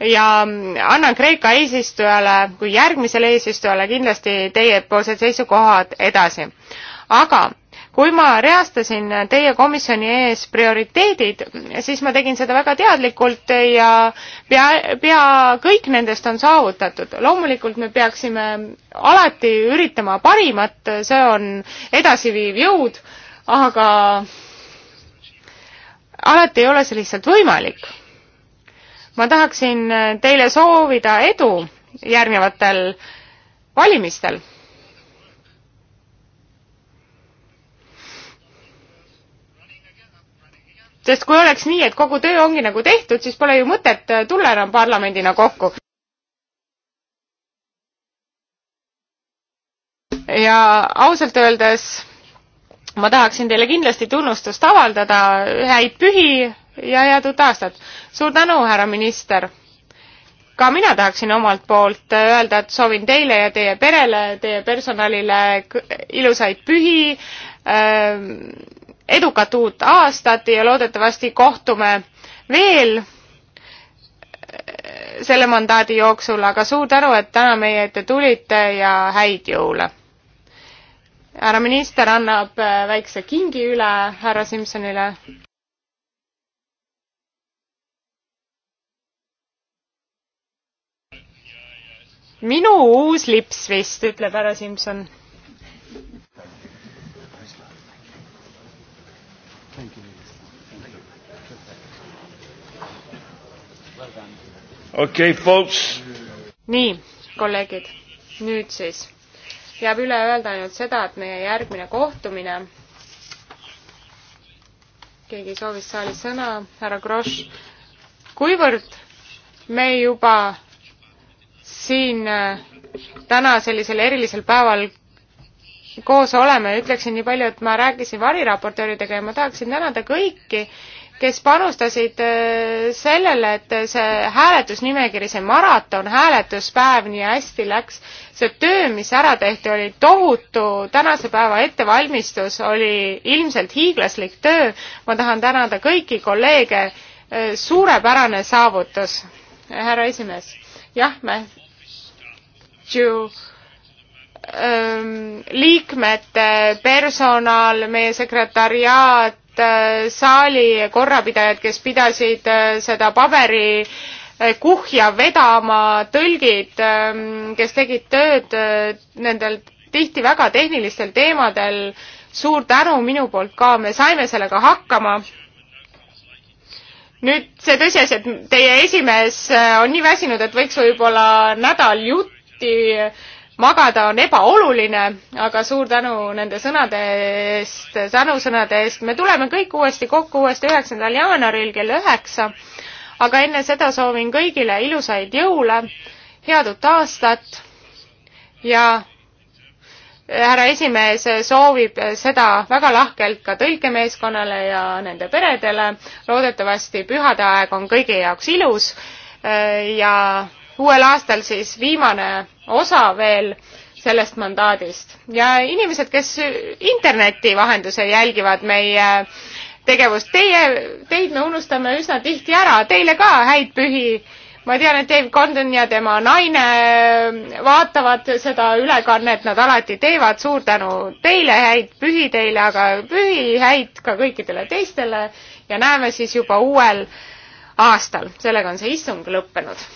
ja annan Kreeka eesistujale kui järgmisele eesistujale kindlasti teiepoolsed seisukohad edasi. aga kui ma reastasin teie komisjoni ees prioriteedid, siis ma tegin seda väga teadlikult ja pea, pea kõik nendest on saavutatud. loomulikult me peaksime alati üritama parimat, see on edasiviiv jõud, aga alati ei ole see lihtsalt võimalik ma tahaksin äh, teile soovida edu järgnevatel valimistel. sest kui oleks nii, et kogu töö ongi nagu tehtud, siis pole ju mõtet äh, tulla enam parlamendina kokku. ja ausalt öeldes ma tahaksin teile kindlasti tunnustust avaldada, häid pühi ja head uut aastat. suur tänu, härra minister. ka mina tahaksin omalt poolt öelda, et soovin teile ja teie perele, teie personalile ilusaid pühi, ähm, edukat uut aastat ja loodetavasti kohtume veel äh, selle mandaadi jooksul, aga suur tänu, et täna meie ette tulite ja häid jõule. härra minister annab äh, väikse kingi üle härra Simsonile. minu uus lips vist, ütleb härra Simson. okei okay,, folks. nii, kolleegid, nüüd siis jääb üle öelda ainult seda, et meie järgmine kohtumine. keegi soovis saalis sõna, härra Grosch. kuivõrd me juba siin äh, täna sellisel erilisel päeval koos oleme, ütleksin nii palju, et ma rääkisin variraportööridega ja ma tahaksin tänada kõiki, kes panustasid äh, sellele, et see hääletusnimekiri, see maraton, hääletuspäev nii hästi läks. see töö, mis ära tehti, oli tohutu, tänase päeva ettevalmistus oli ilmselt hiiglaslik töö. ma tahan tänada kõiki kolleege, äh, suurepärane saavutus, härra esimees. jah, me ju ähm, liikmete personal, meie sekretariaat, äh, saali korrapidajad, kes pidasid äh, seda paberi äh, kuhja vedama, tõlgid, ähm, kes tegid tööd nendel tihti väga tehnilistel teemadel. suur tänu minu poolt ka, me saime sellega hakkama nüüd see tõsiasi, et teie esimees on nii väsinud, et võiks võib-olla nädal juttu tihti magada on ebaoluline, aga suur tänu nende sõnade eest, tänusõnade eest. me tuleme kõik uuesti kokku uuesti üheksandal jaanuaril kell üheksa. aga enne seda soovin kõigile ilusaid jõule, head uut aastat ja härra esimees soovib seda väga lahkelt ka tõlkemeeskonnale ja nende peredele. loodetavasti pühade aeg on kõigi jaoks ilus äh, ja uuel aastal siis viimane osa veel sellest mandaadist ja inimesed, kes interneti vahendusel jälgivad meie tegevust, teie, teid me unustame üsna tihti ära, teile ka häid pühi. ma tean, et Dave Gordon ja tema naine vaatavad seda ülekannet, nad alati teevad, suur tänu teile, häid pühi teile, aga pühi häid ka kõikidele teistele ja näeme siis juba uuel aastal, sellega on see istung lõppenud.